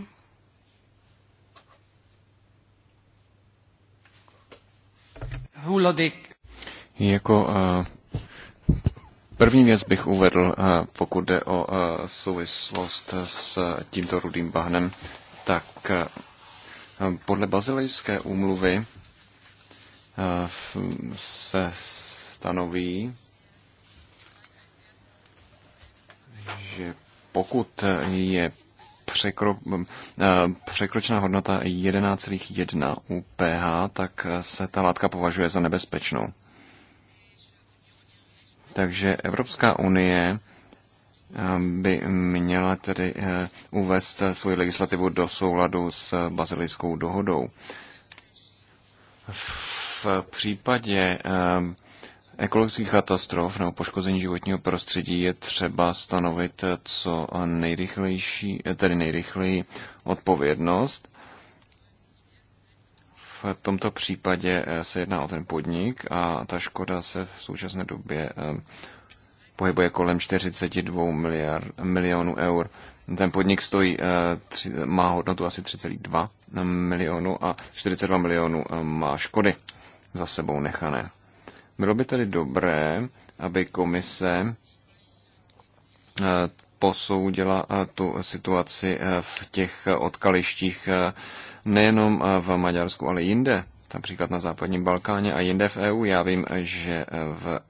Hulodik. Jako uh, První věc bych uvedl, uh, pokud jde o uh, souvislost s tímto rudým bahnem, tak uh, podle bazilejské úmluvy Eh, se stanoví, že pokud je překro, eh, překročná hodnota 11,1 u pH, tak se ta látka považuje za nebezpečnou. Takže Evropská unie eh, by měla tedy uvést svoji legislativu do souladu s bazilijskou dohodou. V v případě eh, ekologických katastrof nebo poškození životního prostředí je třeba stanovit eh, co nejrychlejší, eh, tedy nejrychleji odpovědnost. V tomto případě se jedná o ten podnik a ta škoda se v současné době pohybuje kolem 42 miliard, milionů eur. Ten podnik stojí, má hodnotu asi 3,2 milionu a 42 milionů má škody za sebou nechané. Bylo by tedy dobré, aby komise eh, posoudila eh, tu situaci eh, v těch odkalištích nejenom v Maďarsku, ale jinde, například na západním Balkáně a jinde v EU. Já vím, že v,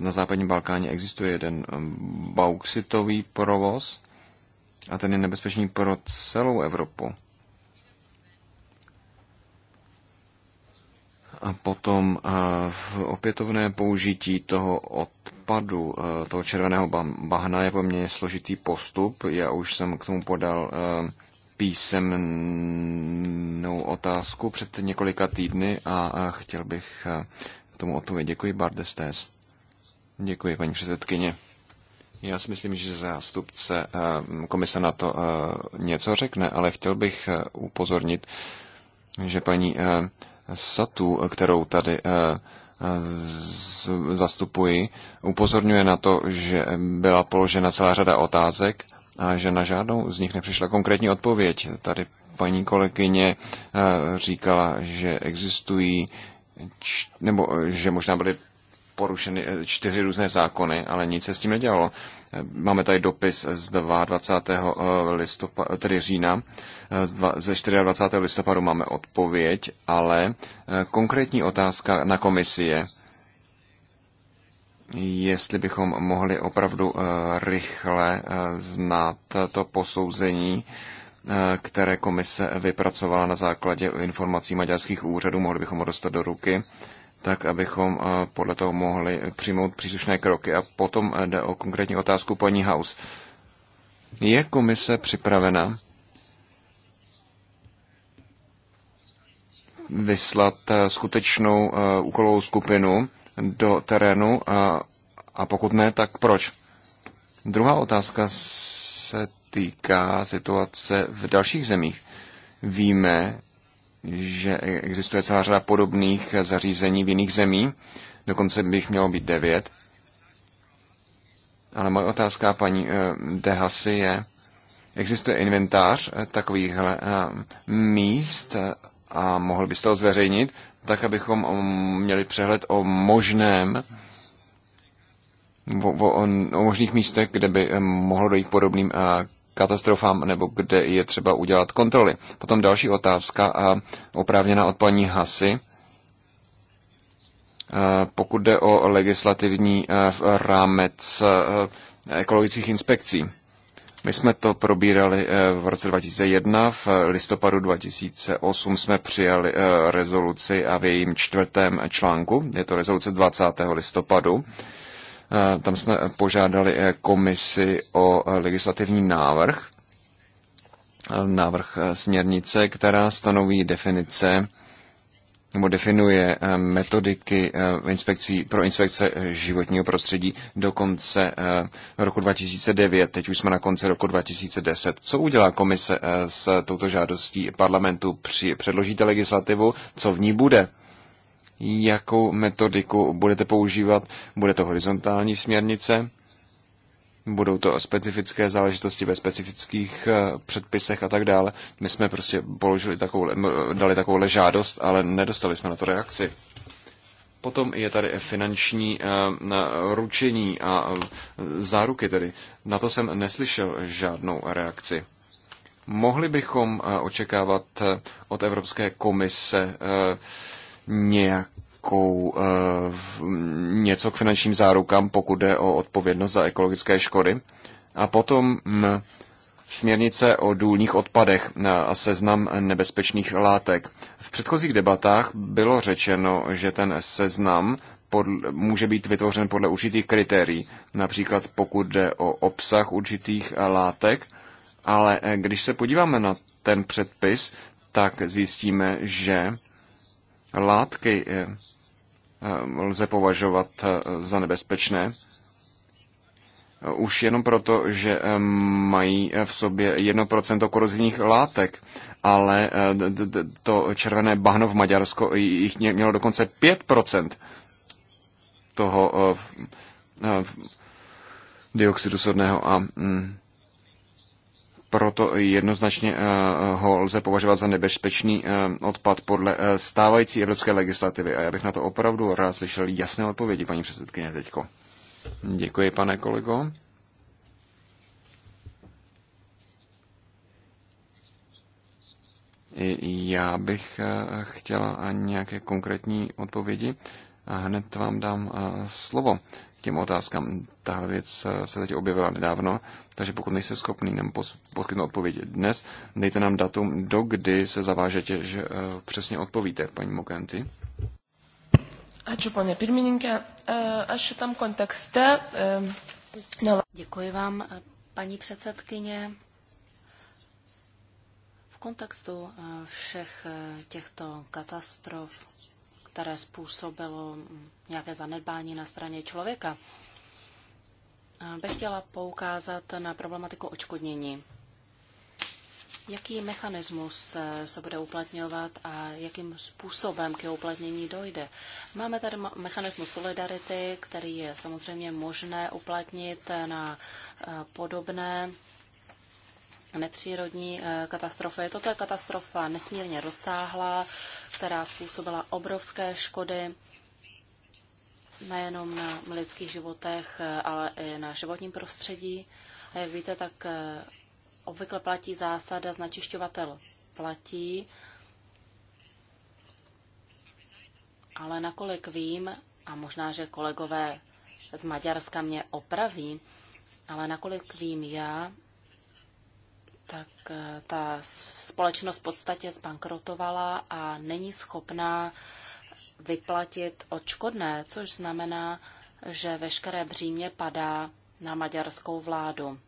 na západním Balkáně existuje jeden bauxitový provoz a ten je nebezpečný pro celou Evropu. A potom eh, v opětovné použití toho odpadu, eh, toho červeného bahna je poměrně složitý postup. Já už jsem k tomu podal eh, písemnou otázku před několika týdny a chtěl bych k tomu odpověď. Děkuji, Bardestes. Děkuji, paní předsedkyně. Já si myslím, že zástupce komise na to něco řekne, ale chtěl bych upozornit, že paní Satu, kterou tady eh, zastupuji, upozorňuje na to, že byla položena celá řada otázek a že na žádnou z nich nepřišla konkrétní odpověď. Tady paní kolegyně eh, říkala, že existují, nebo eh, že možná byly porušeny čtyři různé zákony, ale nic se s tím nedělalo. Máme tady dopis z 22. listopadu, tedy října, ze 24. listopadu máme odpověď, ale eh, konkrétní otázka na komisi je, jestli bychom mohli opravdu eh, rychle eh, znát to posouzení, které komise vypracovala na základě informací maďarských úřadů, mohli bychom ho dostat do ruky tak abychom eh, podle toho mohli přijmout příslušné kroky. A potom eh, jde o konkrétní otázku paní House. Je komise připravena vyslat eh, skutečnou úkolovou skupinu do terénu a, a pokud ne, tak proč? Druhá otázka se týká situace v dalších zemích. Víme, že existuje celá řada podobných zařízení v jiných zemí, dokonce bych mělo být devět. Ale moje otázka paní eh, Dehasy je, existuje inventář eh, takových eh, míst a mohl byste ho zveřejnit, tak abychom mm, měli přehled o možném, o, o, o možných místech, kde by mohlo dojít podobným katastrofám nebo kde je třeba udělat kontroly. Potom další otázka, a oprávněná od paní Hasy. Pokud jde o legislativní e, rámec e, ekologických inspekcí. My jsme to probírali e, v roce 2001, v listopadu 2008 jsme přijali rezoluci a v jejím čtvrtém článku, je to rezoluce 20. listopadu, Eh, tam jsme požádali eh, komisi o eh, legislativní návrh, návrh směrnice, která stanoví definice nebo definuje metodiky inspekcí, pro inspekce životního prostředí do konce roku 2009. Teď už jsme na konci roku 2010. Co udělá komise s touto žádostí parlamentu? Při, předložíte legislativu? Co v ní bude? jakou metodiku budete používat. Bude to horizontální směrnice, budou to specifické záležitosti ve specifických eh, předpisech a tak dále. My jsme prostě položili takovou, eh, dali takovouhle žádost, ale nedostali jsme na to reakci. Potom je tady finanční eh, ručení a záruky tedy. Na to jsem neslyšel žádnou reakci. Mohli bychom očekávat od Evropské komise uh, nějakou, eh, něco k finančním zárukám, pokud jde o odpovědnost za ekologické škody. A potom mm, směrnice o důlních odpadech a seznam nebezpečných látek. V předchozích debatách bylo řečeno, že ten seznam pod, může být vytvořen podle určitých kritérií, například pokud jde o obsah určitých látek, ale eh, když se podíváme na ten předpis, tak zjistíme, že látky eh, eh, lze považovat eh, za nebezpečné, už jenom proto, že mají v sobě 1% korozivních látek, ale to červené bahno v Maďarsko jich mělo dokonce 5% toho dioxidu sodného a mm, proto jednoznačně eh, ho lze považovat za nebezpečný eh, odpad podle eh, stávající evropské legislativy. A já bych na to opravdu rád slyšel jasné odpovědi, paní předsedkyně, teďko. Děkuji, pane kolego. Já bych chtěla nějaké konkrétní odpovědi a hned vám dám slovo těm otázkám. Tahle věc eh, se teď objevila nedávno, takže pokud nejste schopný nám poskytnout odpověď dnes, dejte nám datum, do kdy se zavážete, že eh, přesně odpovíte, paní Mokenty. Ačiū, pane pirmininkė. Eh, aš šitam no. Děkuji vám, paní předsedkyně. V kontextu všech těchto katastrof které způsobilo nějaké zanedbání na straně člověka, bych chtěla poukázat na problematiku očkodnění. Jaký mechanismus se bude uplatňovat a jakým způsobem k jeho uplatnění dojde? Máme tady mechanismus solidarity, který je samozřejmě možné uplatnit na eh, podobné nepřírodní eh, katastrofy. Toto je katastrofa nesmírně rozsáhlá, která způsobila obrovské škody nejenom na lidských životech, eh, ale i na životním prostředí. A jak víte, tak eh, obvykle platí zásada značišťovatel platí, ale nakolik vím, a možná, že kolegové z Maďarska mě opraví, ale nakolik vím já, tak eh, ta společnost v podstatě zbankrotovala a není schopná vyplatit odškodné, což znamená, že veškeré břímě padá na maďarskou vládu.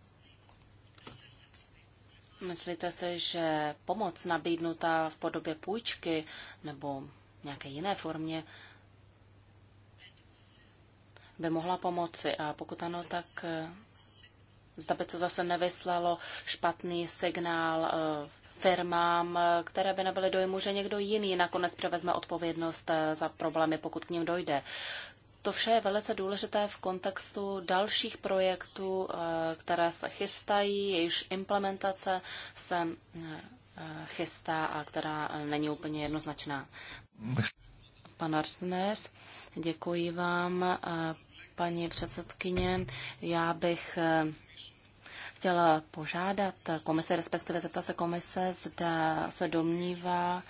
Myslíte si, že pomoc nabídnutá v podobě půjčky nebo nějaké jiné formě by mohla pomoci? A pokud ano, tak eh, zda by to zase nevyslalo špatný signál eh, firmám, eh, které by nebyly dojmu, že někdo jiný nakonec převezme odpovědnost eh, za problémy, pokud k ním dojde. To vše je velice důležité v kontextu dalších projektů, které se chystají, jejichž implementace se chystá a která není úplně jednoznačná. Pan Arsnes, děkuji vám paní předsedkyně. Já bych eh, chtěla požádat komise, respektive zeptat se komise, zda se domnívá,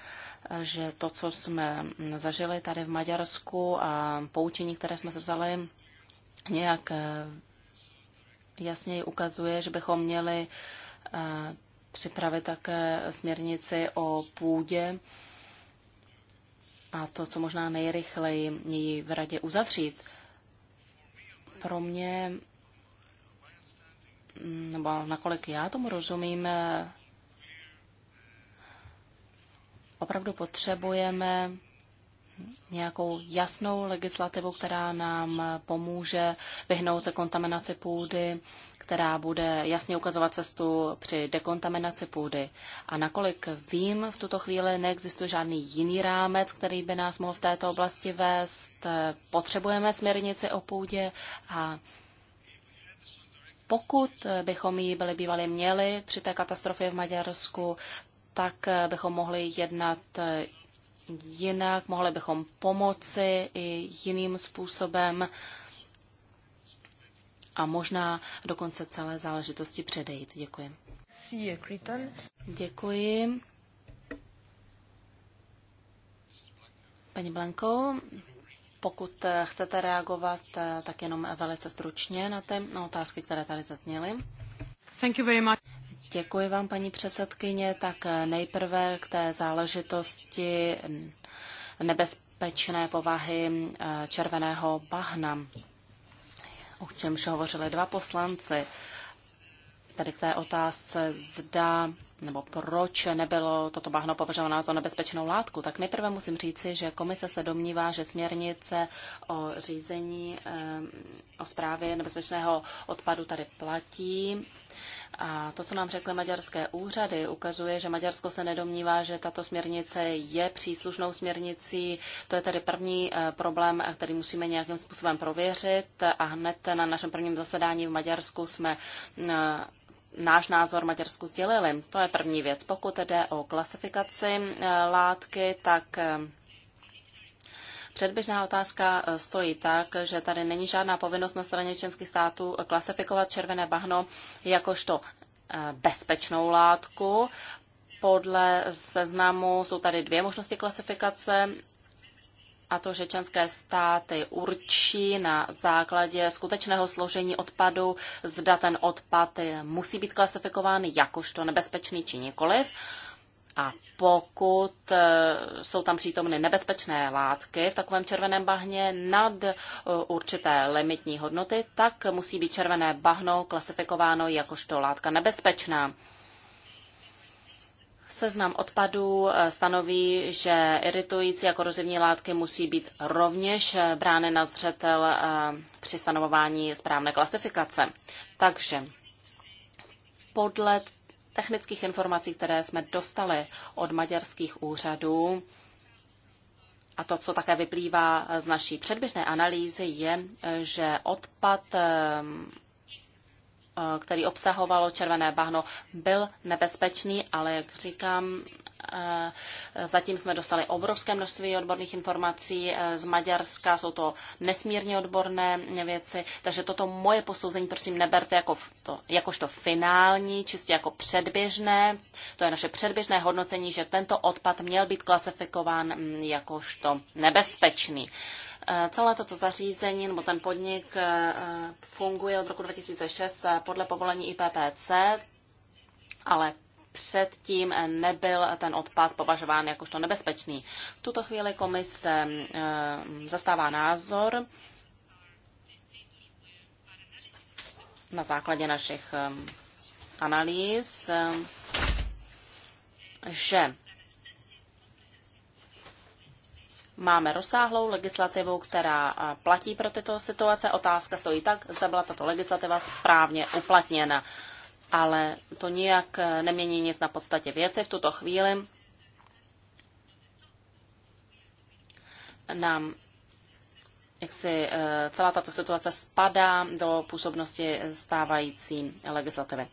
eh, že to, co jsme zažili tady v Maďarsku a poučení, které jsme se vzali, nějak eh, jasněji ukazuje, že bychom měli připravit také směrnici o půdě a to, co možná nejrychleji ji v radě uzavřít pro mě, nebo nakolik já tomu rozumím, opravdu potřebujeme nějakou jasnou legislativu, která nám pomůže vyhnout se kontaminaci půdy, která bude jasně ukazovat cestu při dekontaminaci půdy. A nakolik vím, v tuto chvíli neexistuje žádný jiný rámec, který by nás mohl v této oblasti vést. Potřebujeme směrnici o půdě a pokud bychom ji byli bývali měli při té katastrofě v Maďarsku, tak bychom mohli jednat jinak, mohli bychom pomoci i jiným způsobem a možná dokonce celé záležitosti předejít. Děkuji. Děkuji. Paní Blanko, pokud chcete reagovat, tak jenom velice stručně na ty otázky, které tady zazněly. Thank you very much. Děkuji vám, paní předsedkyně. Tak nejprve k té záležitosti nebezpečné povahy eh, červeného bahna o čemž hovořili dva poslanci, Tady k té otázce zda nebo proč nebylo toto bahno považováno za nebezpečnou látku, tak nejprve musím říci, že komise se domnívá, že směrnice o řízení eh, o zprávě nebezpečného odpadu tady platí. A to, co nám řekly maďarské úřady, ukazuje, že Maďarsko se nedomnívá, že tato směrnice je příslušnou směrnicí. To je tedy první eh, problém, který musíme nějakým způsobem prověřit. A hned na našem prvním zasedání v Maďarsku jsme eh, náš názor Maďarsku sdělili. To je první věc. Pokud jde o klasifikaci eh, látky, tak Předběžná otázka eh, stojí tak, že tady není žádná povinnost na straně členských států klasifikovat červené bahno jakožto eh, bezpečnou látku. Podle seznamu jsou tady dvě možnosti klasifikace a to, že členské státy určí na základě skutečného složení odpadu, zda ten odpad eh, musí být klasifikován jakožto nebezpečný či nikoliv. A pokud eh, jsou tam přítomny nebezpečné látky v takovém červeném bahně nad eh, určité limitní hodnoty, tak musí být červené bahno klasifikováno jakožto látka nebezpečná. Seznam odpadů eh, stanoví, že iritující a korozivní látky musí být rovněž brány na zřetel při stanovování správné klasifikace. Takže podle technických informací, které jsme dostali od maďarských úřadů, a to, co také vyplývá z naší předběžné analýzy, je, že odpad Eh, který obsahovalo červené bahno, byl nebezpečný, ale jak říkám, eh, Zatím jsme dostali obrovské množství odborných informací eh, z Maďarska, jsou to nesmírně odborné věci, takže toto moje posouzení prosím neberte jako to, jakožto finální, čistě jako předběžné. To je naše předběžné hodnocení, že tento odpad měl být klasifikován mm, jakožto nebezpečný. Eh, celé toto zařízení nebo ten podnik eh, eh, funguje od roku 2006 podle povolení IPPC, ale předtím nebyl ten odpad považován jakožto nebezpečný. V tuto chvíli komise zastává názor na základě našich analýz, že Máme rozsáhlou legislativu, která platí pro tyto situace. Otázka stojí tak, zda byla tato legislativa správně uplatněna. Ale to nijak e, nemění nic na podstatě věci. V tuto chvíli nám jak si e, celá tato situace spadá do působnosti stávající legislativy.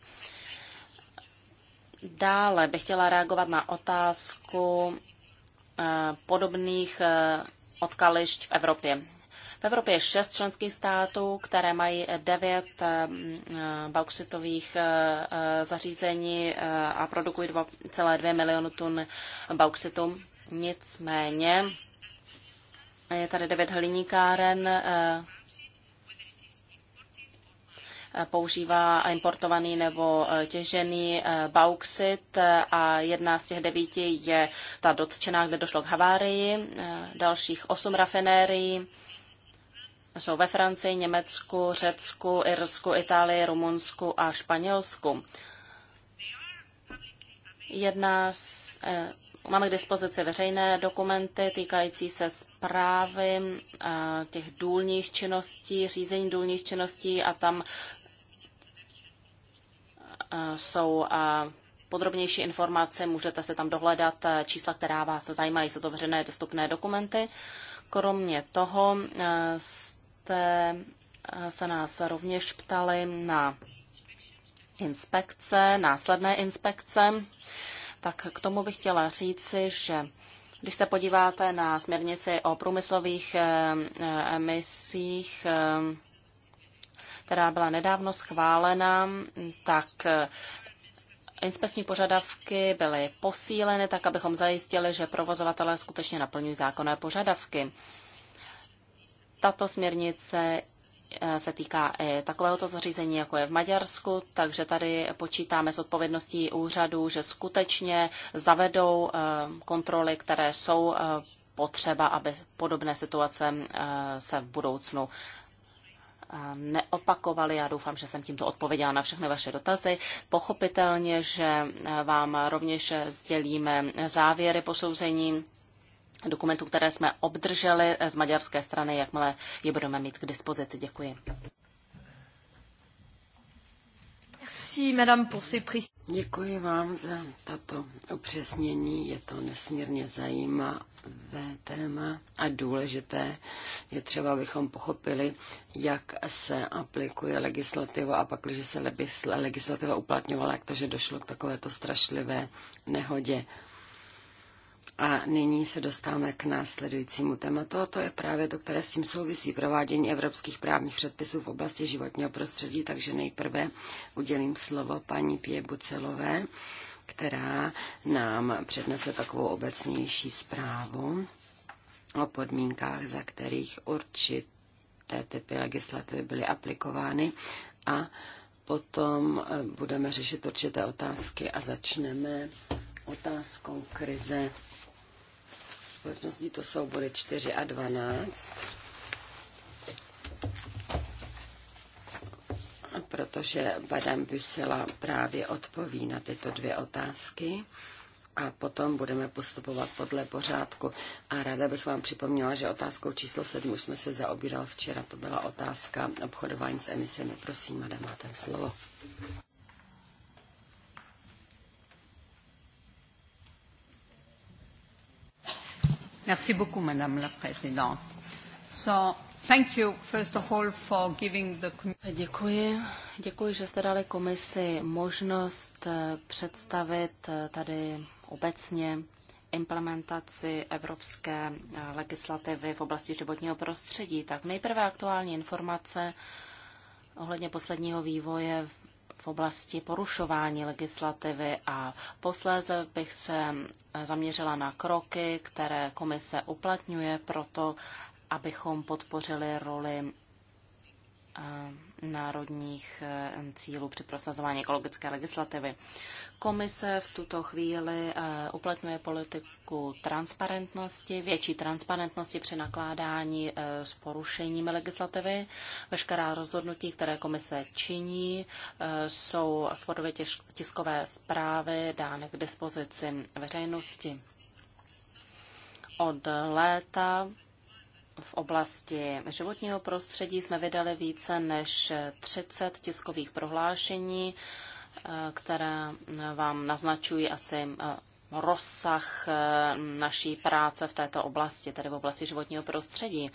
Dále bych chtěla reagovat na otázku Eh, podobných eh, odkališť v Evropě. V Evropě je šest členských států, které mají devět eh, bauxitových zařízení a produkují 2,2 milionu tun bauxitu. Nicméně je tady devět hliníkáren, používá importovaný nebo eh, těžený eh, bauxit a jedna z těch devíti je ta dotčená, kde došlo k havárii. Eh, dalších osm rafinérií jsou ve Francii, Německu, Řecku, Irsku, Itálii, Rumunsku a Španělsku. Jedna z, Máme k dispozici veřejné dokumenty týkající se zprávy těch důlních činností, řízení důlních činností a tam Eh, jsou eh, podrobnější informace, můžete se tam dohledat eh, čísla, která vás zajímají, jsou to veřejné dostupné dokumenty. Kromě toho jste se nás rovněž ptali na inspekce, následné inspekce, tak k tomu bych chtěla říci, že když se podíváte na směrnici o průmyslových emisích, která byla nedávno schválena, tak eh, Inspekční požadavky byly posíleny tak, abychom zajistili, že provozovatelé skutečně naplňují zákonné požadavky. Tato směrnice eh, se týká i takovéhoto zařízení, jako je v Maďarsku, takže tady počítáme s odpovědností úřadů, že skutečně zavedou eh, kontroly, které jsou potřeba, aby podobné situace se v budoucnu Neopakovali, Já doufám, že jsem tímto odpověděla na všechny vaše dotazy. Pochopitelně, že e, vám rovněž sdělíme závěry posouzení dokumentů, které jsme obdrželi z maďarské strany, jakmile je budeme mít k dispozici. Děkuji. Merci, madame, pour ces Děkuji vám za tato upřesnění. Je to nesmírně zajímavé téma a důležité. Je třeba, abychom pochopili, jak se aplikuje legislativa a pak, když se legislativa uplatňovala, jak to, že došlo k takovéto strašlivé nehodě. A nyní se dostáváme k následujícímu tématu, a to je právě to, které s tím souvisí provádění evropských právních předpisů v oblasti životního prostředí. Takže nejprve udělím slovo paní Pě Bucelové, která nám přednese takovou obecnější zprávu o podmínkách, za kterých určité typy legislativy byly aplikovány a potom eh, budeme řešit určité otázky a začneme otázkou krize společností, to jsou body 4 a 12. Protože Badam Bysela právě odpoví na tyto dvě otázky a potom budeme postupovat podle pořádku. A ráda bych vám připomněla, že otázkou číslo 7 už jsme se zaobíral včera. To byla otázka obchodování s emisemi. Prosím, madam, máte slovo. Merci beaucoup, Madame la Présidente. So, thank you, first of all, for giving the... Děkuji. Děkuji, že jste dali komisi možnost eh, představit eh, tady obecně implementaci evropské eh, legislativy v oblasti životního prostředí. Tak nejprve aktuální informace ohledně posledního vývoje v oblasti porušování legislativy a posléze bych se zaměřila na kroky, které komise uplatňuje proto, abychom podpořili roli eh, národních eh, cílů při prosazování ekologické legislativy. Komise v tuto chvíli eh, uplatňuje politiku transparentnosti, větší transparentnosti při nakládání eh, s porušeními legislativy. Veškerá rozhodnutí, které komise činí, jsou v podobě tiskové zprávy dány k dispozici veřejnosti. Od léta v oblasti životního prostředí jsme vydali více než 30 tiskových prohlášení, eh, která vám naznačují asi eh, rozsah eh, naší práce v této oblasti, tedy v oblasti životního prostředí.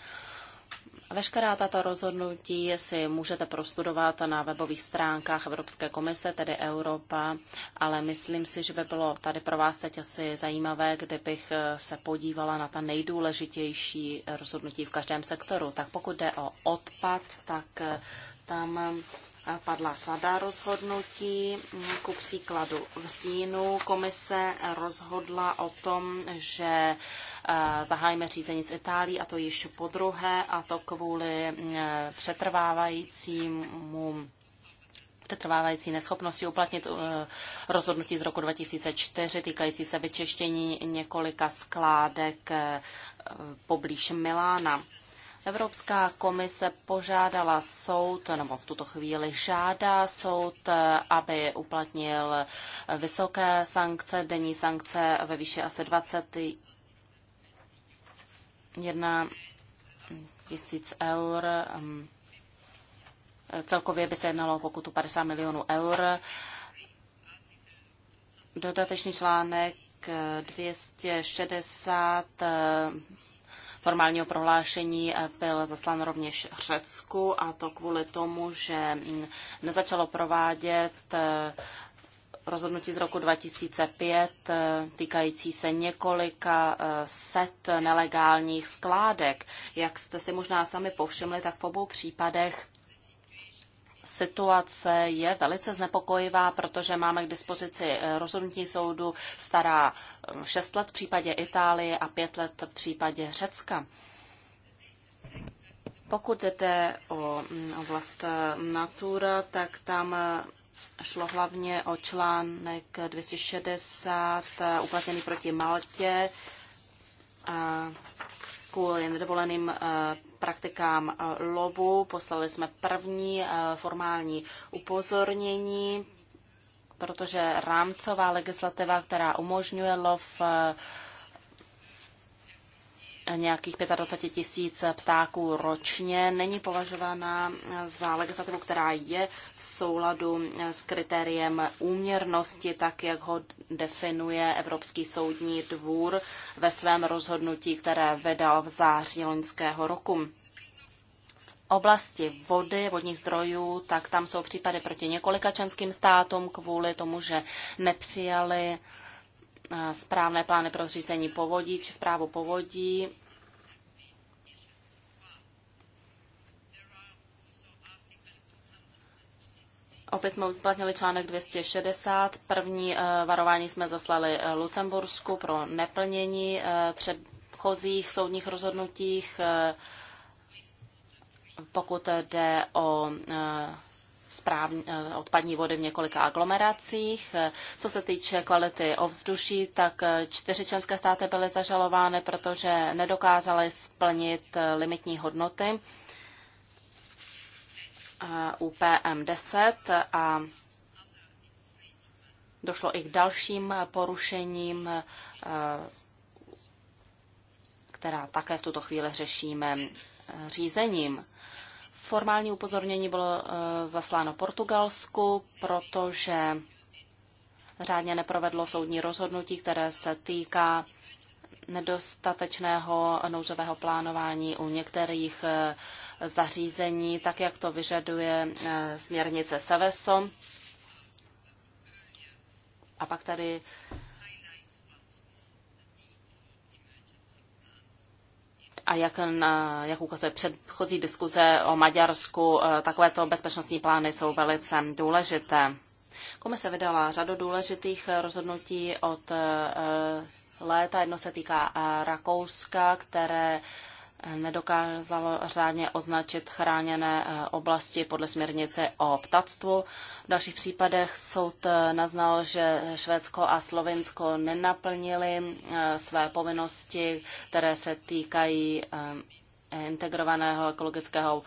Veškerá tato rozhodnutí si můžete prostudovat na webových stránkách Evropské komise, tedy Europa, ale myslím si, že by bylo tady pro vás teď asi zajímavé, kdybych se podívala na ta nejdůležitější rozhodnutí v každém sektoru. Tak pokud jde o odpad, tak tam padla sada rozhodnutí. Ku příkladu v říjnu komise rozhodla o tom, že Eh, zahájíme řízení s Itálií a to již po druhé a to kvůli eh, přetrvávajícímu přetrvávající neschopnosti uplatnit eh, rozhodnutí z roku 2004 týkající se vyčištění několika skládek poblíž Milána. Evropská komise požádala soud, nebo v tuto chvíli žádá soud, aby uplatnil vysoké sankce, denní sankce ve výši asi 20 jedna tisíc eur. Um, celkově by se jednalo o pokutu 50 milionů eur. Dodatečný článek 260 eh, formálního prohlášení eh, byl zaslán rovněž Řecku a to kvůli tomu, že mm, nezačalo provádět eh, rozhodnutí z roku 2005 eh, týkající se několika eh, set nelegálních skládek. Jak jste si možná sami povšimli, tak v obou případech situace je velice znepokojivá, protože máme k dispozici eh, rozhodnutí soudu stará 6 let v případě Itálie a 5 let v případě Řecka. Pokud jde o mm, oblast Natura, tak tam Šlo hlavně o článek 260 eh, uplatněný proti Maltě kvůli nedovoleným eh, praktikám eh, lovu. Poslali jsme první formální upozornění, protože rámcová legislativa, která umožňuje lov nějakých 25 tisíc ptáků ročně není považována za legislativu, která je v souladu s kritériem úměrnosti, tak jak ho definuje Evropský soudní dvůr ve svém rozhodnutí, které vydal v září loňského roku oblasti vody, vodních zdrojů, tak tam jsou případy proti několika členským státům kvůli tomu, že nepřijali správné plány pro řízení povodí či zprávu povodí. Opět jsme uplatnili článek 260. První eh, varování jsme zaslali eh, Lucembursku pro neplnění eh, předchozích soudních rozhodnutích, pokud jde o správně, eh, odpadní vody v několika aglomeracích. Eh, co se týče kvality ovzduší, tak eh, čtyři členské státy byly zažalovány, protože nedokázaly splnit limitní hodnoty u PM10 a došlo i k dalším porušením, která také v tuto chvíli řešíme řízením. Formální upozornění bylo eh, zasláno Portugalsku, protože řádně neprovedlo soudní rozhodnutí, které se týká nedostatečného nouzového plánování u některých eh, zařízení, tak jak to vyžaduje eh, směrnice Seveso. A pak tady a jak, na, jak ukazuje předchozí diskuze o Maďarsku, eh, takovéto bezpečnostní plány jsou velice důležité. Komise vydala řadu důležitých eh, rozhodnutí od eh, léta. Jedno se týká Rakouska, které nedokázalo řádně označit chráněné eh, oblasti podle směrnice o ptactvu. V dalších případech soud eh, naznal, že Švédsko a Slovinsko nenaplnili eh, své povinnosti, které se týkají integrovaného ekologického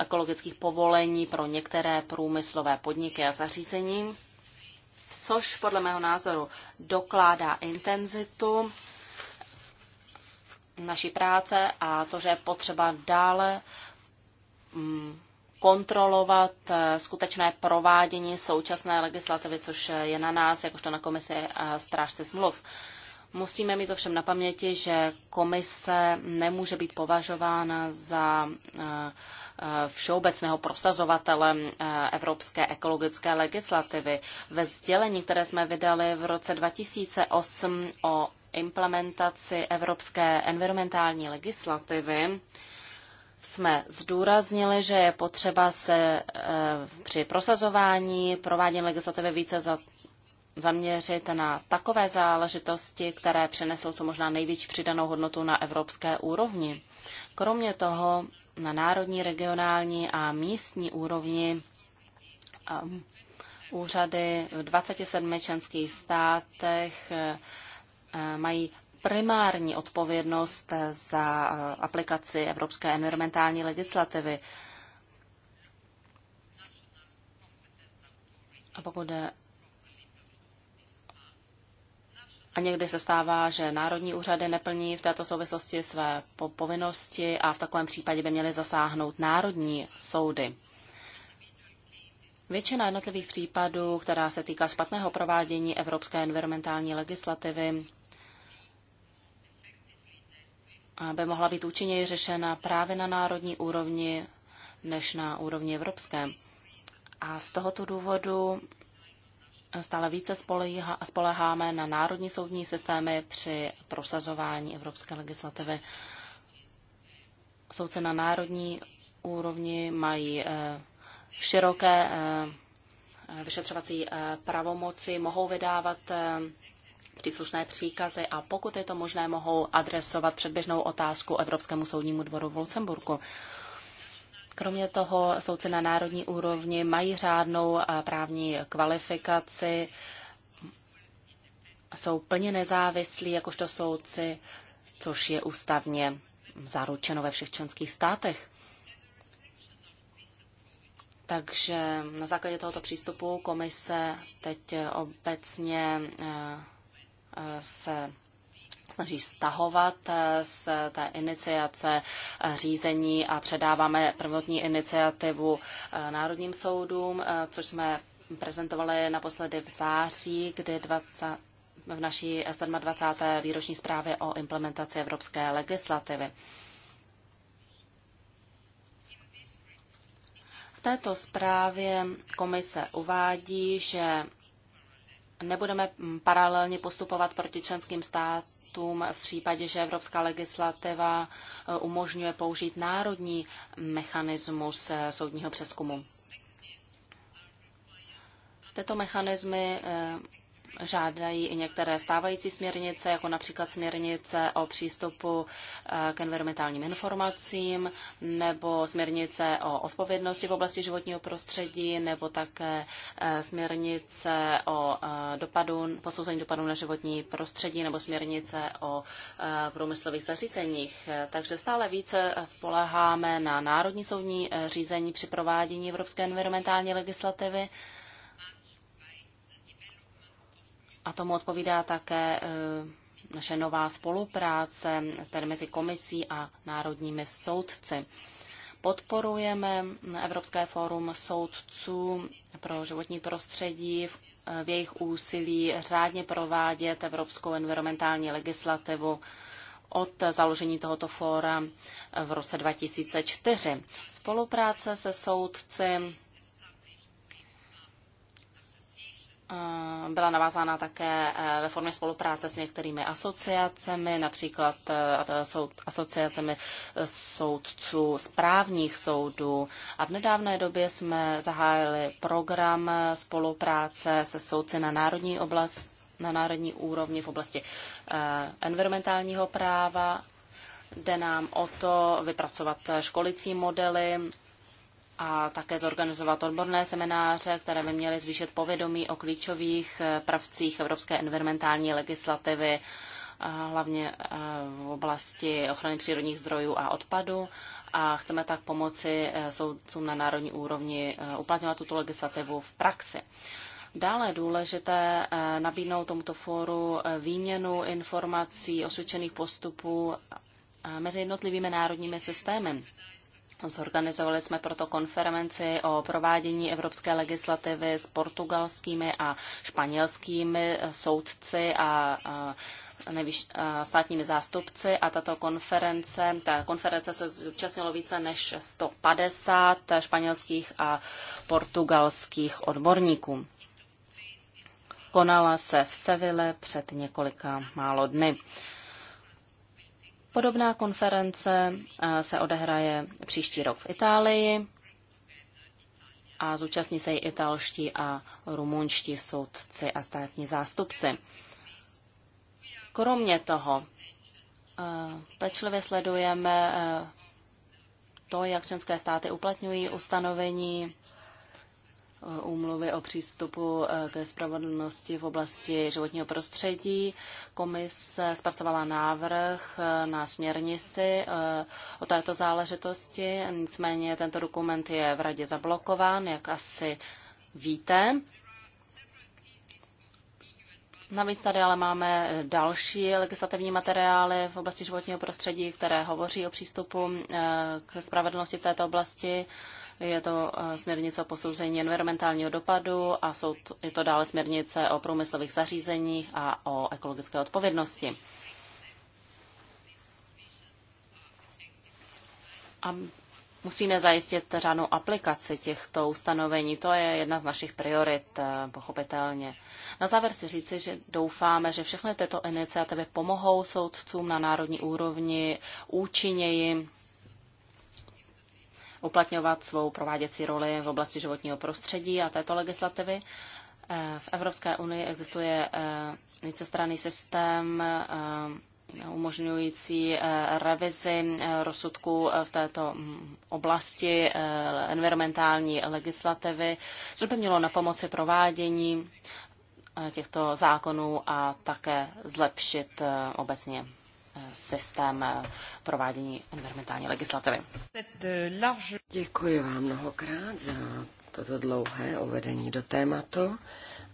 ekologických povolení pro některé průmyslové podniky a zařízení, což podle mého názoru dokládá intenzitu naší práce a to, že je potřeba dále mm, kontrolovat eh, skutečné provádění současné legislativy, což je na nás, jakožto na komisi strážce smluv. Musíme mít ovšem na paměti, že komise nemůže být považována za eh, eh, všeobecného prosazovatele evropské ekologické legislativy. Ve sdělení, které jsme vydali v roce 2008 o implementaci evropské environmentální legislativy jsme zdůraznili, že je potřeba se eh, při prosazování provádění legislativy více za, zaměřit na takové záležitosti, které přinesou co možná největší přidanou hodnotu na evropské úrovni. Kromě toho na národní, regionální a místní úrovni eh, úřady v 27 členských státech eh, Eh, mají primární odpovědnost za eh, aplikaci evropské environmentální legislativy. A pokud je a někdy se stává, že národní úřady neplní v této souvislosti své povinnosti a v takovém případě by měly zasáhnout národní soudy. Většina jednotlivých případů, která se týká špatného provádění evropské environmentální legislativy, aby mohla být účinněji řešena právě na národní úrovni než na úrovni evropské. A z tohoto důvodu stále více spoleháme na národní soudní systémy při prosazování evropské legislativy. Soudce na národní úrovni mají eh, široké eh, vyšetřovací eh, pravomoci, mohou vydávat příslušné příkazy a pokud je to možné, mohou adresovat předběžnou otázku Evropskému soudnímu dvoru v Lucemburku. Kromě toho soudci na národní úrovni mají řádnou právní kvalifikaci, jsou plně nezávislí jakožto soudci, což je ústavně zaručeno ve všech členských státech. Takže na základě tohoto přístupu komise teď obecně eh, se snaží stahovat eh, z té iniciace eh, řízení a předáváme prvotní iniciativu eh, národním soudům, což jsme prezentovali naposledy v září, kdy 20, v naší 27. výroční zprávě o implementaci evropské legislativy. V této zprávě komise uvádí, že nebudeme mm, paralelně postupovat proti členským státům v případě, že evropská legislativa e, umožňuje použít národní mechanismus e, soudního přeskumu. Tyto mechanismy e, žádají i některé stávající směrnice, jako například směrnice o přístupu eh, k environmentálním informacím, nebo směrnice o odpovědnosti v oblasti životního prostředí, nebo také eh, směrnice o eh, dopadu, posouzení dopadů na životní prostředí, nebo směrnice o průmyslových zařízeních. Takže stále více spoleháme na národní soudní řízení při provádění evropské environmentální legislativy. A tomu odpovídá také e, naše nová spolupráce, tedy mezi komisí a národními soudci. Podporujeme Evropské fórum soudců pro životní prostředí v e, jejich úsilí řádně provádět evropskou environmentální legislativu od založení tohoto fóra v roce 2004. Spolupráce se soudci byla navázána také eh, ve formě spolupráce s některými asociacemi, například eh, asociacemi eh, soudců správních soudů. A v nedávné době jsme zahájili program spolupráce se soudci na národní oblast, na národní úrovni v oblasti environmentálního práva. Jde nám o to vypracovat školicí modely a také zorganizovat odborné semináře, které by měly zvýšit povědomí o klíčových eh, pravcích evropské environmentální legislativy, hlavně eh, v oblasti ochrany přírodních zdrojů a odpadu. A chceme tak pomoci eh, soudcům na národní úrovni uplatňovat tuto legislativu v praxi. Dále je důležité nabídnout tomuto fóru výměnu informací, osvědčených postupů mezi jednotlivými národními systémy. Zorganizovali jsme proto konferenci o provádění evropské legislativy s portugalskými a španělskými soudci a, a státními zástupci a tato konference, ta konference se zúčastnilo více než 150 španělských a portugalských odborníků. Konala se v Seville před několika málo dny. Podobná konference eh, se odehraje příští rok v Itálii a zúčastní se i italští a rumunští soudci a státní zástupci. Kromě toho eh, pečlivě sledujeme eh, to, jak členské státy uplatňují ustanovení Eh, úmluvy o přístupu eh, ke spravedlnosti v oblasti životního prostředí. Komise zpracovala návrh eh, na směrnici o této záležitosti, nicméně tento dokument je v radě zablokován, jak asi víte. Navíc tady ale máme další legislativní materiály v oblasti životního prostředí, které hovoří o přístupu k spravedlnosti v této oblasti je to eh, směrnice o posouzení environmentálního dopadu a jsou to, je to dále směrnice o průmyslových zařízeních a o ekologické odpovědnosti. A musíme zajistit řádnou aplikaci těchto ustanovení. To je jedna z našich priorit, eh, pochopitelně. Na závěr si říci, že doufáme, že všechny tyto iniciativy pomohou soudcům na národní úrovni účinněji uplatňovat svou prováděcí roli v oblasti životního prostředí a této legislativy. Eh, v Evropské unii existuje eh, vícestranný systém eh, umožňující revizi rozsudků v této mm, oblasti environmentální legislativy, což by mělo na pomoci provádění těchto zákonů a také zlepšit obecně systém provádění environmentální legislativy. Děkuji vám mnohokrát za toto dlouhé uvedení do tématu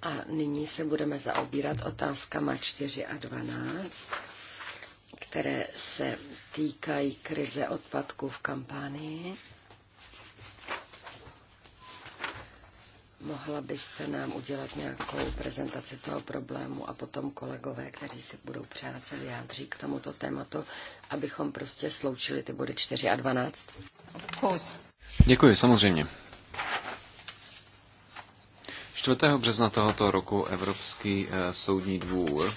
a nyní se budeme zaobírat otázkama 4 a 12, které se týkají krize odpadků v kampánii. Mohla byste nám udělat nějakou prezentaci toho problému a potom kolegové, kteří si budou přát se vyjádří k tomuto tématu, abychom prostě sloučili ty body 4 a 12? Of course. Děkuji, samozřejmě. 4. března tohoto roku Evropský eh, soudní dvůr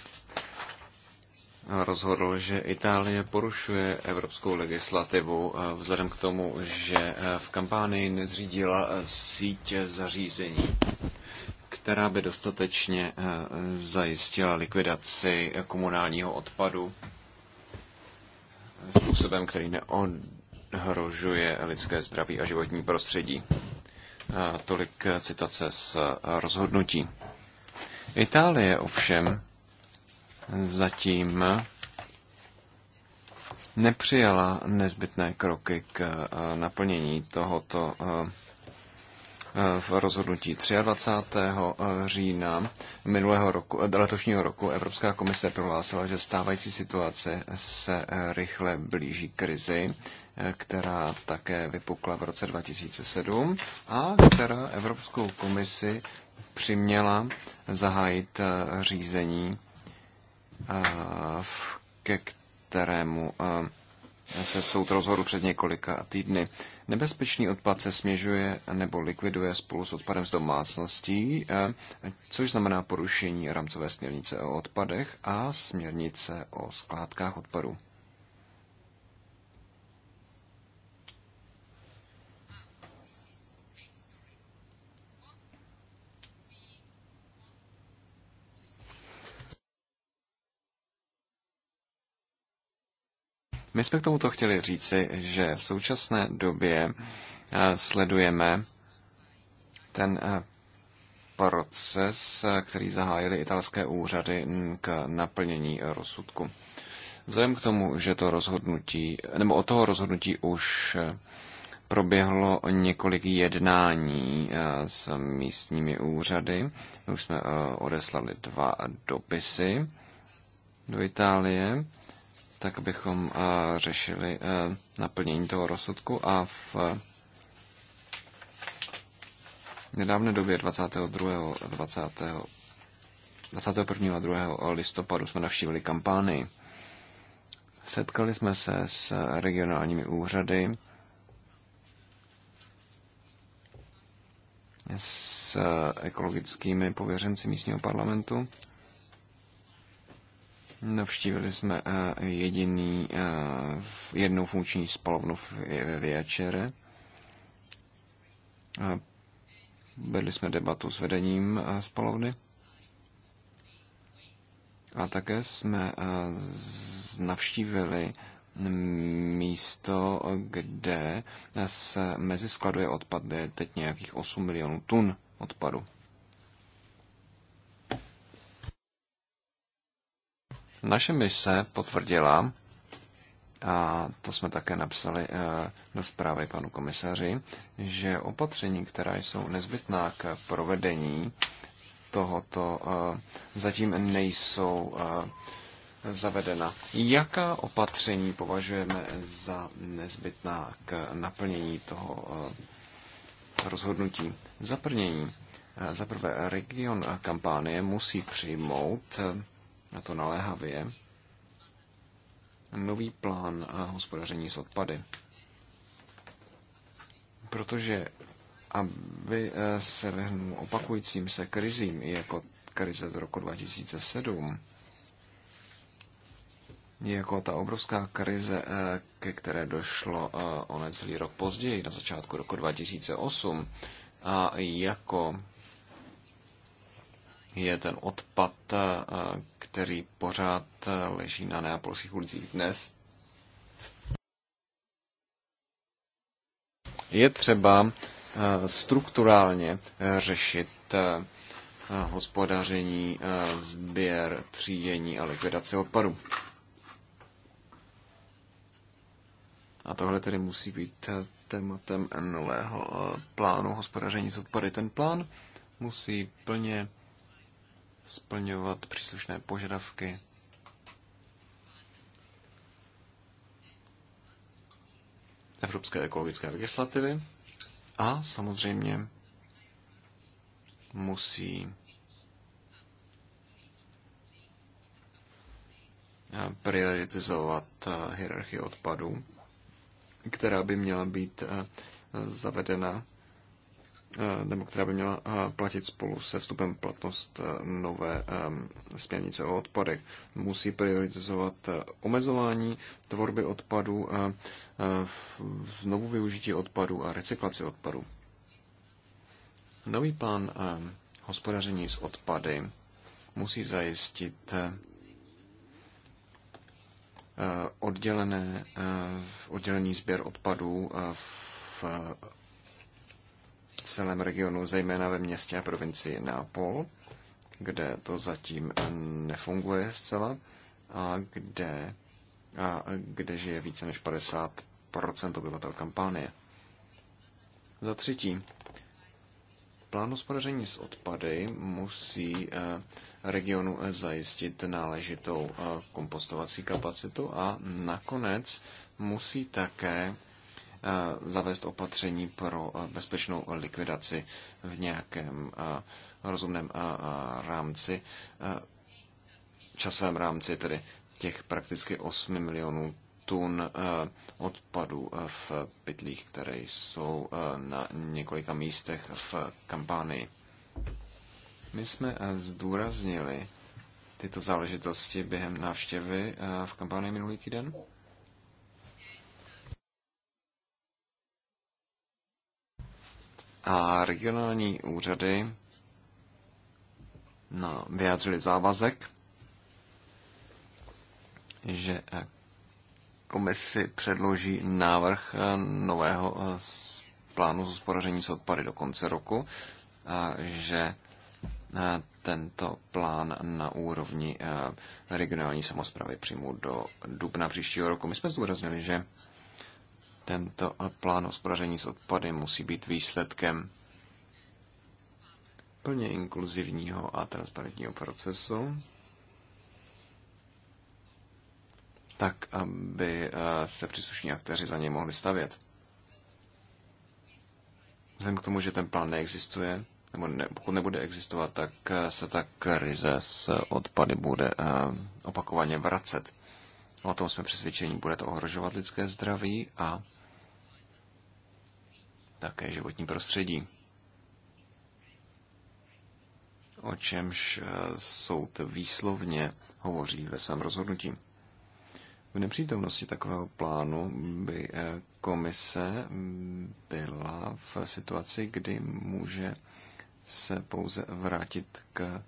rozhodl, že Itálie porušuje evropskou legislativu eh, vzhledem k tomu, že eh, v kampánii nezřídila eh, síť zařízení, která by dostatečně zajistila likvidaci komunálního odpadu způsobem, který neohrožuje lidské zdraví a životní prostředí. Tolik citace z rozhodnutí. Itálie ovšem zatím nepřijala nezbytné kroky k eh, naplnění tohoto eh, eh, v rozhodnutí 23. října minulého roku, letošního roku Evropská komise prohlásila, že stávající situace se rychle blíží krizi, která také vypukla v roce 2007 a která Evropskou komisi přiměla zahájit řízení ke kterému se soud rozhodl před několika týdny. Nebezpečný odpad se směžuje nebo likviduje spolu s odpadem z domácností, což znamená porušení rámcové směrnice o odpadech a směrnice o skládkách odpadu. My jsme k tomuto chtěli říci, že v současné době eh, sledujeme ten eh, proces, eh, který zahájili italské úřady k naplnění rozsudku. Vzhledem k tomu, že to rozhodnutí, nebo o toho rozhodnutí už proběhlo několik jednání s místními úřady. už jsme odeslali dva dopisy do Itálie tak bychom eh, řešili eh, naplnění toho rozsudku a v eh, nedávné době 22. 20. 21. a 2. listopadu jsme navštívili kampány. Setkali jsme se s regionálními úřady, s ekologickými pověřenci místního parlamentu Navštívili jsme eh, jediný, eh, jednou funkční spalovnu v Viačere. Vedli jsme debatu s vedením eh, spalovny. A také jsme navštívili místo, kde se mezi skladuje odpad, je teď nějakých 8 milionů tun odpadu. Naše mise potvrdila, a to jsme také napsali eh, do zprávy panu komisaři, že opatření, která jsou nezbytná k provedení tohoto, eh, zatím nejsou eh, zavedena. Jaká opatření považujeme za nezbytná k naplnění toho rozhodnutí? Za prvé, region kampánie musí přijmout a to naléhavě, nový plán eh, hospodaření s odpady. Protože aby eh, se vyhnul opakujícím se krizím, jako krize z roku 2007, jako ta obrovská krize, eh, ke které došlo o necelý rok později, na začátku roku 2008, a jako je ten odpad, eh, který pořád eh, leží na neapolských ulicích dnes. Je třeba eh, strukturálně řešit hospodaření, sběr, třídění a likvidaci odpadu. A tohle tedy musí být tématem nového plánu hospodaření s odpady. Ten plán musí plně splňovat příslušné požadavky. Evropské ekologické legislativy a samozřejmě musí eh, prioritizovat eh, hierarchii odpadů, která by měla být eh, zavedena Eh, nebo která by měla eh, platit spolu se vstupem platnost eh, nové směrnice o odpadech. Musí prioritizovat omezování tvorby odpadů, znovu využití odpadů a recyklaci odpadů. Nový plán hospodaření s odpady musí zajistit oddělené, oddělený sběr odpadů v celém regionu, zejména ve městě a provincii Nápol, kde to zatím nefunguje zcela a kde, a kde žije více než 50 obyvatel kampánie. Za třetí, plán hospodaření s odpady musí eh, regionu eh, zajistit náležitou eh, kompostovací kapacitu a nakonec musí také zavést opatření pro bezpečnou likvidaci v nějakém rozumném rámci, časovém rámci tedy těch prakticky 8 milionů tun odpadů v pytlích, které jsou na několika místech v kampánii. My jsme zdůraznili tyto záležitosti během návštěvy v kampánii minulý týden. a regionální úřady na, no, vyjádřili závazek, že eh, komisi předloží návrh eh, nového eh, plánu zospodaření s odpady do konce roku a že tento plán na úrovni regionální samozprávy přijmu do dubna příštího roku. My jsme zdůraznili, že tento plán hospodaření s odpady musí být výsledkem plně inkluzivního a transparentního procesu, tak aby eh, se příslušní aktéři za něj mohli stavět. Vzhledem k tomu, že ten plán neexistuje, nebo ne, pokud nebude existovat, tak eh, se ta krize s odpady bude eh, opakovaně vracet. O tom jsme přesvědčení, bude to ohrožovat lidské zdraví a také životní prostředí. O čemž eh, soud výslovně hovoří ve svém rozhodnutí. V nepřítomnosti takového plánu by eh, komise mm, byla v situaci, kdy může se pouze vrátit k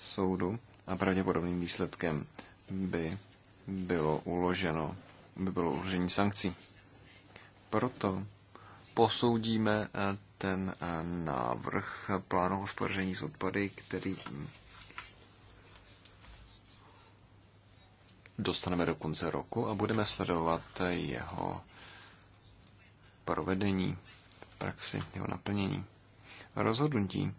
soudu a pravděpodobným výsledkem by bylo uloženo, by bylo uložení sankcí. Proto posoudíme eh, ten eh, návrh plánu hospodaření s odpady, který dostaneme do konce roku a budeme sledovat jeho provedení v praxi, jeho naplnění. Rozhodnutí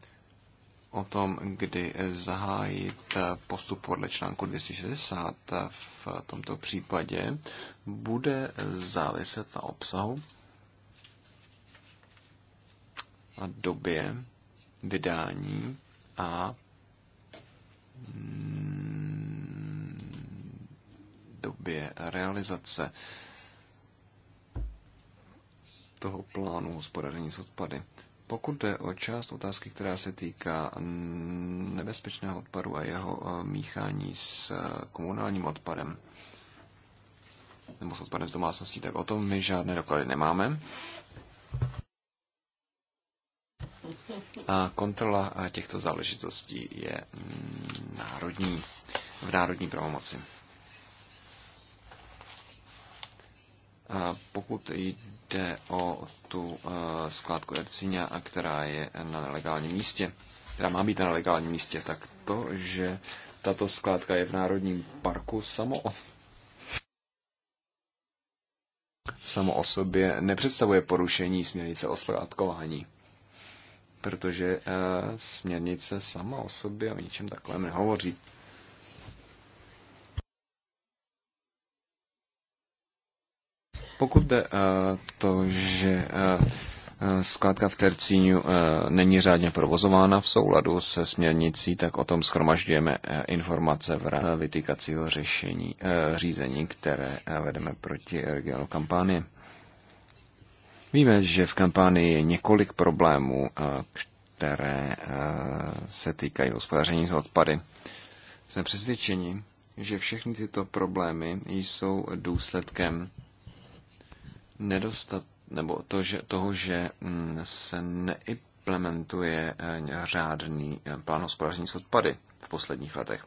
o tom, kdy zahájit postup podle článku 260 v tomto případě, bude záviset na obsahu a době vydání a době realizace toho plánu hospodaření s odpady. Pokud jde o část otázky, která se týká nebezpečného odpadu a jeho eh, míchání s eh, komunálním odpadem, nebo s odpadem z domácností, tak o tom my žádné doklady nemáme. A kontrola těchto záležitostí je mm, národní, v národní pravomoci. A pokud jde o tu e, skládku Ercíňa, která je na nelegálním místě, která má být na nelegálním místě, tak to, že tato skládka je v Národním parku samo o, samo o sobě nepředstavuje porušení směrnice o skládkování protože eh, směrnice sama o sobě o ničem takovém nehovoří. Pokud jde eh, to, že eh, skládka v Tercíňu není řádně provozována v souladu se směrnicí, tak o tom schromažďujeme informace v rámci vytýkacího řešení, řízení, které vedeme proti regionu kampánie. Víme, že v kampánii je několik problémů, eh, které eh, se týkají hospodaření s odpady. Jsme přesvědčeni, že všechny tyto problémy jsou důsledkem nedostat, nebo to, že, toho, že mm, se neimplementuje eh, řádný plán hospodaření s odpady v posledních letech.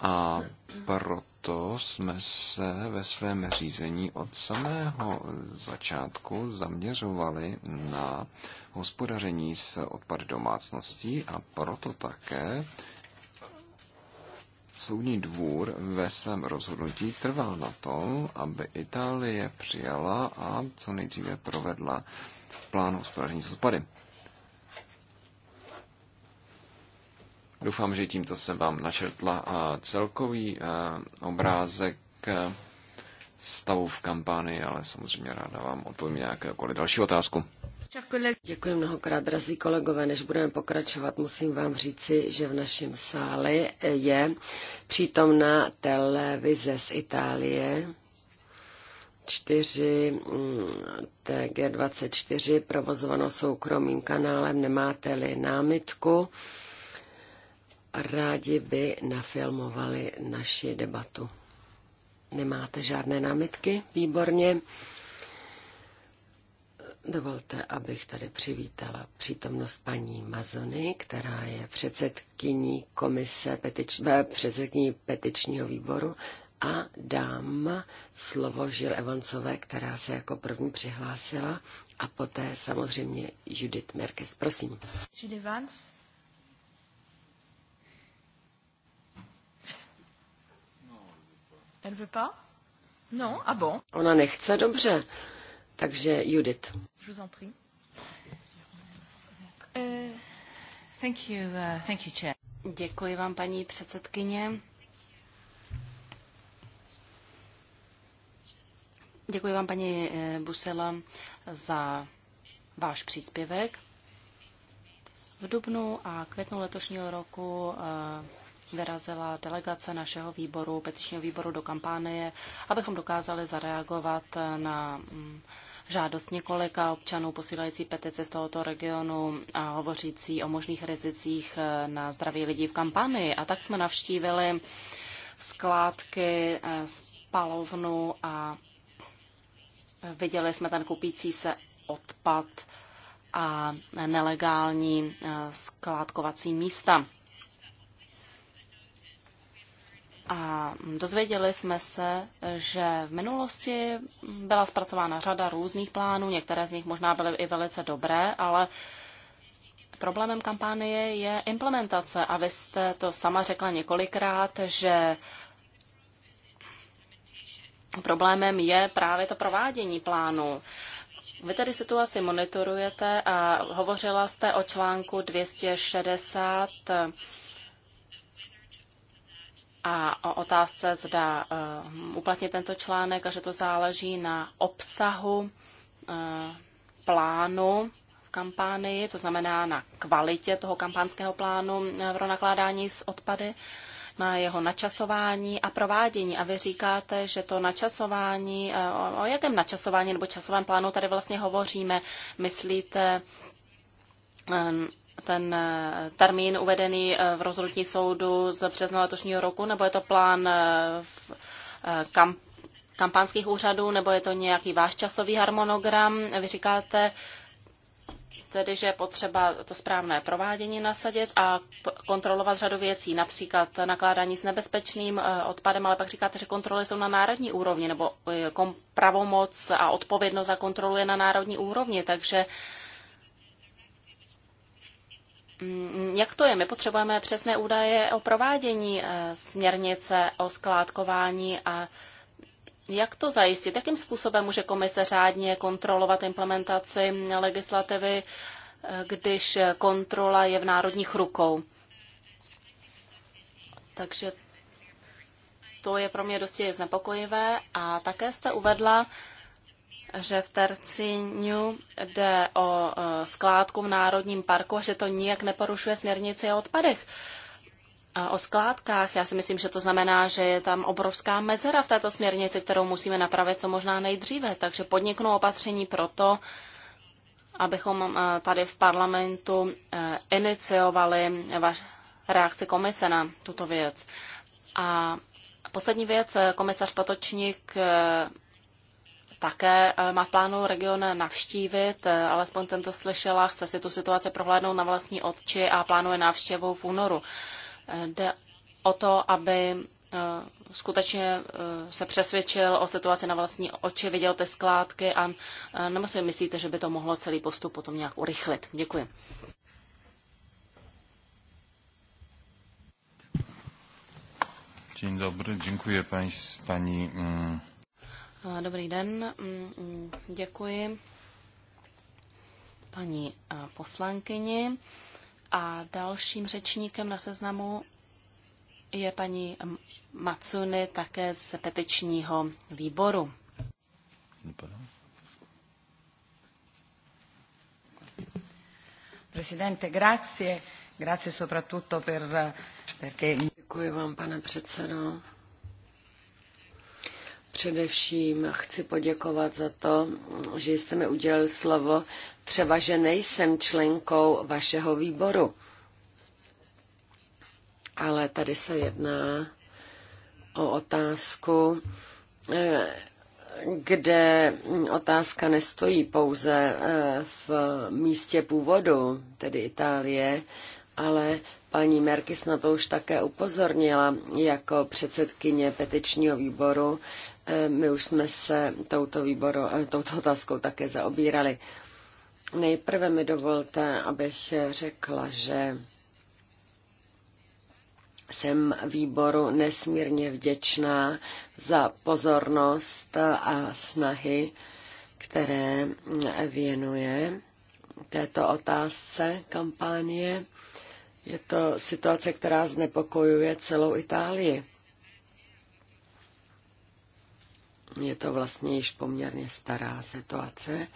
A proto proto jsme se ve svém řízení od samého začátku zaměřovali na hospodaření s odpady domácností a proto také Soudní dvůr ve svém rozhodnutí trval na tom, aby Itálie přijala a co nejdříve provedla plán hospodaření s odpady. Doufám, že tímto jsem vám načrtla celkový obrázek stavu v kampani. ale samozřejmě ráda vám odpovím nějakékoliv další otázku. Děkuji mnohokrát, drazí kolegové. Než budeme pokračovat, musím vám říci, že v našem sále je přítomná televize z Itálie. 4 TG24, provozovanou soukromým kanálem, nemáte-li námitku rádi by nafilmovali naši debatu. Nemáte žádné námitky? Výborně. Dovolte, abych tady přivítala přítomnost paní Mazony, která je předsedkyní komise petič, eh, předsedkyní petičního výboru a dám slovo Žil Evancové, která se jako první přihlásila a poté samozřejmě Judith Merkes. Prosím. Judith Vance. Elle veut pas? Non? Ah bon? Ona nechce, dobře. Takže Judith. Je vous en prie. Uh, thank you, uh, thank you, chair. Děkuji vám, paní předsedkyně. Děkuji vám, paní eh, Busela, za váš příspěvek. V dubnu a květnu letošního roku vyrazila delegace našeho výboru, petičního výboru do kampánie, abychom dokázali zareagovat na mm, žádost několika občanů posílající petice z tohoto regionu a hovořící o možných rizicích eh, na zdraví lidí v kampánii. A tak jsme navštívili skládky, eh, spalovnu a viděli jsme ten kupící se odpad a nelegální eh, skládkovací místa. A dozvěděli jsme se, že v minulosti byla zpracována řada různých plánů, některé z nich možná byly i velice dobré, ale problémem kampánie je implementace. A vy jste to sama řekla několikrát, že problémem je právě to provádění plánu. Vy tedy situaci monitorujete a hovořila jste o článku 260 a o otázce, zda eh, uplatnit tento článek a že to záleží na obsahu eh, plánu v kampánii, to znamená na kvalitě toho kampánského plánu eh, pro nakládání s odpady, na jeho načasování a provádění. A vy říkáte, že to načasování, o jakém načasování nebo časovém plánu tady vlastně hovoříme, myslíte ten eh, termín uvedený eh, v rozhodnutí soudu z března letošního roku, nebo je to plán eh, kamp kampánských úřadů, nebo je to nějaký váš časový harmonogram? Vy říkáte, tedy, že je potřeba to správné provádění nasadit a kontrolovat řadu věcí, například nakládání s nebezpečným odpadem, ale pak říkáte, že kontroly jsou na národní úrovni, nebo pravomoc a odpovědnost za kontrolu je na národní úrovni, takže Mm, jak to je? My potřebujeme přesné údaje o provádění eh, směrnice o skládkování a jak to zajistit? Jakým způsobem může komise řádně kontrolovat implementaci legislativy, eh, když kontrola je v národních rukou? Takže to je pro mě dosti znepokojivé. A také jste uvedla, že v Terciňu jde o e, skládku v Národním parku a že to nijak neporušuje směrnici o odpadech. A o skládkách, já si myslím, že to znamená, že je tam obrovská mezera v této směrnici, kterou musíme napravit co možná nejdříve. Takže podniknu opatření proto, abychom e, tady v parlamentu e, iniciovali vaš reakci komise na tuto věc. A poslední věc, komisař Patočník také eh, má v plánu region navštívit, eh, alespoň jsem to slyšela, chce si tu situaci prohlédnout na vlastní oči a plánuje návštěvu v únoru. Eh, jde o to, aby skutečně se přesvědčil o situaci na vlastní oči, viděl ty skládky a nebo si myslíte, že by to mohlo celý postup potom nějak urychlit? Děkuji. Dzień dobry, dziękuję pań, pani. Mm Dobrý den, mm, mm, děkuji paní poslankyni. A dalším řečníkem na seznamu je paní Macuny také z petičního výboru. Presidente, grazie. Grazie soprattutto per, perché... Děkuji vám, pane předsedo. Především chci poděkovat za to, že jste mi udělal slovo, třeba že nejsem členkou vašeho výboru. Ale tady se jedná o otázku, eh, kde otázka nestojí pouze eh, v místě původu, tedy Itálie, ale paní Merkis na to už také upozornila jako předsedkyně petičního výboru, Eh, my už jsme se touto, výboru, eh, touto otázkou také zaobírali. Nejprve mi dovolte, abych řekla, že jsem výboru nesmírně vděčná za pozornost a snahy, které věnuje této otázce kampánie. Je to situace, která znepokojuje celou Itálii. Je to vlastně již poměrně stará situace.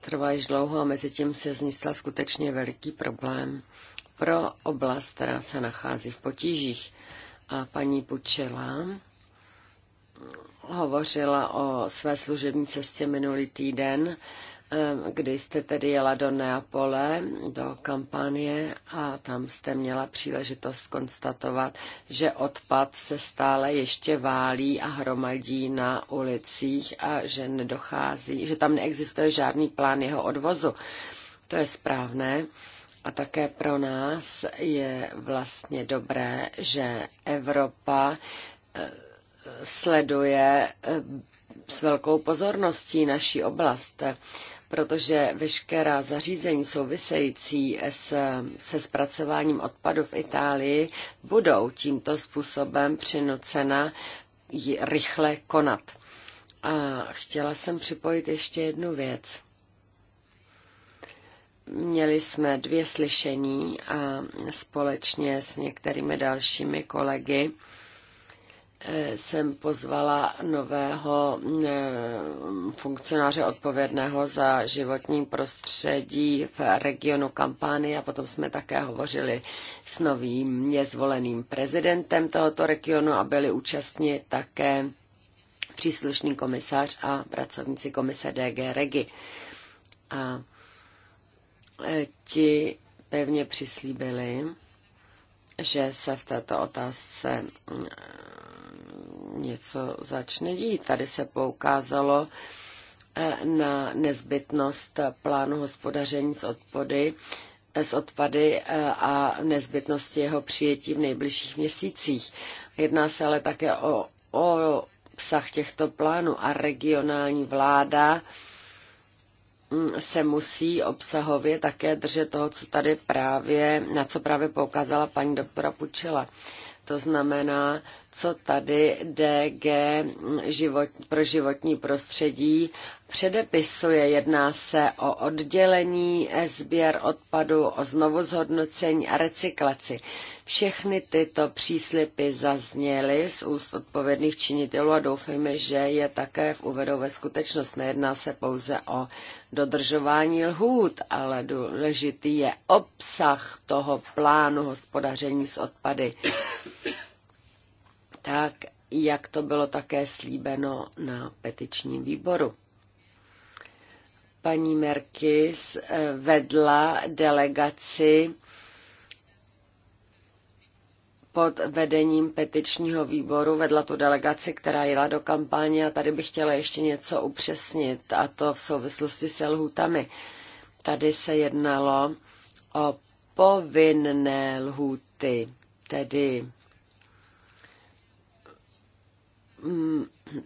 Trvá již dlouho a mezi tím se zničil skutečně veliký problém pro oblast, která se nachází v potížích. A paní Pučela hovořila o své služební cestě minulý týden kdy jste tedy jela do Neapole, do kampanie a tam jste měla příležitost konstatovat, že odpad se stále ještě válí a hromadí na ulicích a že nedochází, že tam neexistuje žádný plán jeho odvozu. To je správné. A také pro nás je vlastně dobré, že Evropa eh, sleduje eh, s velkou pozorností naší oblast protože veškerá zařízení související se, se zpracováním odpadu v Itálii budou tímto způsobem přinucena rychle konat. A chtěla jsem připojit ještě jednu věc. Měli jsme dvě slyšení a společně s některými dalšími kolegy jsem pozvala nového eh, funkcionáře odpovědného za životní prostředí v regionu Kampány a potom jsme také hovořili s novým nezvoleným prezidentem tohoto regionu a byli účastní také příslušný komisař a pracovníci komise DG Regi. A eh, ti pevně přislíbili, že se v této otázce eh, něco začne dít. Tady se poukázalo eh, na nezbytnost plánu hospodaření s odpady, eh, s odpady eh, a nezbytnosti jeho přijetí v nejbližších měsících. Jedná se ale také o, o obsah těchto plánů a regionální vláda mm, se musí obsahově také držet toho, co tady právě, na co právě poukázala paní doktora Pučela. To znamená, co tady DG život, pro životní prostředí předepisuje. Jedná se o oddělení, sběr odpadu, o znovuzhodnocení a recyklaci. Všechny tyto příslipy zazněly z úst odpovědných činitelů a doufejme, že je také v uvedou ve skutečnost. Nejedná se pouze o dodržování lhůt, ale důležitý je obsah toho plánu hospodaření s odpady tak jak to bylo také slíbeno na petičním výboru. Paní Merkis eh, vedla delegaci pod vedením petičního výboru vedla tu delegaci, která jela do kampáně a tady bych chtěla ještě něco upřesnit a to v souvislosti se lhůtami. Tady se jednalo o povinné lhůty, tedy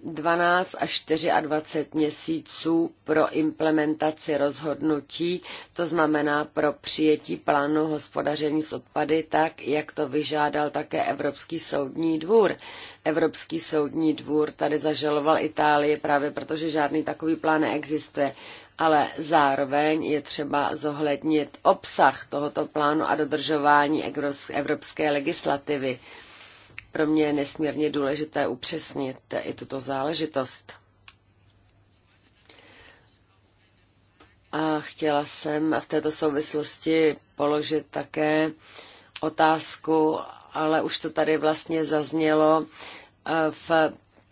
12 až 24 měsíců pro implementaci rozhodnutí, to znamená pro přijetí plánu hospodaření s odpady, tak jak to vyžádal také Evropský soudní dvůr. Evropský soudní dvůr tady zažaloval Itálii právě protože žádný takový plán neexistuje. Ale zároveň je třeba zohlednit obsah tohoto plánu a dodržování evropské legislativy. Pro mě je nesmírně důležité upřesnit i tuto záležitost. A chtěla jsem v této souvislosti položit také otázku, ale už to tady vlastně zaznělo eh, v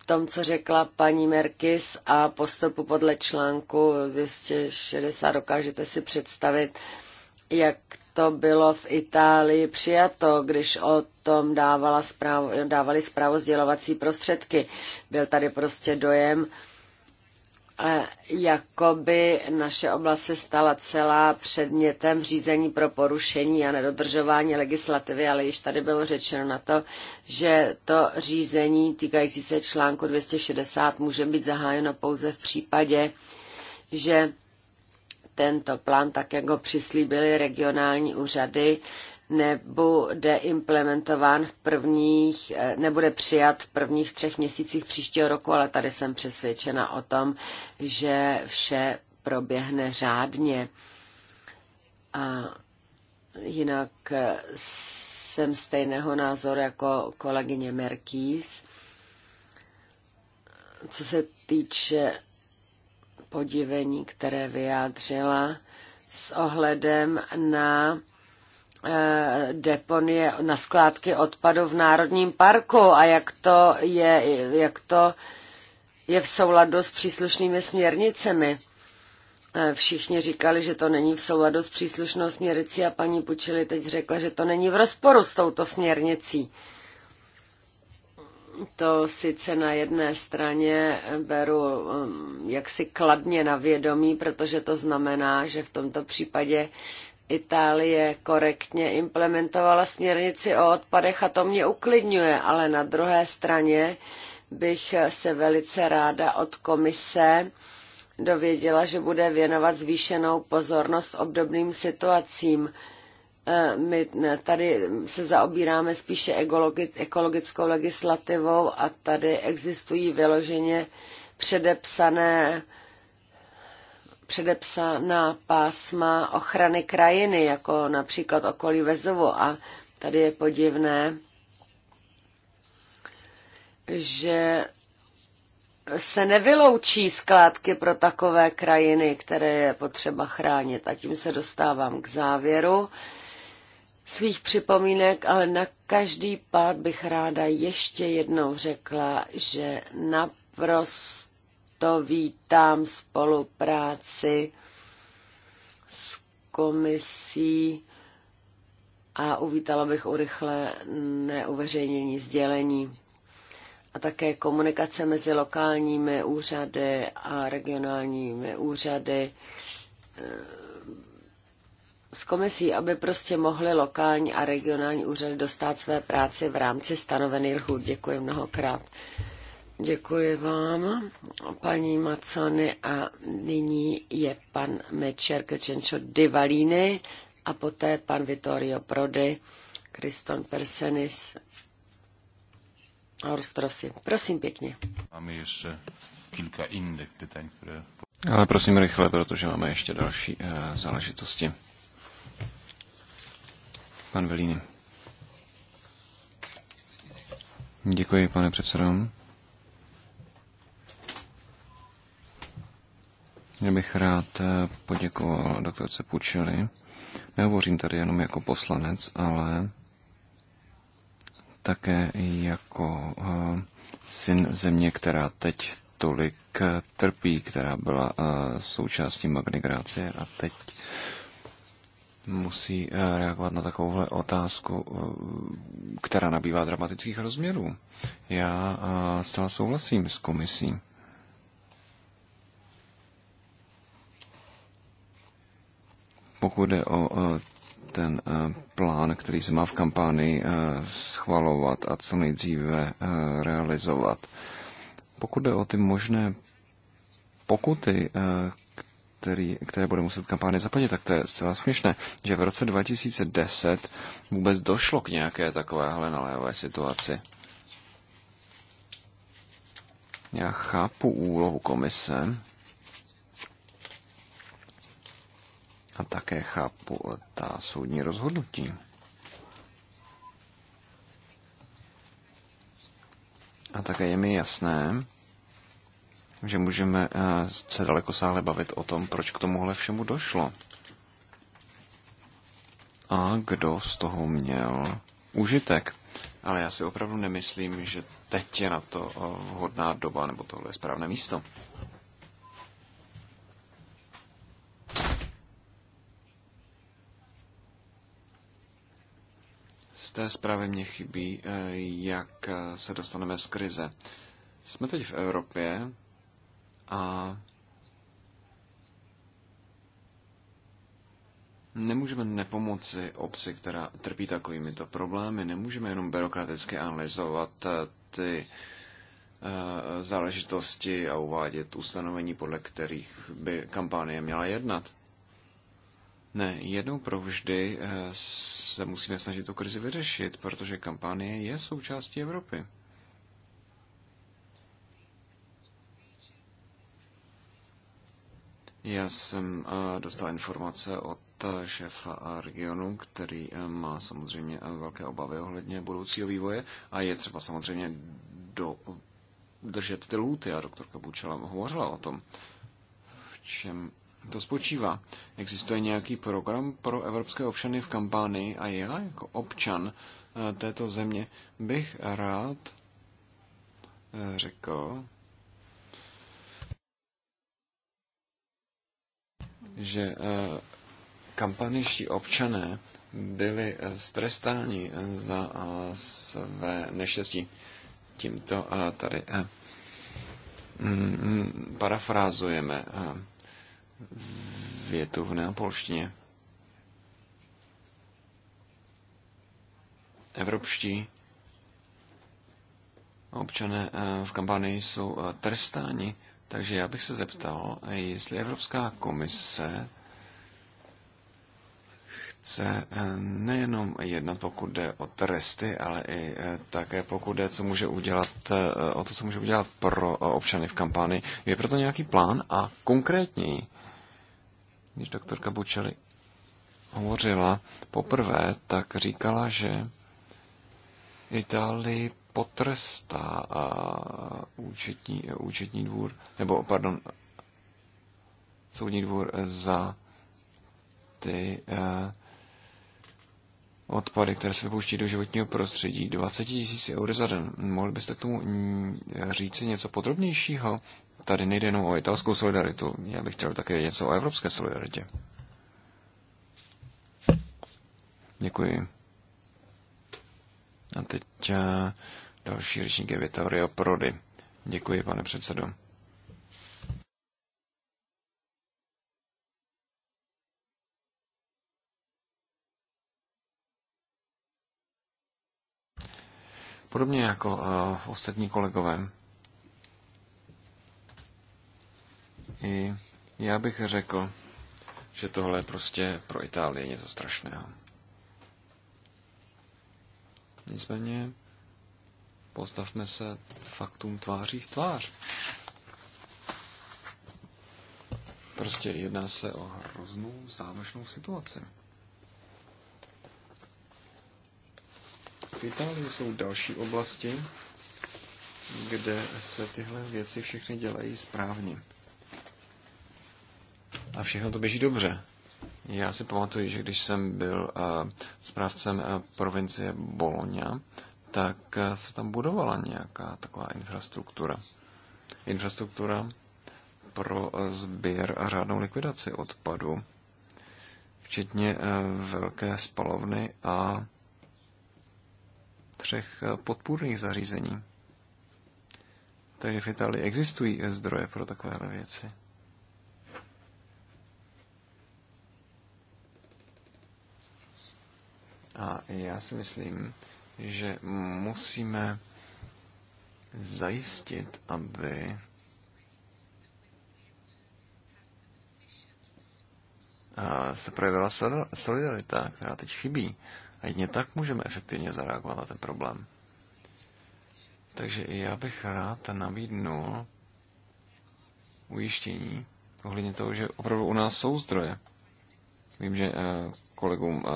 tom, co řekla paní Merkis a postupu podle článku 260 dokážete si představit, jak to bylo v Itálii přijato, když od tom dávala zprávu, dávali zprávu sdělovací prostředky. Byl tady prostě dojem, jakoby naše oblast se stala celá předmětem řízení pro porušení a nedodržování legislativy, ale již tady bylo řečeno na to, že to řízení týkající se článku 260 může být zahájeno pouze v případě, že tento plán, tak jak ho přislíbili regionální úřady, nebude implementován v prvních, eh, nebude přijat v prvních třech měsících příštího roku, ale tady jsem přesvědčena o tom, že vše proběhne řádně. A jinak eh, jsem stejného názoru jako kolegyně Merkýz. Co se týče podivení, které vyjádřila s ohledem na Eh, deponie na skládky odpadu v Národním parku a jak to je, jak to je v souladu s příslušnými směrnicemi. Eh, všichni říkali, že to není v souladu s příslušnou směrnicí a paní Pučili teď řekla, že to není v rozporu s touto směrnicí. To sice na jedné straně beru eh, jaksi kladně na vědomí, protože to znamená, že v tomto případě Itálie korektně implementovala směrnici o odpadech a to mě uklidňuje, ale na druhé straně bych se velice ráda od komise dověděla, že bude věnovat zvýšenou pozornost obdobným situacím. E, my tady se zaobíráme spíše ekologickou legislativou a tady existují vyloženě předepsané předepsána pásma ochrany krajiny, jako například okolí Vezovo. A tady je podivné, že se nevyloučí skládky pro takové krajiny, které je potřeba chránit. A tím se dostávám k závěru svých připomínek, ale na každý pád bych ráda ještě jednou řekla, že naprosto proto vítám spolupráci s komisí a uvítala bych urychle neuveřejnění sdělení a také komunikace mezi lokálními úřady a regionálními úřady eh, s komisí, aby prostě mohly lokální a regionální úřady dostat své práci v rámci stanovených lhů. Děkuji mnohokrát. Děkuji vám, paní Macony, a nyní je pan Mečer Kečenčo Divalíny a poté pan Vittorio Prody, Kriston Persenis a Orstrosi. Prosím pěkně. Máme ještě kilka jiných pytaň, které... Ale prosím rychle, protože máme ještě další uh, záležitosti. Pan Velíny. Děkuji, pane předsedo. Já bych rád eh, poděkoval doktorce Pučili. Nehovořím tady jenom jako poslanec, ale také jako eh, syn země, která teď tolik eh, trpí, která byla součástí magnigrácie a teď musí reagovat na takovouhle otázku, která nabývá dramatických rozměrů. Já stále souhlasím s komisí. pokud jde o ten e, plán, který se má v kampáni e, schvalovat a co nejdříve e, realizovat. Pokud jde o ty možné pokuty, který, které bude muset kampány zaplatit, tak to je zcela směšné, že v roce 2010 vůbec došlo k nějaké takovéhle nalévé situaci. Já chápu úlohu komise, A také chápu ta soudní rozhodnutí. A také je mi jasné, že můžeme eh, se daleko sále bavit o tom, proč k tomuhle všemu došlo. A kdo z toho měl užitek. Ale já si opravdu nemyslím, že teď je na to eh, vhodná doba, nebo tohle je správné místo. té zprávy mě chybí, eh, jak eh, se dostaneme z krize. Jsme teď v Evropě a Nemůžeme nepomoci obci, která trpí takovýmito problémy, nemůžeme jenom byrokraticky analyzovat eh, ty záležitosti a uvádět ustanovení, podle kterých by kampánie měla jednat. Ne, jednou provždy eh, se musíme snažit tu krizi vyřešit, protože kampánie je součástí Evropy. Já jsem eh, dostal informace od eh, šéfa regionu, který má samozřejmě velké obavy ohledně budoucího vývoje a je třeba samozřejmě do, držet ty lůty a doktorka Bučela hovořila o tom, v čem to spočívá. Existuje nějaký program pro evropské občany v kampánii a já jako občan eh, této země bych rád eh, řekl, že eh, kampaniští občané byli strestáni za své neštěstí. Tímto tady mm, mm, parafrázujeme větu v neapolštině. Evropští občané eh, v kampani jsou eh, trestáni, takže já bych se zeptal, jestli Evropská komise chce eh, nejenom jednat, pokud jde o tresty, ale i také pokud jde co může udělat, o to, co může udělat pro občany v kampani. Je proto nějaký plán a konkrétněji, když doktorka Bučeli hovořila poprvé, tak říkala, že Itálii potrestá a účetní, účetní dvůr, nebo pardon, soudní dvůr za ty eh, odpady, které se vypouští do životního prostředí. 20 000 eur za den. Mohl byste k tomu mm, říci něco podrobnějšího? Tady nejde jenom o italskou solidaritu, já bych chtěl také něco o evropské solidaritě. Děkuji. A teď eh, další řečník je Vittorio Prody. Děkuji, pane předsedo. Podobně jako eh, ostatní kolegové, I já bych řekl, že tohle je prostě pro Itálii něco strašného. Nicméně postavme se faktům tváří v tvář. Prostě jedná se o hroznou závažnou situaci. V Itálii jsou další oblasti, kde se tyhle věci všechny dělají správně. A všechno to běží dobře. Já si pamatuju, že když jsem byl uh, správcem uh, provincie Bologna, tak uh, se tam budovala nějaká taková infrastruktura. Infrastruktura pro uh, sběr a řádnou likvidaci odpadu, včetně uh, velké spalovny a třech uh, podpůrných zařízení. Takže v Itálii existují zdroje pro takovéhle věci. A já si myslím, že musíme zajistit, aby se projevila solidarita, která teď chybí. A jedně tak můžeme efektivně zareagovat na ten problém. Takže i já bych rád nabídnul ujištění ohledně toho, že opravdu u nás jsou zdroje. Vím, že eh, kolegům eh,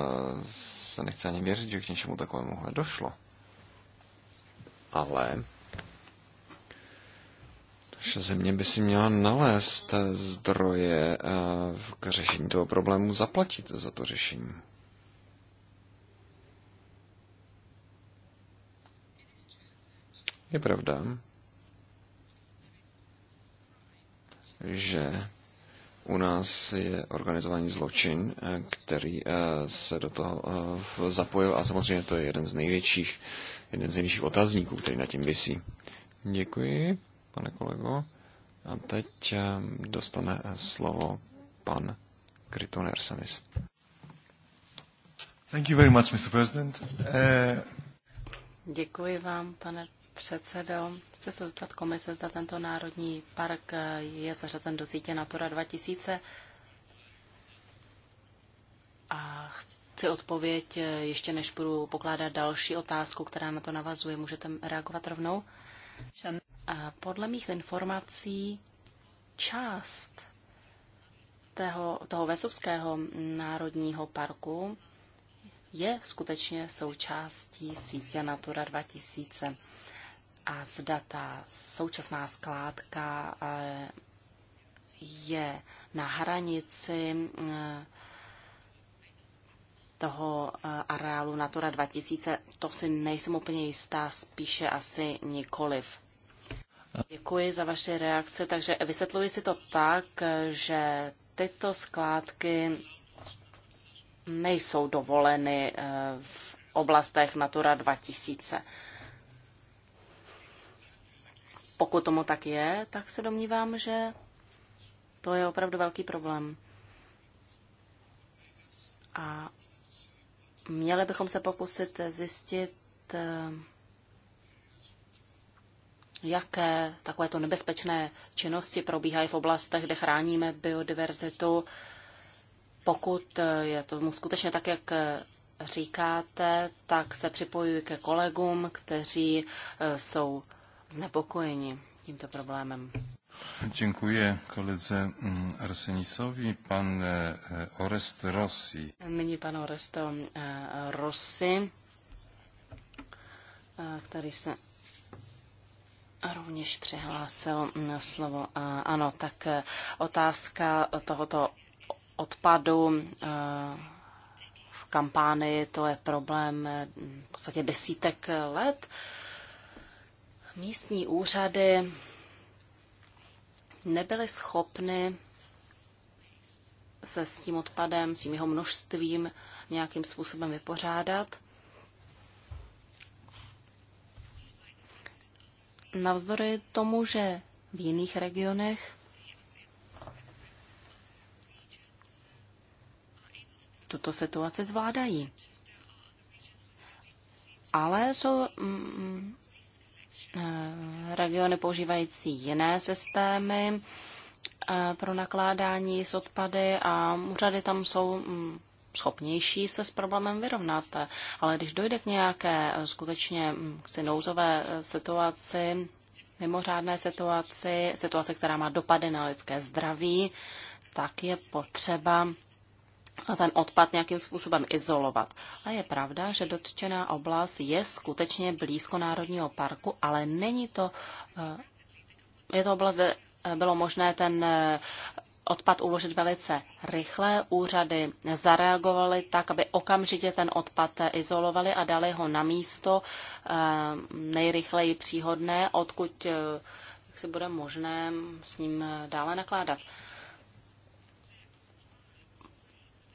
se nechce ani věřit, že k něčemu takovému došlo. Ale naše země by si měla nalézt zdroje eh, k řešení toho problému, zaplatit za to řešení. Je pravda, že u nás je organizovaný zločin, eh, který eh, se do toho eh, zapojil a samozřejmě to je jeden z největších, jeden z největších otazníků, který na tím visí. Děkuji, pane kolego. A teď dostane slovo pan Kryton Ersanis. Thank you very much, Mr. President. Uh... Děkuji vám, pane předsedo. Chci se zeptat komise, zda tento národní park eh, je zařazen do sítě Natura 2000. A chci odpověď, eh, ještě než budu pokládat další otázku, která na to navazuje. Můžete reagovat rovnou? A podle mých informací část toho, toho Vesovského národního parku je skutečně součástí sítě Natura 2000 a zda ta současná skládka eh, je na hranici eh, toho eh, areálu Natura 2000, to si nejsem úplně jistá, spíše asi nikoliv. Děkuji za vaše reakce, takže vysvětluji si to tak, že tyto skládky nejsou dovoleny v oblastech Natura 2000 pokud tomu tak je, tak se domnívám, že to je opravdu velký problém. A měli bychom se pokusit zjistit, eh, jaké takovéto nebezpečné činnosti probíhají v oblastech, kde chráníme biodiverzitu. Pokud eh, je tomu skutečně tak, jak eh, říkáte, tak se připojuji ke kolegům, kteří jsou znepokojeni tímto problémem. Děkuji koledze mm, Arsenisovi, pan e, e, Orest Rossi. Nyní pan Oresto e, Rossi, který se rovněž přihlásil na slovo. Ano, tak otázka tohoto odpadu v kampánii, to je problém v podstatě desítek let místní úřady nebyly schopny se s tím odpadem, s tím jeho množstvím nějakým způsobem vypořádat. Navzdory tomu, že v jiných regionech tuto situaci zvládají. Ale jsou Eh, regiony používající jiné systémy eh, pro nakládání s odpady a úřady tam jsou mm, schopnější se s problémem vyrovnat. Ale když dojde k nějaké eh, skutečně mm, si nouzové situaci, mimořádné situaci, situace, která má dopady na lidské zdraví, tak je potřeba a ten odpad nějakým způsobem izolovat. A je pravda, že dotčená oblast je skutečně blízko Národního parku, ale není to, eh, je to oblast, kde eh, bylo možné ten eh, odpad uložit velice rychle. Úřady zareagovaly tak, aby okamžitě ten odpad izolovali a dali ho na místo nejrychleji příhodné, odkud si bude možné s ním dále nakládat.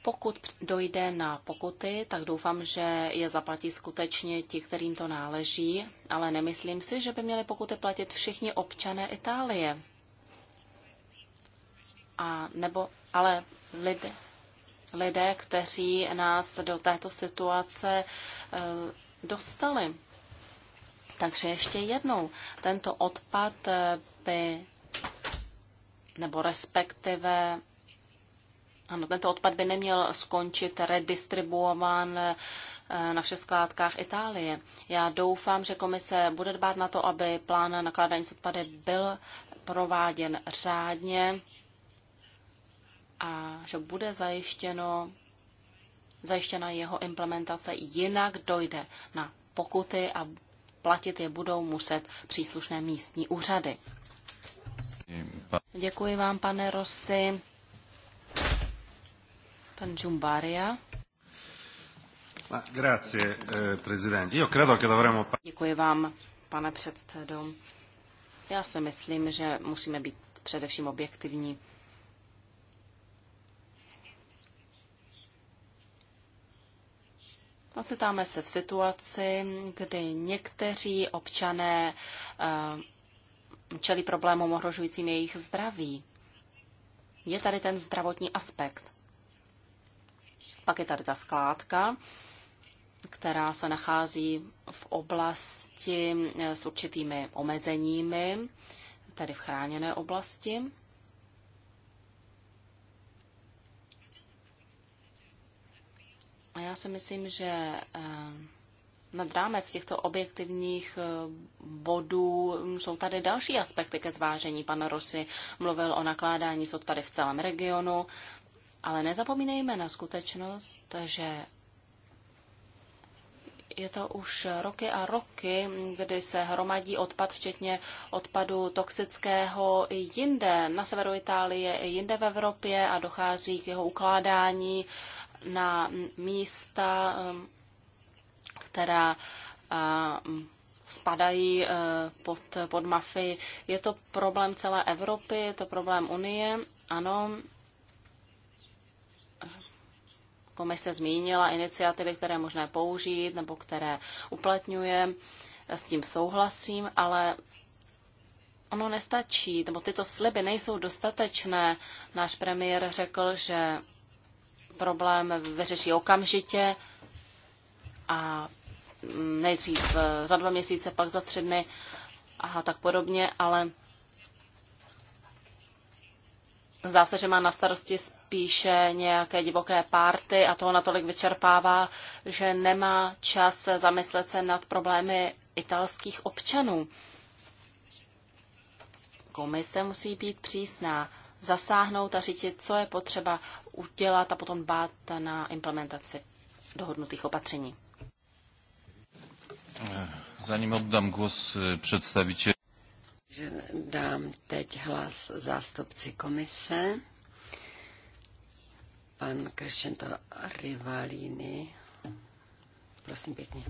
Pokud dojde na pokuty, tak doufám, že je zaplatí skutečně ti, kterým to náleží, ale nemyslím si, že by měli pokuty platit všichni občané Itálie. A nebo ale lidé, lidé, kteří nás do této situace eh, dostali. Takže ještě jednou, tento odpad eh, by, nebo respektive ano, tento odpad by neměl skončit redistribuován eh, na všech skládkách Itálie. Já doufám, že komise bude dbát na to, aby plán nakládání s odpady byl prováděn řádně a že bude zajištěno, zajištěna jeho implementace, jinak dojde na pokuty a platit je budou muset příslušné místní úřady. Děkuji vám, pane Rossi. Pan Grazie, eh, Io credo che dovremmo... Děkuji vám, pane předsedo. Já si myslím, že musíme být především objektivní. Ocitáme se v situaci, kdy někteří občané eh, čelí problémům ohrožujícím jejich zdraví. Je tady ten zdravotní aspekt. Pak je tady ta skládka, která se nachází v oblasti eh, s určitými omezeními, tedy v chráněné oblasti. A já si myslím, že eh, nad rámec těchto objektivních eh, bodů hm, jsou tady další aspekty ke zvážení. Pan Rosy mluvil o nakládání s odpady v celém regionu. Ale nezapomínejme na skutečnost, že je to už roky a roky, kdy se hromadí odpad, včetně odpadu toxického i jinde, na severu Itálie, i jinde v Evropě a dochází k jeho ukládání na místa, um, která um, spadají uh, pod, pod mafii. Je to problém celé Evropy, je to problém Unie, ano, komise zmínila iniciativy, které je možné použít nebo které uplatňuje. S tím souhlasím, ale ono nestačí, nebo tyto sliby nejsou dostatečné. Náš premiér řekl, že problém vyřeší okamžitě a nejdřív za dva měsíce, pak za tři dny a tak podobně, ale Zdá se, že má na starosti spíše nějaké divoké párty a toho natolik vyčerpává, že nemá čas zamyslet se nad problémy italských občanů. Komise musí být přísná, zasáhnout a říct, co je potřeba udělat a potom bát na implementaci dohodnutých opatření. Zanim oddam głos e, představitě... Takže dám teď hlas zástupci komise. Pan Crescento Rivalini. Prosím pěkně.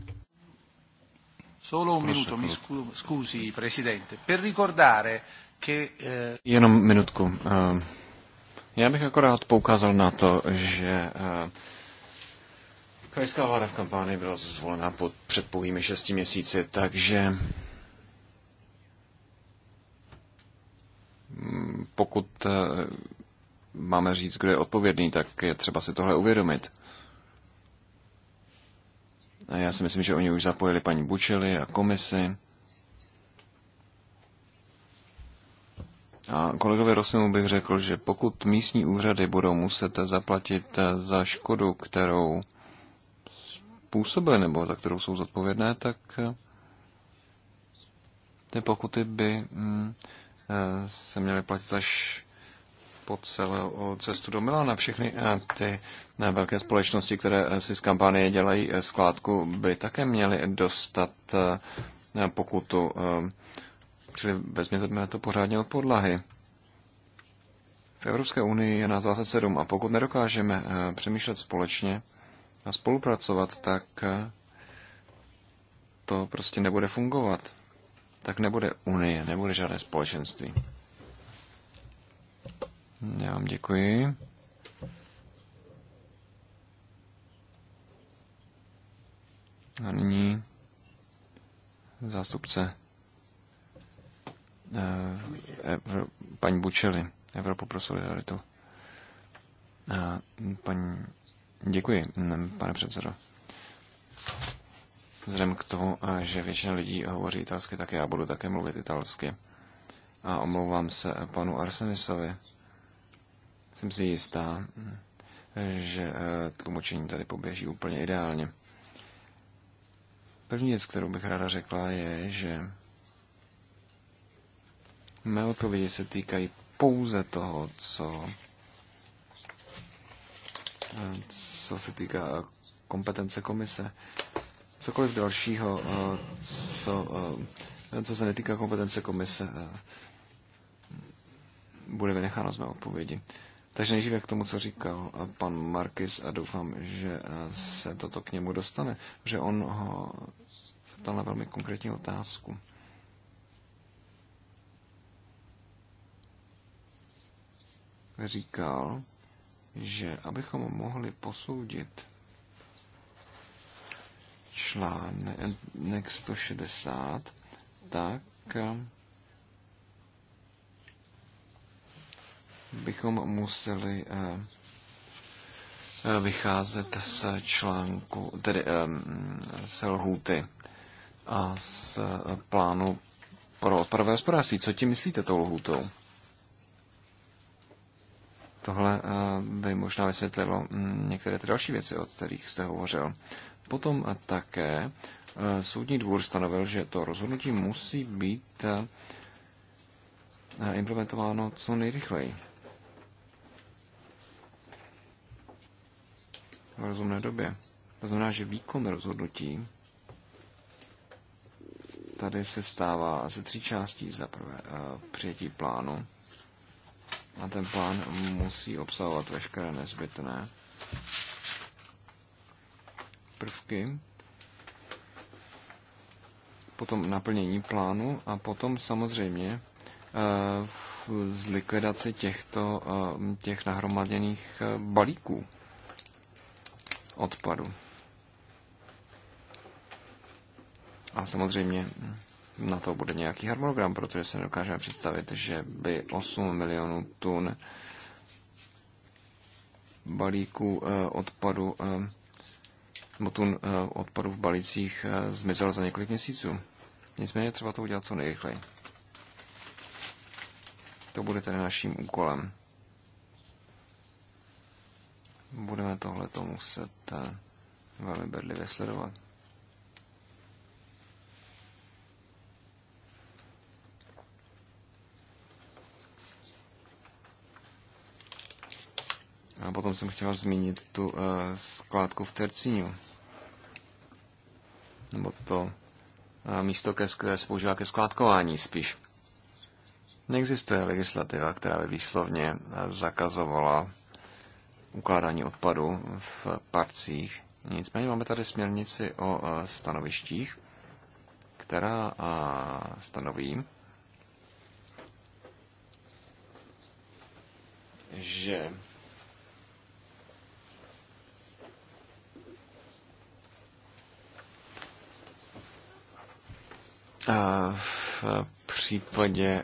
Solo un minuto, mi scusi, presidente. Per ricordare che... Eh... Jenom minutku. Eh, já bych akorát poukázal na to, že eh, krajská vláda v kampáni byla zvolena pod, před šesti měsíci, takže pokud eh, máme říct, kdo je odpovědný, tak je třeba si tohle uvědomit. A já si myslím, že oni už zapojili paní Bučely a komisi. A kolegovi Rosimu bych řekl, že pokud místní úřady budou muset zaplatit za škodu, kterou způsobili nebo za kterou jsou zodpovědné, tak ty pokuty by mm, se měly platit až po celou cestu do Milána. Všechny eh, ty eh, velké společnosti, které eh, si z kampánie dělají skládku, by také měly dostat pokutu. Čili vezměte to pořádně od podlahy. V Evropské unii je nás 27 a pokud nedokážeme přemýšlet společně a spolupracovat, tak to prostě nebude fungovat tak nebude Unie, nebude žádné společenství. Já vám děkuji. A nyní zástupce eh, Evro, paní Bučely, Evropu pro solidaritu. A paní, děkuji, pane předsedo. Vzhledem k tomu, eh, že většina lidí hovoří italsky, tak já budu také mluvit italsky. A omlouvám se panu Arsenisovi. Jsem si jistá, že eh, tlumočení tady poběží úplně ideálně. První věc, kterou bych ráda řekla, je, že mé odpovědi se týkají pouze toho, co, eh, co se týká kompetence komise cokoliv dalšího, eh, co, eh, co se netýká kompetence komise, eh, bude vynecháno z mé odpovědi. Takže nejdříve k tomu, co říkal pan Markis a doufám, že se toto k němu dostane, že on ho zeptal na velmi konkrétní otázku. Říkal, že abychom mohli posoudit článek 160, tak eh, bychom museli eh, eh, vycházet z článku, tedy z lhůty a z plánu pro odpadové hospodářství. Co ti myslíte tou lhůtou? Tohle by možná vysvětlilo mm, některé ty další věci, o kterých jste hovořil. Potom také eh, soudní dvůr stanovil, že to rozhodnutí musí být eh, implementováno co nejrychleji. V rozumné době. To znamená, že výkon rozhodnutí tady se stává ze tří částí. Za prvé eh, přijetí plánu. A ten plán musí obsahovat veškeré nezbytné prvky, potom naplnění plánu a potom samozřejmě eh, z likvidace těchto, eh, těch nahromaděných eh, balíků odpadu. A samozřejmě na to bude nějaký harmonogram, protože se dokážeme představit, že by 8 milionů tun balíků odpadu tun eh, odpadu v balicích eh, zmizel za několik měsíců. Nicméně třeba to udělat co nejrychleji. To bude tedy naším úkolem. Budeme tohle to muset eh, velmi bedlivě sledovat. A potom jsem chtěl zmínit tu eh, skládku v Tercíňu. Nebo to eh, místo, ke, které se používá ke skládkování spíš. Neexistuje legislativa, která by výslovně eh, zakazovala ukládání odpadu v parcích. Nicméně máme tady směrnici o stanovištích, která stanoví, že v případě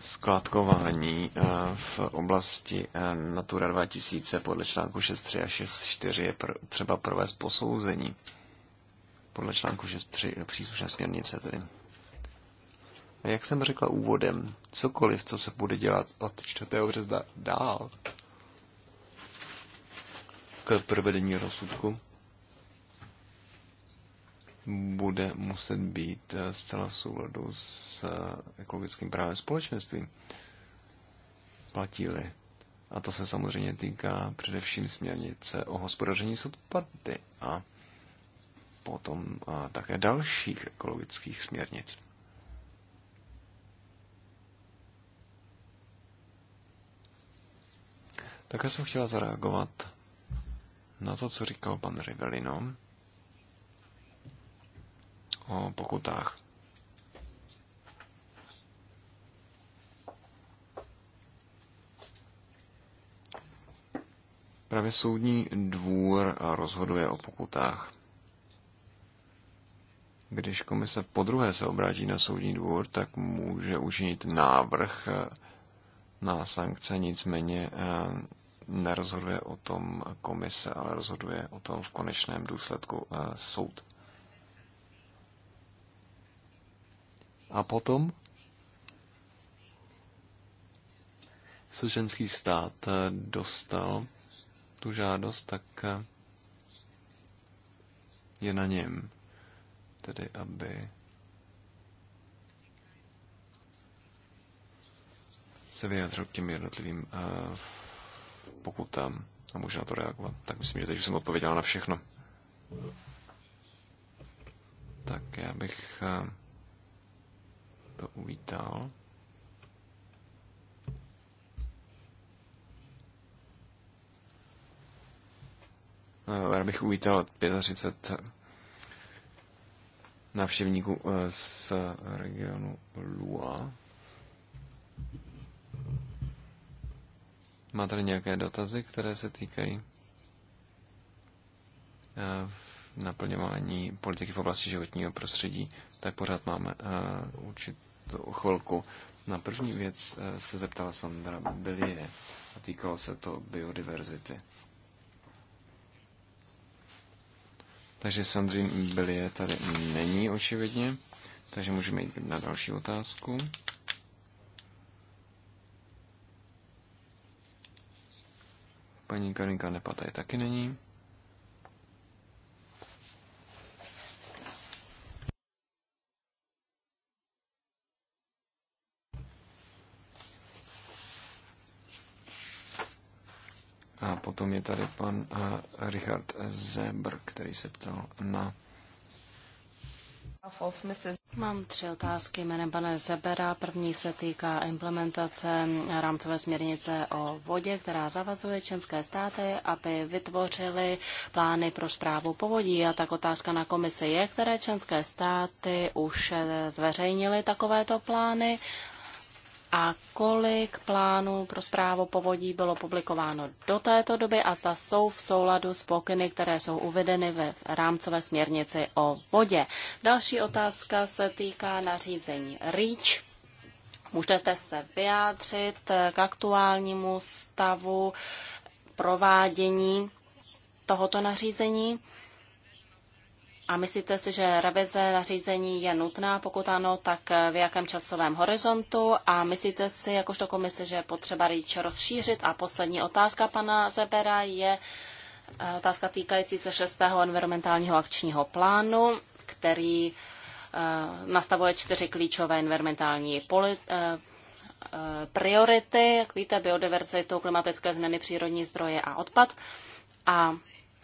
skládkování v oblasti Natura 2000 podle článku 6.3 a 6.4 je pr- třeba provést posouzení podle článku 6.3 e, příslušné směrnice tedy. A jak jsem řekla úvodem, cokoliv, co se bude dělat od 4. března dál k provedení rozsudku, bude muset být eh, zcela v souladu s eh, ekologickým právem společenství. Platíli. A to se samozřejmě týká především směrnice o hospodaření s odpady a potom a eh, také dalších ekologických směrnic. Také jsem chtěla zareagovat na to, co říkal pan Rivelino o pokutách. Právě soudní dvůr rozhoduje o pokutách. Když komise po druhé se obrátí na soudní dvůr, tak může učinit návrh na sankce, nicméně eh, nerozhoduje o tom komise, ale rozhoduje o tom v konečném důsledku eh, soud. A potom se stát eh, dostal tu žádost, tak eh, je na něm, tedy aby se vyjádřil k těm jednotlivým uh, pokutám a může na to reagovat. Tak myslím, že teď už jsem odpověděl na všechno. Tak já bych uh, to uvítal. Já eh, bych uvítal 35 návštěvníků eh, z regionu Lua. Máte nějaké dotazy, které se týkají eh, naplňování politiky v oblasti životního prostředí, tak pořád máme určit to o chvilku. Na první věc eh, se zeptala Sandra Belie a týkalo se to biodiverzity. Takže Sandra Belie tady není očividně, takže můžeme jít na další otázku. Paní Karinka Nepata je taky není. A potom je tady pan eh, Richard Zebr, který se ptal na Mám tři otázky jménem pana Zebera. První se týká implementace rámcové směrnice o vodě, která zavazuje členské státy, aby vytvořili plány pro zprávu povodí. A tak otázka na komisi je, které členské státy už eh, zveřejnily takovéto plány a kolik plánů pro zprávu povodí bylo publikováno do této doby a zda jsou v souladu s pokyny, které jsou uvedeny ve rámcové směrnici o vodě. Další otázka se týká nařízení REACH. Můžete se vyjádřit k aktuálnímu stavu provádění tohoto nařízení? A myslíte si, že revize nařízení je nutná? Pokud ano, tak v jakém časovém horizontu? A myslíte si, jakožto komise, že je potřeba rýč rozšířit? A poslední otázka pana Zebera je eh, otázka týkající se šestého environmentálního akčního plánu, který eh, nastavuje čtyři klíčové environmentální politiky eh, priority, jak víte, biodiverzitu, klimatické změny, přírodní zdroje a odpad. A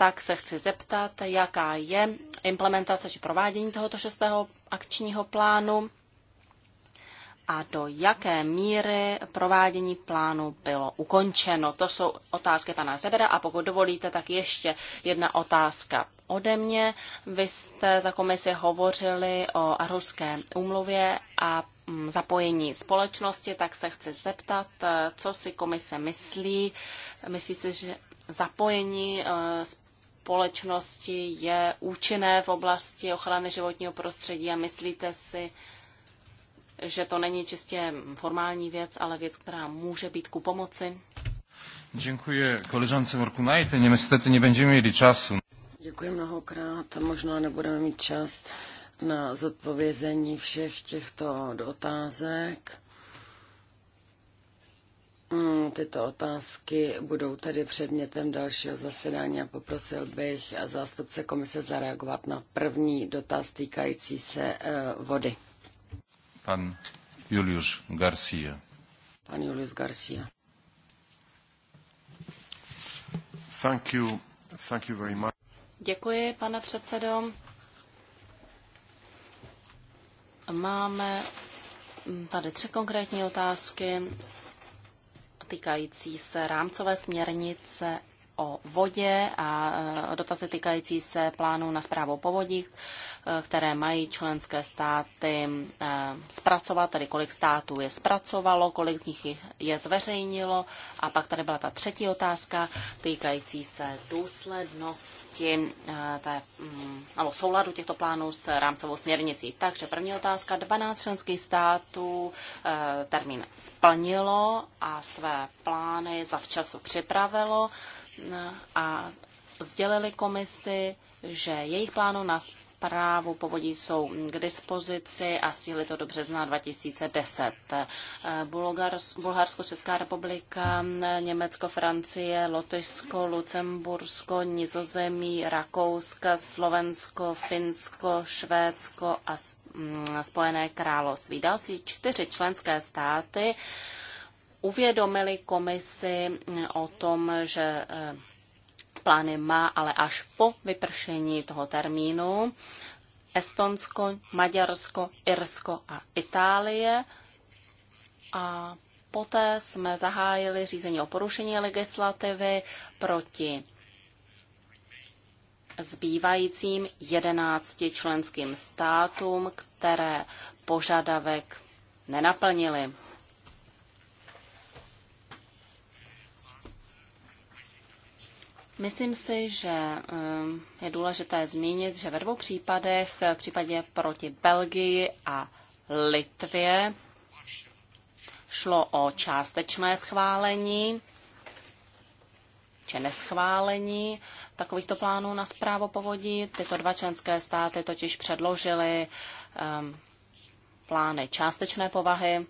tak se chci zeptat, jaká je implementace či provádění tohoto šestého akčního plánu a do jaké míry provádění plánu bylo ukončeno. To jsou otázky pana Zebera a pokud dovolíte, tak ještě jedna otázka ode mě. Vy jste za komisi hovořili o ruské úmluvě a mm, zapojení společnosti, tak se chci zeptat, co si komise myslí. Myslí si, že zapojení eh, společnosti je účinné v oblasti ochrany životního prostředí a myslíte si, že to není čistě formální věc, ale věc, která může být ku pomoci? Děkuji koleżance Morkunajte. nemyslíte, nie nebudeme mít času. Děkuji mnohokrát. Možná nebudeme mít čas na zodpovězení všech těchto otázek. Mm, tyto otázky budou tedy předmětem dalšího zasedání a poprosil bych zástupce komise zareagovat na první dotaz týkající se eh, vody. Pan Julius Garcia. Pan Julius Garcia. Thank you. Thank you very much. Děkuji, pane předsedo. Máme tady tři konkrétní otázky týkající se rámcové směrnice o vodě a e, dotazy týkající se plánu na zprávu povodí, e, které mají členské státy e, zpracovat, tedy kolik států je zpracovalo, kolik z nich je zveřejnilo. A pak tady byla ta třetí otázka týkající se důslednosti té, mm, nebo souladu těchto plánů s rámcovou směrnicí. Takže první otázka, 12 členských států termín splnilo a své plány za včasu připravilo a sdělili komisi, že jejich plánu na právu povodí jsou k dispozici a síly to do března 2010. Bulharsko, Česká republika, Německo, Francie, Lotyšsko, Lucembursko, Nizozemí, Rakouska, Slovensko, Finsko, Švédsko a Spojené království. Další čtyři členské státy uvědomili komisi o tom, že eh, plány má, ale až po vypršení toho termínu. Estonsko, Maďarsko, Irsko a Itálie. A poté jsme zahájili řízení o porušení legislativy proti zbývajícím 11 členským státům, které požadavek nenaplnili. Myslím si, že ehm, je důležité zmínit, že ve dvou případech, v případě proti Belgii a Litvě, šlo o částečné schválení či neschválení takovýchto plánů na zprávu povodí. Tyto dva členské státy totiž předložily um, plány částečné povahy,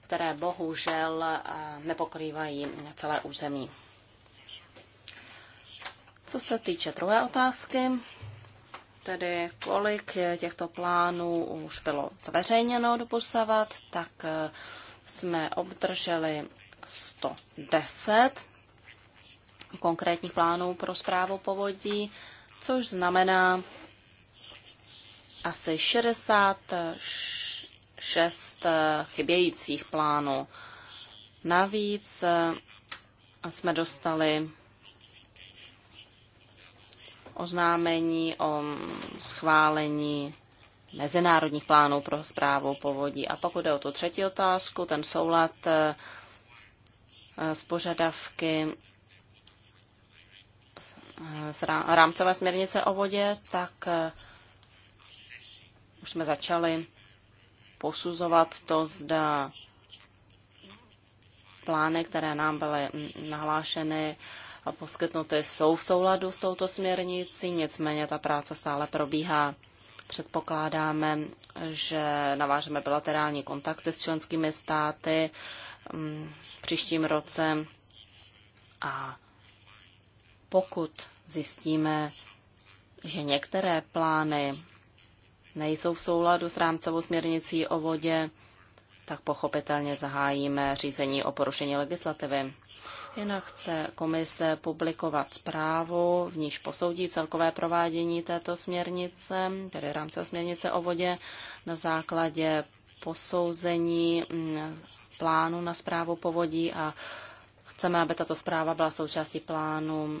které bohužel uh, nepokrývají celé území co se týče druhé otázky, tedy kolik těchto plánů už bylo zveřejněno posavat, tak eh, jsme obdrželi 110 konkrétních plánů pro zprávu povodí, což znamená asi 66 eh, chybějících plánů. Navíc eh, jsme dostali oznámení o schválení mezinárodních plánů pro zprávu povodí. A pokud jde o tu třetí otázku, ten soulad eh, s požadavky eh, z rámcové směrnice o vodě, tak eh, už jsme začali posuzovat to, zda plány, které nám byly nahlášeny, poskytnuty jsou v souladu s touto směrnicí, nicméně ta práce stále probíhá. Předpokládáme, že navážeme bilaterální kontakty s členskými státy mm, v příštím roce a pokud zjistíme, že některé plány nejsou v souladu s rámcovou směrnicí o vodě, tak pochopitelně zahájíme řízení o porušení legislativy. Jinak chce komise publikovat zprávu, v níž posoudí celkové provádění této směrnice, tedy rámce směrnice o vodě, na základě posouzení mm, plánu na zprávu povodí a chceme, aby tato zpráva byla součástí plánu eh,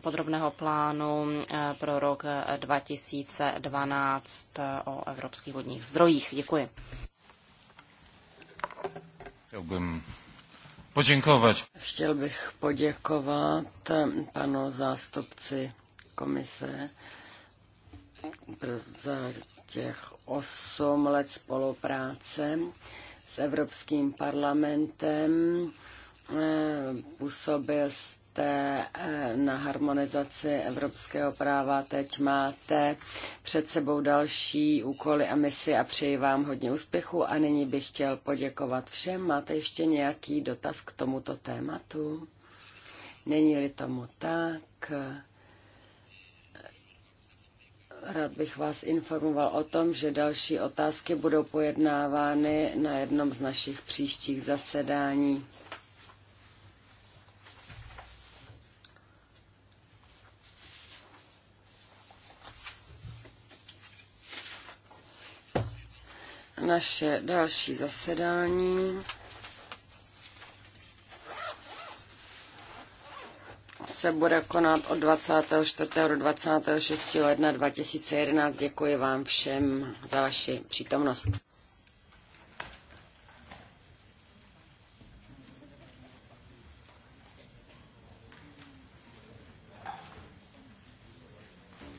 podrobného plánu eh, pro rok 2012 eh, o evropských vodních zdrojích. Děkuji. Já bym poděkovat. Chtěl bych poděkovat panu zástupci komise za těch osm let spolupráce s Evropským parlamentem. Působil pracujete eh, na harmonizaci evropského práva. Teď máte před sebou další úkoly a misi a přeji vám hodně úspěchu. A nyní bych chtěl poděkovat všem. Máte ještě nějaký dotaz k tomuto tématu? Není-li tomu tak, rád bych vás informoval o tom, že další otázky budou pojednávány na jednom z našich příštích zasedání. naše další zasedání se bude konat od 24. do 26. ledna 2011. Děkuji vám všem za vaši přítomnost.